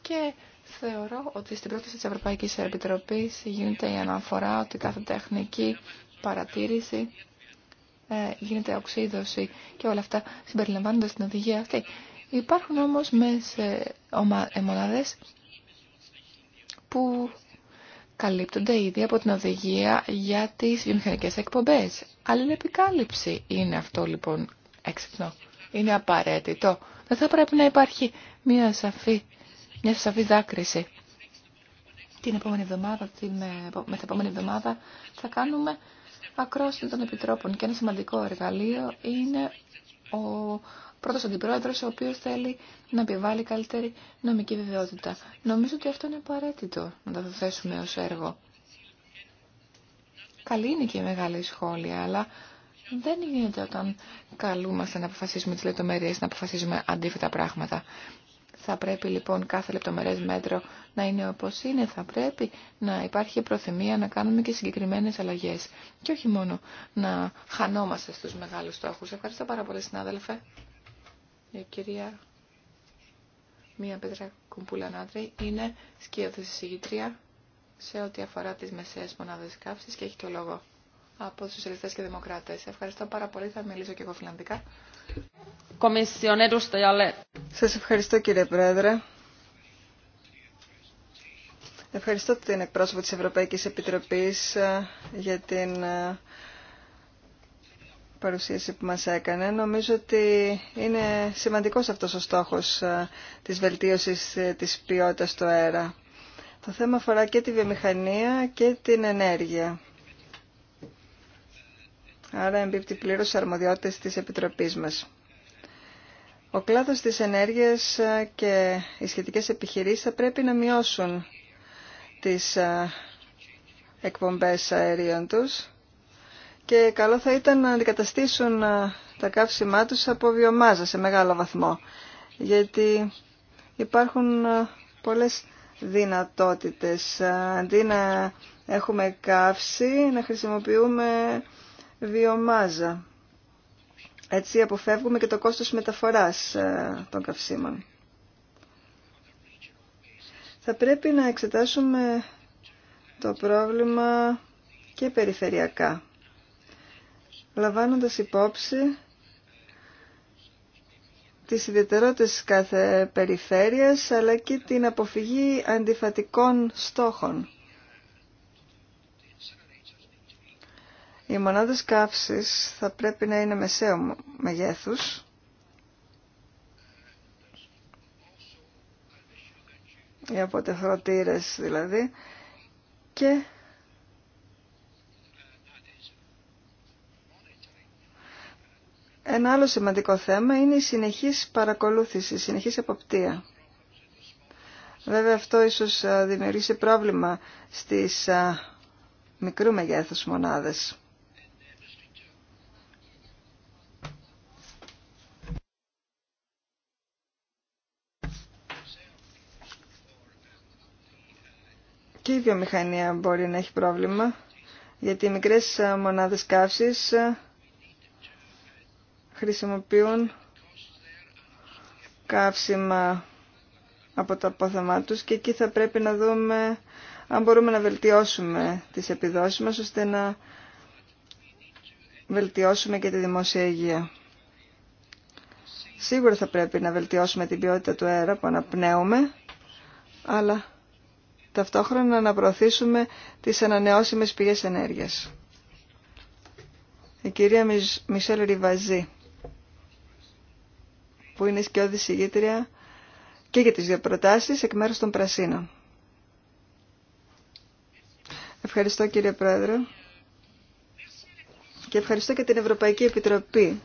Και Θεωρώ ότι στην πρόταση της Ευρωπαϊκής Επιτροπής γίνεται η αναφορά ότι κάθε τεχνική παρατήρηση ε, γίνεται οξύδωση και όλα αυτά συμπεριλαμβάνονται στην οδηγία αυτή. Υπάρχουν όμως μέσα ε, ε, μονάδες που καλύπτονται ήδη από την οδηγία για τις βιομηχανικές εκπομπές. είναι επικάλυψη είναι αυτό λοιπόν έξυπνο. Είναι απαραίτητο. Δεν θα πρέπει να υπάρχει μια σαφή μια σαφή δάκρυση. Την επόμενη εβδομάδα, την ε, επόμενη εβδομάδα θα κάνουμε ακρόαση των επιτρόπων και ένα σημαντικό εργαλείο είναι ο πρώτος αντιπρόεδρος ο οποίος θέλει να επιβάλλει καλύτερη νομική βεβαιότητα. Νομίζω ότι αυτό είναι απαραίτητο να το θέσουμε ως έργο. Καλή είναι και η μεγάλη σχόλια, αλλά δεν γίνεται όταν καλούμαστε να αποφασίσουμε τις λεπτομέρειες, να αποφασίσουμε αντίθετα πράγματα. Θα πρέπει λοιπόν κάθε λεπτομερές μέτρο να είναι όπως είναι. Θα πρέπει να υπάρχει προθυμία να κάνουμε και συγκεκριμένες αλλαγές. Και όχι μόνο να χανόμαστε στους μεγάλους στόχους. Ευχαριστώ πάρα πολύ συνάδελφε. Η κυρία Μία Πέτρα Κουμπούλανάτρη είναι σκιώδης συγγήτρια σε ό,τι αφορά τις μεσαίες μονάδες καύσης και έχει το λόγο από τους Σοσιαλιστές και Δημοκράτες. Ευχαριστώ πάρα πολύ. Θα μιλήσω και εγώ φιλανδικά. Σας ευχαριστώ κύριε Πρόεδρε. Ευχαριστώ την εκπρόσωπο της Ευρωπαϊκής Επιτροπής ε, για την ε, παρουσίαση που μας έκανε. Νομίζω ότι είναι σημαντικός αυτός ο στόχος ε, της βελτίωσης της ποιότητας του αέρα. Το θέμα αφορά και τη βιομηχανία και την ενέργεια άρα εμπίπτει πλήρως στις αρμοδιότητες της Επιτροπής μας. Ο κλάδος της ενέργειας ε, και οι σχετικές επιχειρήσεις θα πρέπει να μειώσουν τις ε, εκπομπές αερίων τους και καλό θα ήταν να αντικαταστήσουν ε, τα καύσιμά τους από βιομάζα σε μεγάλο βαθμό γιατί υπάρχουν πολλές δυνατότητες αντί να έχουμε καύση να χρησιμοποιούμε βιομάζα. Έτσι αποφεύγουμε και το κόστος μεταφοράς ε, των καυσίμων. Θα πρέπει να εξετάσουμε το πρόβλημα και περιφερειακά, λαμβάνοντας υπόψη τις ιδιαιτερότητες κάθε περιφέρειας, αλλά και την αποφυγή αντιφατικών στόχων. Οι μονάδες καύσης θα πρέπει να είναι μεσαίου μεγέθους οι αποτεθρωτήρες δηλαδή και Ένα άλλο σημαντικό θέμα είναι η συνεχής παρακολούθηση, η συνεχής εποπτεία. Βέβαια αυτό ίσως δημιουργήσει πρόβλημα στις μικρού μεγέθους μονάδες. και η βιομηχανία μπορεί να έχει πρόβλημα, γιατί οι μικρές ε, μονάδες καύσης ε, χρησιμοποιούν καύσιμα από τα απόθεμά τους και εκεί θα πρέπει να δούμε αν μπορούμε να βελτιώσουμε τις επιδόσεις μας ώστε να βελτιώσουμε και τη δημόσια υγεία. Σίγουρα θα πρέπει να βελτιώσουμε την ποιότητα του αέρα που αναπνέουμε, αλλά ταυτόχρονα να προωθήσουμε τις ανανεώσιμες πηγές ενέργειας. Η κυρία Μισελ Ριβαζή, που είναι σκιώδη συγγήτρια και για τις δύο προτάσεις εκ μέρους των Πρασίνων. Ευχαριστώ κύριε Πρόεδρε και ευχαριστώ και την Ευρωπαϊκή Επιτροπή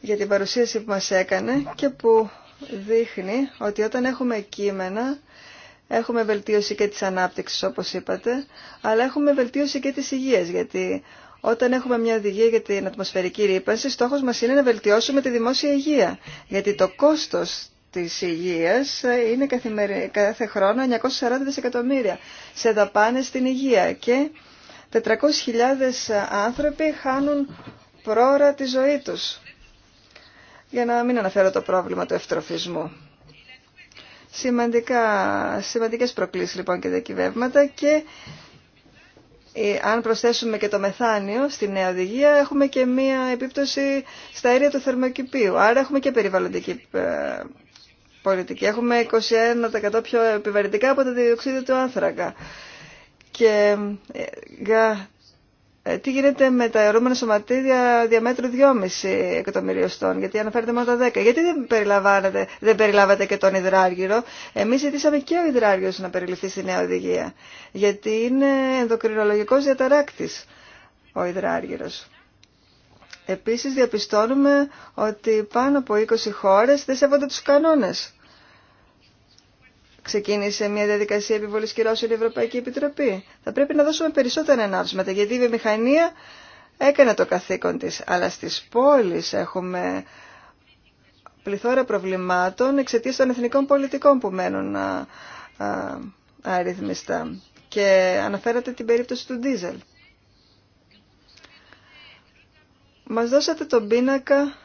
για την παρουσίαση που μας έκανε και που δείχνει ότι όταν έχουμε κείμενα Έχουμε βελτίωση και της ανάπτυξης όπως είπατε, αλλά έχουμε βελτίωση και της υγείας γιατί όταν έχουμε μια οδηγία για την ατμοσφαιρική ρήπανση, στόχος μας είναι να βελτιώσουμε τη δημόσια υγεία. Γιατί το κόστος της υγείας ε, είναι κάθε χρόνο 940 δισεκατομμύρια σε δαπάνες στην υγεία και 400.000 άνθρωποι χάνουν πρόωρα τη ζωή τους. Για να μην αναφέρω το πρόβλημα του ευτροφισμού σημαντικά, σημαντικές προκλήσεις λοιπόν και κυβεύματα και ε, αν προσθέσουμε και το μεθάνιο στη νέα οδηγία έχουμε και μία επίπτωση στα αέρια του θερμοκηπίου. Άρα έχουμε και περιβαλλοντική ε, πολιτική. Έχουμε 21% πιο επιβαρυντικά από το διοξείδιο του άνθρακα. Και ε, ε, τι γίνεται με τα αιρούμενα σωματίδια διαμέτρου 2,5 εκατομμυριωστών, γιατί αναφέρεται μόνο τα 10. Γιατί δεν, περιλαμβάνετε, δεν περιλάβατε και τον υδράργυρο. Εμείς ζητήσαμε και ο υδράργυρος να περιληφθεί στη νέα οδηγία, γιατί είναι ενδοκρινολογικός διαταράκτης ο υδράργυρος. Επίσης διαπιστώνουμε ότι πάνω από 20 χώρες δεν σέβονται τους κανόνες ξεκίνησε μια διαδικασία επιβολή κυρώσεων η Ευρωπαϊκή Επιτροπή. Θα πρέπει να δώσουμε περισσότερα ενάψματα, γιατί η βιομηχανία έκανε το καθήκον της, αλλά στις πόλεις έχουμε πληθώρα προβλημάτων εξαιτίας των εθνικών πολιτικών που μένουν α, α, αριθμιστά. Και αναφέρατε την περίπτωση του ντίζελ. Μας δώσατε τον πίνακα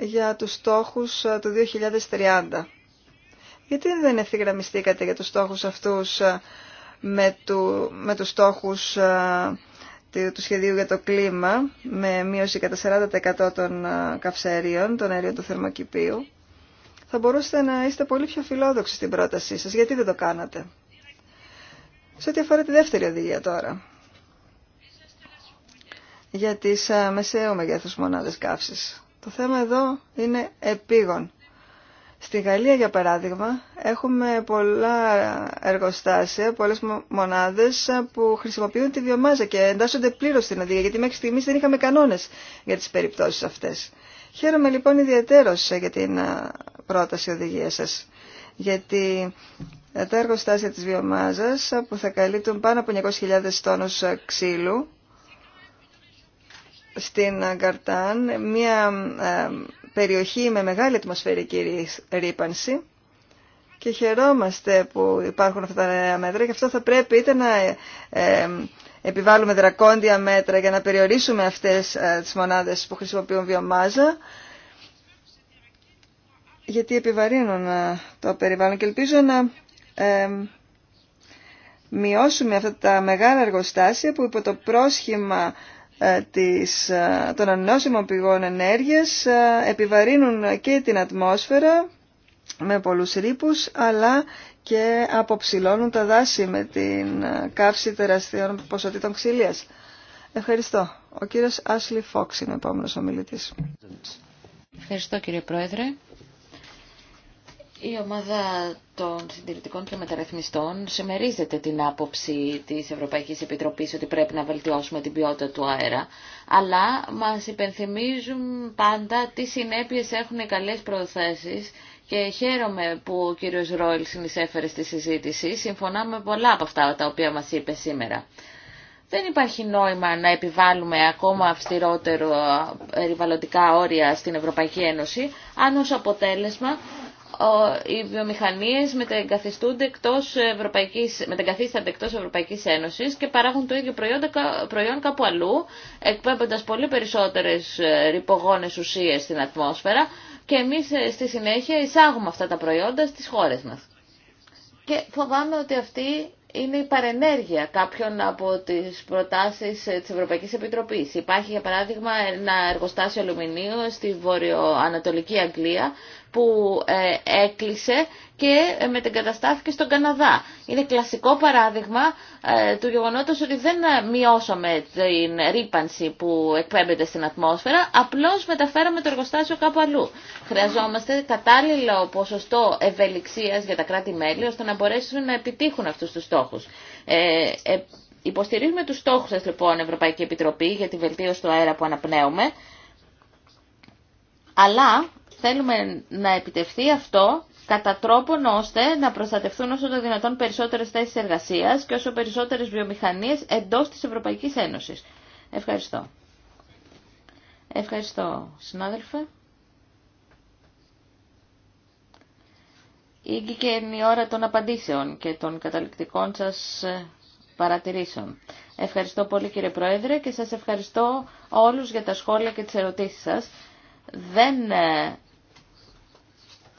για τους στόχους του 2030. Γιατί δεν ευθυγραμμιστήκατε για τους στόχους αυτούς ε, με, του, με τους στόχους ε, του σχεδίου για το κλίμα με μείωση κατά 40% των ε, καυσαερίων, των αερίων του θερμοκηπίου, θα μπορούσατε να είστε πολύ πιο φιλόδοξοι στην πρότασή σας. Γιατί δεν το κάνατε. Σε ό,τι αφορά τη δεύτερη οδηγία τώρα, για τις μεσαίου μεγέθους μονάδες καύσης. Το θέμα εδώ είναι επίγον. Στη Γαλλία, για παράδειγμα, έχουμε πολλά εργοστάσια, πολλές μονάδες που χρησιμοποιούν τη βιομάζα και εντάσσονται πλήρως στην οδηγία, γιατί μέχρι στιγμής δεν είχαμε κανόνες για τις περιπτώσεις αυτές. Χαίρομαι λοιπόν ιδιαίτερως για την πρόταση οδηγία σας, γιατί ε, τα εργοστάσια της βιομάζας που θα καλύπτουν πάνω από 900.000 τόνους ξύλου στην Καρτάν, μια ε, περιοχή με μεγάλη ατμοσφαιρική ρήπανση και χαιρόμαστε που υπάρχουν αυτά τα νέα μέτρα και αυτό θα πρέπει είτε να ε, επιβάλλουμε δρακόντια μέτρα για να περιορίσουμε αυτές ε, τις μονάδες που χρησιμοποιούν βιομάζα γιατί επιβαρύνουν ε, το περιβάλλον και ελπίζω να μειώσουμε αυτά τα μεγάλα εργοστάσια που υπό το πρόσχημα ε, της, ε, των ανανεώσιμων πηγών ενέργειας ε, επιβαρύνουν και την ατμόσφαιρα με πολλούς ρήπους αλλά και αποψηλώνουν τα δάση με την καύση τεραστιών ποσοτήτων ξυλίας. Ευχαριστώ. Ο κύριος Άσλι Φόξ είναι ο επόμενος ομιλητής. Ευχαριστώ κύριε Πρόεδρε. Η ομάδα των συντηρητικών και μεταρρυθμιστών συμμερίζεται την άποψη της Ευρωπαϊκής Επιτροπής ότι πρέπει να βελτιώσουμε την ποιότητα του αέρα, αλλά μας υπενθυμίζουν πάντα τι συνέπειες έχουν οι καλές προθέσεις και χαίρομαι που ο κύριος Ρόιλ συνεισέφερε στη συζήτηση. Συμφωνώ με πολλά από αυτά τα οποία μας είπε σήμερα. Δεν υπάρχει νόημα να επιβάλλουμε ακόμα αυστηρότερο περιβαλλοντικά όρια στην Ευρωπαϊκή Ένωση, αν αποτέλεσμα οι βιομηχανίες μετεγκαθιστούνται εκτός Ευρωπαϊκής, μετεγκαθίστανται Ευρωπαϊκής Ένωσης και παράγουν το ίδιο προϊόν, προϊόν κάπου αλλού, εκπέμποντας πολύ περισσότερες ε, ρηπογόνες ουσίες στην ατμόσφαιρα και εμείς ε, στη συνέχεια εισάγουμε αυτά τα προϊόντα στις χώρες μας. Και φοβάμαι ότι αυτή είναι η παρενέργεια κάποιων από τις προτάσεις της Ευρωπαϊκής Επιτροπής. Υπάρχει, για παράδειγμα, ένα εργοστάσιο αλουμινίου στη βορειοανατολική Αγγλία που ε, έκλεισε και ε, μετεγκαταστάθηκε στον Καναδά. Είναι κλασικό παράδειγμα ε, του γεγονότος ότι δεν ε, μειώσαμε την ρήπανση που εκπέμπεται στην ατμόσφαιρα, απλώς μεταφέραμε το εργοστάσιο κάπου αλλού. Χρειαζόμαστε κατάλληλο ποσοστό ευελιξίας για τα κράτη-μέλη, ώστε να μπορέσουν να επιτύχουν αυτούς τους στόχους. Ε, υποστηρίζουμε τους στόχους σας λοιπόν Ευρωπαϊκή Επιτροπή για τη βελτίωση του αέρα που αναπνέουμε, αλλά θέλουμε να επιτευχθεί αυτό κατά τρόπον ώστε να προστατευτούν όσο το δυνατόν περισσότερες θέσει εργασία και όσο περισσότερες βιομηχανίες εντός της Ευρωπαϊκής Ένωσης. Ευχαριστώ. Ευχαριστώ, συνάδελφε. Ήγηκε η ώρα των απαντήσεων και των καταληκτικών σας ε, παρατηρήσεων. Ευχαριστώ πολύ κύριε Πρόεδρε και σας ευχαριστώ όλους για τα σχόλια και τις ερωτήσεις σας. Δεν ε,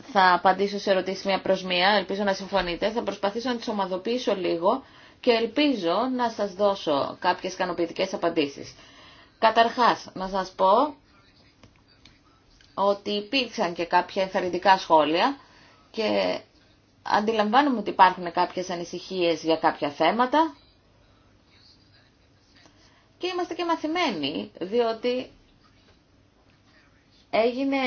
θα απαντήσω σε ερωτήσεις μία προς μία, ελπίζω να συμφωνείτε. Θα προσπαθήσω να τις ομαδοποιήσω λίγο και ελπίζω να σας δώσω κάποιες ικανοποιητικέ απαντήσεις. Καταρχάς, να σας πω ότι υπήρξαν και κάποια ενθαρρυντικά σχόλια και αντιλαμβάνομαι ότι υπάρχουν κάποιες ανησυχίες για κάποια θέματα και είμαστε και μαθημένοι, διότι έγινε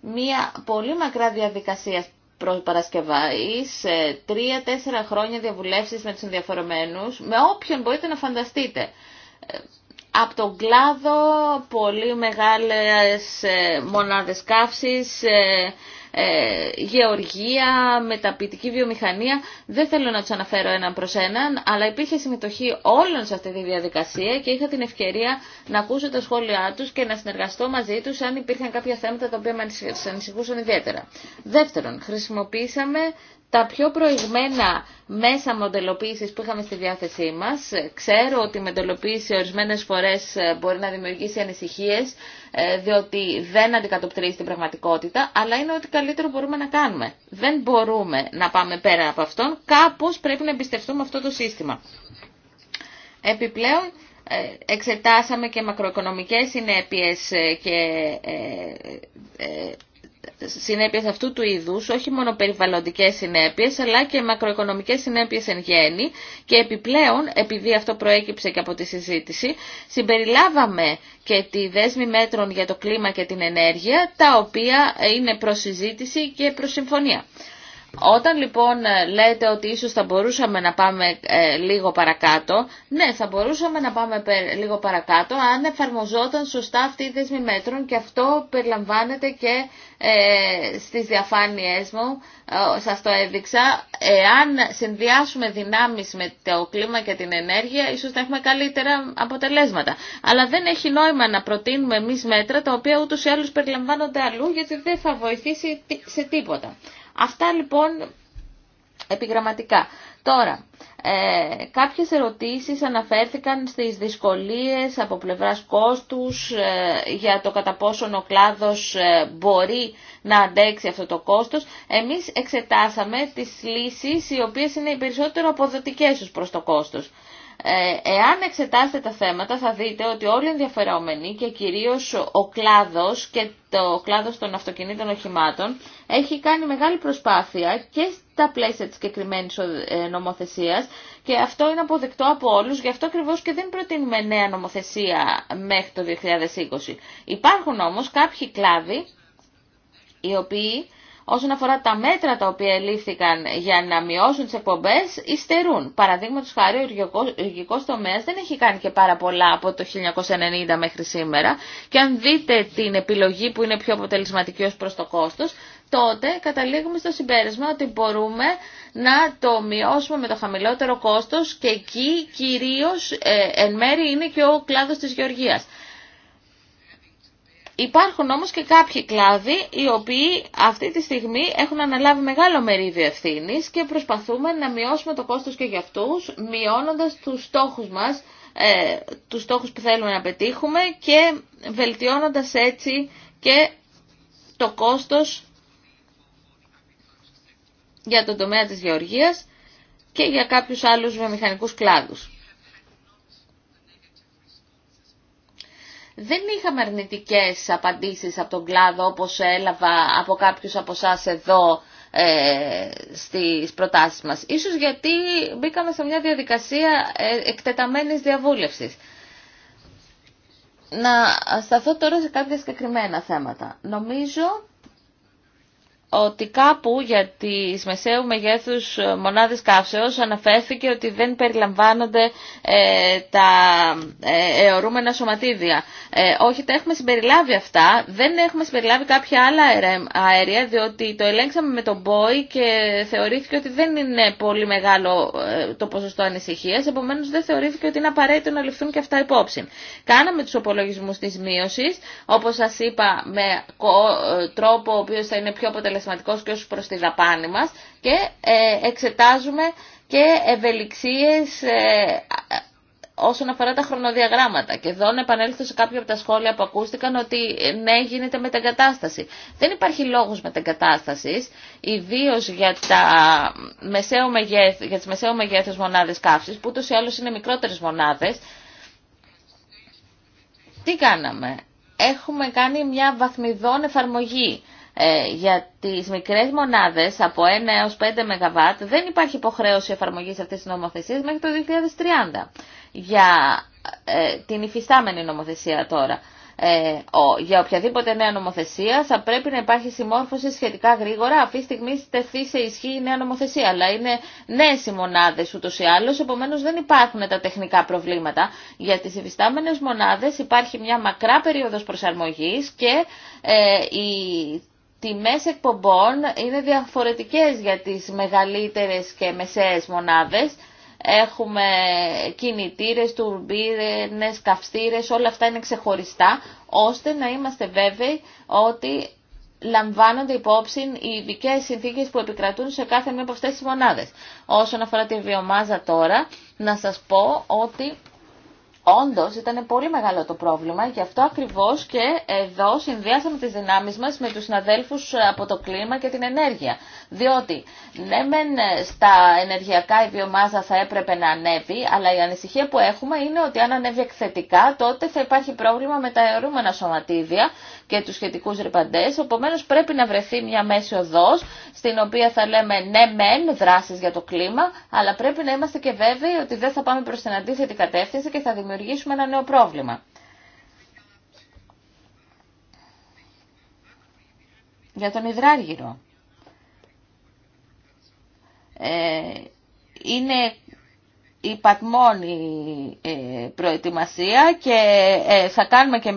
μια πολύ μακρά σε προπαρασκευής, ε, τρία-τέσσερα χρόνια διαβουλεύσεις με τους ενδιαφορομένους, με όποιον μπορείτε να φανταστείτε. Ε, από τον κλάδο, πολύ μεγάλες ε, μονάδες καύσης, ε, γεωργία, μεταπητική βιομηχανία. Δεν θέλω να του αναφέρω έναν προς έναν, αλλά υπήρχε συμμετοχή όλων σε αυτή τη διαδικασία και είχα την ευκαιρία να ακούσω τα σχόλιά του και να συνεργαστώ μαζί τους αν υπήρχαν κάποια θέματα τα οποία με ανησυχούσαν ιδιαίτερα. Δεύτερον, χρησιμοποίησαμε τα πιο προηγμένα μέσα μοντελοποίησης που είχαμε στη διάθεσή μας. Ξέρω ότι η μοντελοποίηση ορισμένες φορές ε, μπορεί να δημιουργήσει ανησυχίες, ε, διότι δεν αντικατοπτρίζει την πραγματικότητα, αλλά είναι ότι καλύτερο μπορούμε να κάνουμε. Δεν μπορούμε να πάμε πέρα από αυτόν, κάπως πρέπει να εμπιστευτούμε αυτό το σύστημα. Επιπλέον, ε, εξετάσαμε και μακροοικονομικές συνέπειες και συνέπειες αυτού του είδους, όχι μόνο περιβαλλοντικές συνέπειες, αλλά και μακροοικονομικές συνέπειες εν γέννη και επιπλέον, επειδή αυτό προέκυψε και από τη συζήτηση, συμπεριλάβαμε και τη δέσμη μέτρων για το κλίμα και την ενέργεια, τα οποία είναι προς συζήτηση και προσυμφωνία. συμφωνία. Όταν λοιπόν ε, λέτε ότι ίσως θα μπορούσαμε να πάμε ε, λίγο παρακάτω, ναι, θα μπορούσαμε να πάμε λίγο παρακάτω αν εφαρμοζόταν σωστά αυτή η δέσμη μέτρων και αυτό περιλαμβάνεται και ε, στις διαφάνειές μου, ε, σας το έδειξα. Εάν συνδυάσουμε δυνάμεις με το κλίμα και την ενέργεια, ίσως θα έχουμε καλύτερα αποτελέσματα. Αλλά δεν έχει νόημα να προτείνουμε εμείς μέτρα τα οποία ούτως ή άλλως περιλαμβάνονται αλλού γιατί δεν θα βοηθήσει σε τίποτα. Αυτά λοιπόν επιγραμματικά. Τώρα, ε, κάποιες ερωτήσεις αναφέρθηκαν στις δυσκολίες από πλευράς κόστους ε, για το κατά πόσον ο κλάδος ε, μπορεί να αντέξει αυτό το κόστος. Εμείς εξετάσαμε τις λύσεις οι οποίες είναι οι περισσότερο αποδοτικές ως προς το κόστος. Ε, εάν εξετάσετε τα θέματα θα δείτε ότι όλοι οι ενδιαφερόμενοι και κυρίως ο κλάδος και το κλάδος των αυτοκινήτων οχημάτων έχει κάνει μεγάλη προσπάθεια και στα πλαίσια της συγκεκριμένη ε, νομοθεσίας και αυτό είναι αποδεκτό από όλους, γι' αυτό ακριβώ και δεν προτείνουμε νέα νομοθεσία μέχρι το 2020. Υπάρχουν όμως κάποιοι κλάδοι οι οποίοι όσον αφορά τα μέτρα τα οποία λήφθηκαν για να μειώσουν τις εκπομπές, υστερούν. Παραδείγματος χάρη, ο γεωργικός τομέας δεν έχει κάνει και πάρα πολλά από το 1990 μέχρι σήμερα και αν δείτε την επιλογή που είναι πιο αποτελεσματική ως προς το κόστος, τότε καταλήγουμε στο συμπέρασμα ότι μπορούμε να το μειώσουμε με το χαμηλότερο κόστος και εκεί κυρίως ε, εν μέρη είναι και ο κλάδος της γεωργίας. Υπάρχουν όμως και κάποιοι κλάδοι οι οποίοι αυτή τη στιγμή έχουν αναλάβει μεγάλο μερίδιο ευθύνη και προσπαθούμε να μειώσουμε το κόστος και για αυτούς, μειώνοντας τους στόχους μας, ε, τους στόχους που θέλουμε να πετύχουμε και βελτιώνοντας έτσι και το κόστος για τον τομέα της γεωργίας και για κάποιους άλλους βιομηχανικούς κλάδους. Δεν είχαμε αρνητικές απαντήσεις από τον κλάδο όπως έλαβα από κάποιους από εσά εδώ ε, στις προτάσεις μας. Ίσως γιατί μπήκαμε σε μια διαδικασία ε, εκτεταμένης διαβούλευσης. Να σταθώ τώρα σε κάποια συγκεκριμένα θέματα. Νομίζω ότι κάπου για τις μεσαίου μεγέθους μονάδες καύσεως αναφέρθηκε ότι δεν περιλαμβάνονται ε, τα ε, αιωρούμενα σωματίδια. Ε, όχι, τα έχουμε συμπεριλάβει αυτά. Δεν έχουμε συμπεριλάβει κάποια άλλα αέρια, διότι το ελέγξαμε με τον Μπόι και θεωρήθηκε ότι δεν είναι πολύ μεγάλο ε, το ποσοστό ανησυχίας, επομένως δεν θεωρήθηκε ότι είναι απαραίτητο να ληφθούν και αυτά υπόψη. Κάναμε τους οπολογισμούς της μείωσης, όπως σας είπα, με τρόπο ο οποίος θα είναι πιο αποτελεσματικό αποτελεσματικός και ως προς τη δαπάνη μας και ε, εξετάζουμε και ευελιξίες ε, όσον αφορά τα χρονοδιαγράμματα. Και εδώ να επανέλθω σε κάποια από τα σχόλια που ακούστηκαν ότι ε, ναι γίνεται μετεγκατάσταση. Δεν υπάρχει λόγος μετεγκατάστασης, ιδίω για, τα μεσαίου για τις μεσαίου μεγέθους μονάδες καύσης, που ούτως ή άλλως είναι μικρότερες μονάδες. Τι κάναμε. Έχουμε κάνει μια βαθμιδόν εφαρμογή ε, για τις μικρές μονάδες από 1 έως 5 ΜΒ δεν υπάρχει υποχρέωση εφαρμογής αυτής της νομοθεσίας μέχρι το 2030 για ε, την υφιστάμενη νομοθεσία τώρα. Ε, ο, για οποιαδήποτε νέα νομοθεσία θα πρέπει να υπάρχει συμμόρφωση σχετικά γρήγορα. Αυτή τη στιγμή τεθεί σε ισχύ η νέα νομοθεσία. Αλλά είναι νέε οι μονάδε ούτω ή άλλω, επομένω δεν υπάρχουν τα τεχνικά προβλήματα. Για τι υφιστάμενες μονάδε υπάρχει μια μακρά περίοδο προσαρμογή και ε, η τιμές εκπομπών είναι διαφορετικές για τις μεγαλύτερες και μεσαίες μονάδες. Έχουμε κινητήρες, τουρμπίνες, καυστήρες, όλα αυτά είναι ξεχωριστά, ώστε να είμαστε βέβαιοι ότι λαμβάνονται υπόψη οι ειδικέ συνθήκε που επικρατούν σε κάθε μία από αυτέ τι μονάδε. Όσον αφορά τη βιομάζα τώρα, να σας πω ότι Όντως ήταν πολύ μεγάλο το πρόβλημα, γι' αυτό ακριβώς και εδώ συνδυάσαμε τις δυνάμεις μας με τους συναδέλφους από το κλίμα και την ενέργεια. Διότι ναι μεν στα ενεργειακά η βιομάζα θα έπρεπε να ανέβει, αλλά η ανησυχία που έχουμε είναι ότι αν ανέβει εκθετικά τότε θα υπάρχει πρόβλημα με τα αιωρούμενα σωματίδια και τους σχετικούς ρηπαντές. Οπομένως πρέπει να βρεθεί μια μέση οδός στην οποία θα λέμε ναι μεν δράσεις για το κλίμα, αλλά πρέπει να είμαστε και βέβαιοι ότι δεν θα πάμε προς την αντίθετη κατεύθυνση και θα δημιουργήσουμε ένα νέο πρόβλημα. Για τον υδράργυρο. Ε, είναι η μόνη ε, προετοιμασία και ε, θα κάνουμε και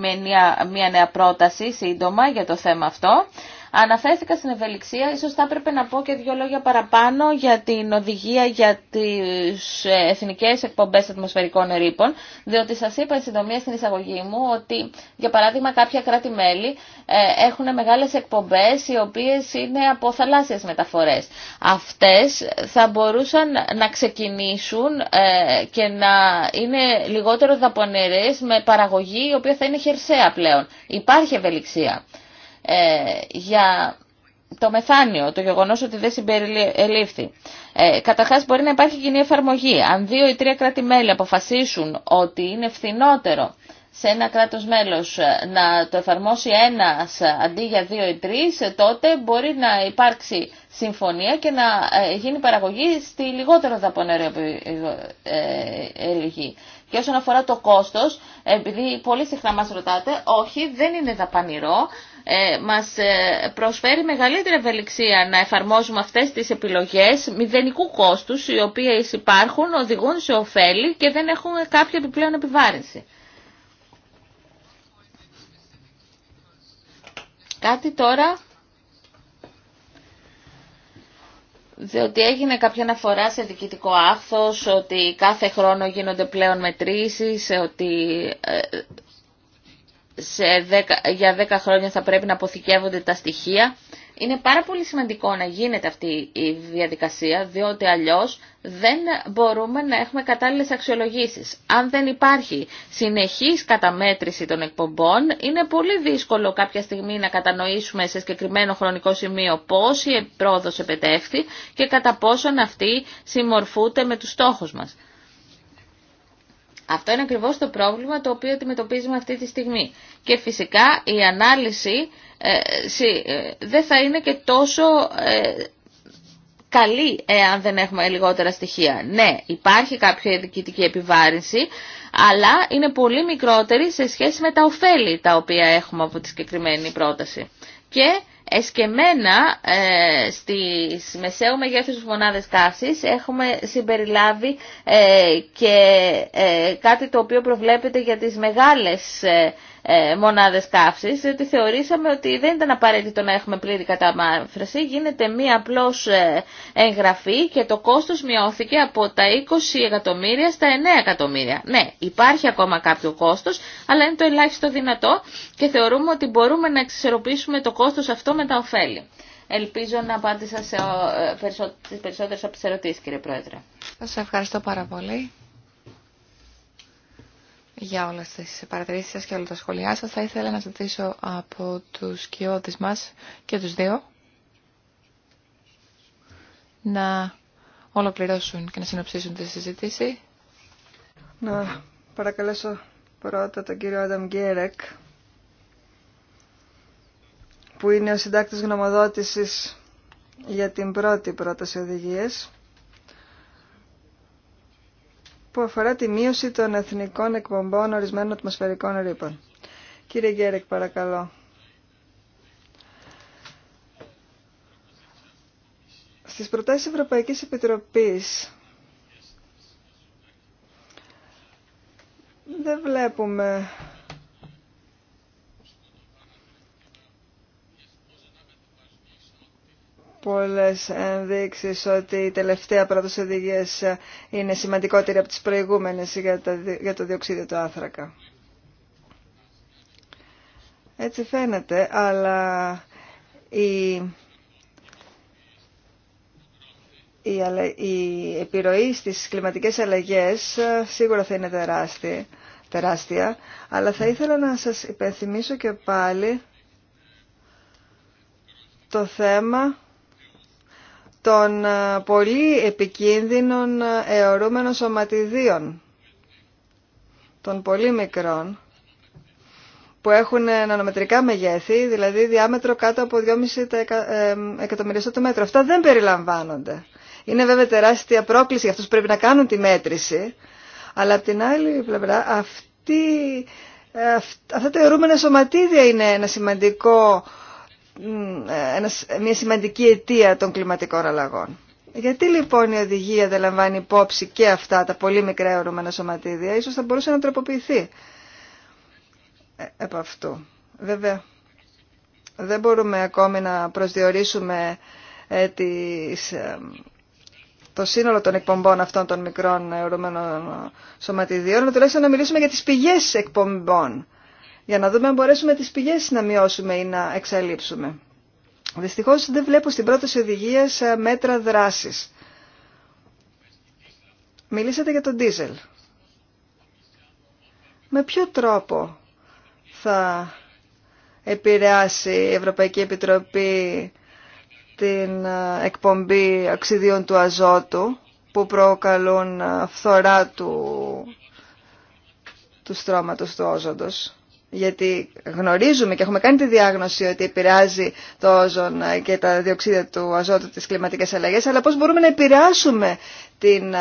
μια νέα πρόταση σύντομα για το θέμα αυτό. Αναφέρθηκα στην ευελιξία, ίσως θα έπρεπε να πω και δύο λόγια παραπάνω για την οδηγία για τις ε, εθνικές εκπομπές ατμοσφαιρικών ρήπων, διότι σας είπα εν συντομία στην εισαγωγή μου ότι, για παράδειγμα, κάποια κράτη-μέλη ε, έχουν μεγάλες εκπομπές οι οποίες είναι από θαλάσσιες μεταφορές. Αυτές θα μπορούσαν να ξεκινήσουν ε, και να είναι λιγότερο δαπονερές με παραγωγή η οποία θα είναι χερσαία πλέον. Υπάρχει ευελιξία. Ε, για το μεθάνιο, το γεγονό ότι δεν συμπεριλήφθη. Ε, Καταρχά, μπορεί να υπάρχει κοινή εφαρμογή. Αν δύο ή τρία κράτη-μέλη αποφασίσουν ότι είναι φθηνότερο σε ένα κράτος μέλος ε, να το εφαρμόσει ένας ε, αντί για δύο ή τρεις, τότε μπορεί να υπάρξει συμφωνία και να γίνει παραγωγή στη λιγότερο δαπονερή περιοχή. Και όσον αφορά το κόστος, επειδή πολύ συχνά μας ρωτάτε, όχι, δεν είναι δαπανηρό, ε, μας ε, προσφέρει μεγαλύτερη ευελιξία να εφαρμόζουμε αυτές τις επιλογές μηδενικού κόστους οι οποίες υπάρχουν, οδηγούν σε ωφέλη και δεν έχουν κάποια επιπλέον επιβάρυνση. Κάτι τώρα διότι έγινε κάποια αναφορά σε διοικητικό άχθος, ότι κάθε χρόνο γίνονται πλέον μετρήσεις, ότι ε, σε 10, για 10 χρόνια θα πρέπει να αποθηκεύονται τα στοιχεία. Είναι πάρα πολύ σημαντικό να γίνεται αυτή η διαδικασία, διότι αλλιώς δεν μπορούμε να έχουμε κατάλληλες αξιολογήσεις. Αν δεν υπάρχει συνεχής καταμέτρηση των εκπομπών, είναι πολύ δύσκολο κάποια στιγμή να κατανοήσουμε σε συγκεκριμένο χρονικό σημείο η πρόοδος επετεύχθη και κατά πόσον αυτή συμμορφούνται με τους στόχους μας. Αυτό είναι ακριβώς το πρόβλημα το οποίο αντιμετωπίζουμε αυτή τη στιγμή. Και φυσικά η ανάλυση ε, ε, δεν θα είναι και τόσο ε, καλή εάν δεν έχουμε λιγότερα στοιχεία. Ναι, υπάρχει κάποια διοικητική επιβάρυνση, αλλά είναι πολύ μικρότερη σε σχέση με τα ωφέλη τα οποία έχουμε από τη συγκεκριμένη πρόταση. Και Εσκεμένα ε, στις μεσαίου μεγέθους μονάδες κάσις, έχουμε συμπεριλάβει ε, και ε, κάτι το οποίο προβλέπεται για τις μεγάλες ε, ε, μονάδες καύσης, διότι θεωρήσαμε ότι δεν ήταν απαραίτητο να έχουμε πλήρη καταμάφραση. Γίνεται μία απλώς ε, εγγραφή και το κόστος μειώθηκε από τα 20 εκατομμύρια στα 9 εκατομμύρια. Ναι, υπάρχει ακόμα κάποιο κόστος, αλλά είναι το ελάχιστο δυνατό και θεωρούμε ότι μπορούμε να εξισορροπήσουμε το κόστος αυτό με τα ωφέλη. Ελπίζω να απάντησα σε ε, περισσότερες από τις ερωτήσεις, κύριε Πρόεδρε. Σας ευχαριστώ πάρα πολύ για όλες τις παρατηρήσεις σας και όλα τα σχόλιά σας. Θα ήθελα να ζητήσω από τους κοιότης μας και τους δύο να ολοκληρώσουν και να συνοψίσουν τη συζήτηση. Να παρακαλέσω πρώτα τον κύριο Άνταμ Γκέρεκ που είναι ο συντάκτης γνωμοδότησης για την πρώτη πρόταση οδηγίες που αφορά τη μείωση των εθνικών εκπομπών ορισμένων ατμοσφαιρικών ρήπων. Κύριε Γκέρεκ, παρακαλώ. Στις προτάσεις Ευρωπαϊκής Επιτροπής δεν βλέπουμε πολλές ενδείξεις ότι η τελευταία πρώτος οδηγίας είναι σημαντικότερη από τις προηγούμενες για το διοξίδιο του άνθρακα. Έτσι φαίνεται, αλλά η, η, η επιρροή στις κλιματικές αλλαγές σίγουρα θα είναι τεράστια, τεράστια, αλλά θα ήθελα να σας υπενθυμίσω και πάλι το θέμα των ε, πολύ επικίνδυνων ε, αιωρούμενων σωματιδίων, των πολύ μικρών, που έχουν νανομετρικά μεγέθη, δηλαδή διάμετρο κάτω από 2,5 ε, εκατομμυριστό του μέτρου. Αυτά δεν περιλαμβάνονται. Είναι βέβαια τεράστια πρόκληση για αυτούς που πρέπει να κάνουν τη μέτρηση, αλλά από την άλλη πλευρά αυτή, αυτά τα αιωρούμενα σωματίδια είναι ένα σημαντικό μια σημαντική αιτία των κλιματικών αλλαγών. Γιατί λοιπόν η οδηγία δεν λαμβάνει υπόψη και αυτά τα πολύ μικρά αιωρούμενα σωματίδια, ίσως θα μπορούσε να τροποποιηθεί από ε, αυτού. Βέβαια, δεν μπορούμε ακόμη να προσδιορίσουμε ε, τις, ε, το σύνολο των εκπομπών αυτών των μικρών αιωρούμενων σωματιδίων, αλλά τουλάχιστον να μιλήσουμε για τις πηγές εκπομπών για να δούμε αν μπορέσουμε τις πηγές να μειώσουμε ή να εξαλείψουμε. Δυστυχώς δεν βλέπω στην πρώτη οδηγίας ε, μέτρα δράσης. Μιλήσατε για τον ντίζελ. Με ποιο τρόπο θα επηρεάσει η Ευρωπαϊκή Επιτροπή την ε, εκπομπή αξιδίων του αζότου που προκαλούν ε, φθορά του, του στρώματος του όζοντος γιατί γνωρίζουμε και έχουμε κάνει τη διάγνωση ότι επηρεάζει το όζον και τα διοξίδια του αζότου τις κλιματικές αλλαγές, αλλά πώς μπορούμε να επηρεάσουμε την,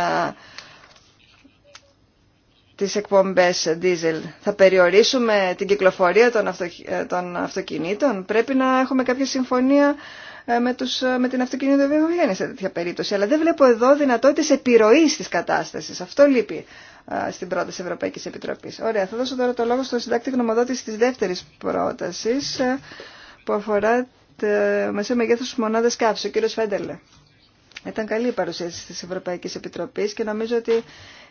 τις εκπομπές δίζελ. Θα περιορίσουμε την κυκλοφορία των, ε, αυτοκινήτων. Πρέπει να έχουμε κάποια συμφωνία ε, με, τους, ε, με την αυτοκινητοβιομηχανία σε τέτοια περίπτωση. Αλλά δεν βλέπω εδώ δυνατότητες επιρροής της κατάστασης. Αυτό λείπει στην πρόταση Ευρωπαϊκής Επιτροπής. Ωραία, θα δώσω τώρα το λόγο στο συντάκτη γνωμοδότης της δεύτερης πρότασης ε, που αφορά τα μεσαία μεγέθους μονάδες κάψη, ο κύριος Φέντελε. Ήταν καλή η παρουσίαση της Ευρωπαϊκής Επιτροπής και νομίζω ότι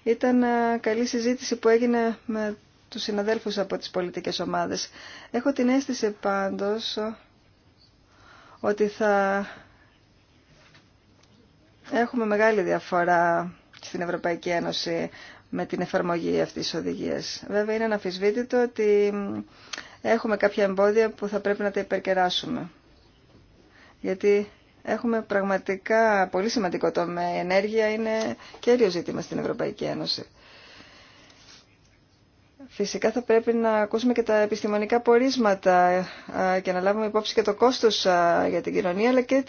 ήταν ε, καλή συζήτηση που έγινε με τους συναδέλφους από τις πολιτικές ομάδες. Έχω την αίσθηση πάντως ε, ότι θα έχουμε μεγάλη διαφορά στην Ευρωπαϊκή Ένωση με την εφαρμογή αυτής της οδηγίας. Βέβαια είναι αναφυσβήτητο ότι έχουμε κάποια εμπόδια που θα πρέπει να τα υπερκεράσουμε. Γιατί έχουμε πραγματικά πολύ σημαντικό τομέα. Η ενέργεια είναι κέριο ζήτημα στην Ευρωπαϊκή Ένωση. Φυσικά θα πρέπει να ακούσουμε και τα επιστημονικά πορίσματα και να λάβουμε υπόψη και το κόστος για την κοινωνία αλλά και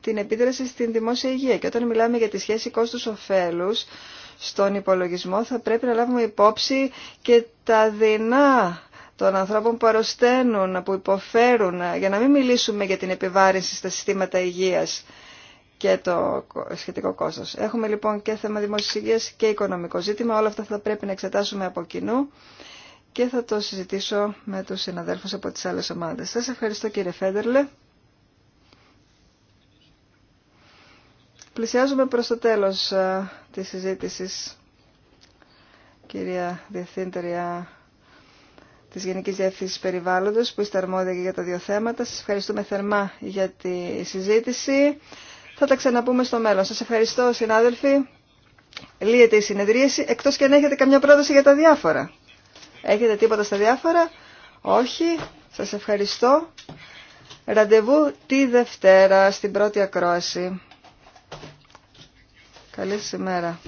την επίδραση στην δημόσια υγεία. Και όταν μιλάμε για τη σχέση κόστους-οφέλους, στον υπολογισμό θα πρέπει να λάβουμε υπόψη και τα δεινά των ανθρώπων που αρρωσταίνουν, που υποφέρουν, για να μην μιλήσουμε για την επιβάρυνση στα συστήματα υγείας και το σχετικό κόστος. Έχουμε λοιπόν και θέμα δημόσιας υγείας και οικονομικό ζήτημα. Όλα αυτά θα πρέπει να εξετάσουμε από κοινού και θα το συζητήσω με τους συναδέλφους από τις άλλες ομάδες. Σας ευχαριστώ κύριε Φέντερλε. Πλησιάζουμε προς το τέλος ε, της συζήτησης, κυρία Διευθύντρια της Γενικής Διεύθυνσης Περιβάλλοντος, που είστε αρμόδια και για τα δύο θέματα. Σας ευχαριστούμε θερμά για τη συζήτηση. Θα τα ξαναπούμε στο μέλλον. Σας ευχαριστώ, συνάδελφοι. Λύεται η συνεδρίαση, εκτός και αν έχετε καμιά πρόταση για τα διάφορα. Έχετε τίποτα στα διάφορα. Όχι. Σας ευχαριστώ. Ραντεβού τη Δευτέρα στην πρώτη ακρόαση. Καλή σας ημέρα.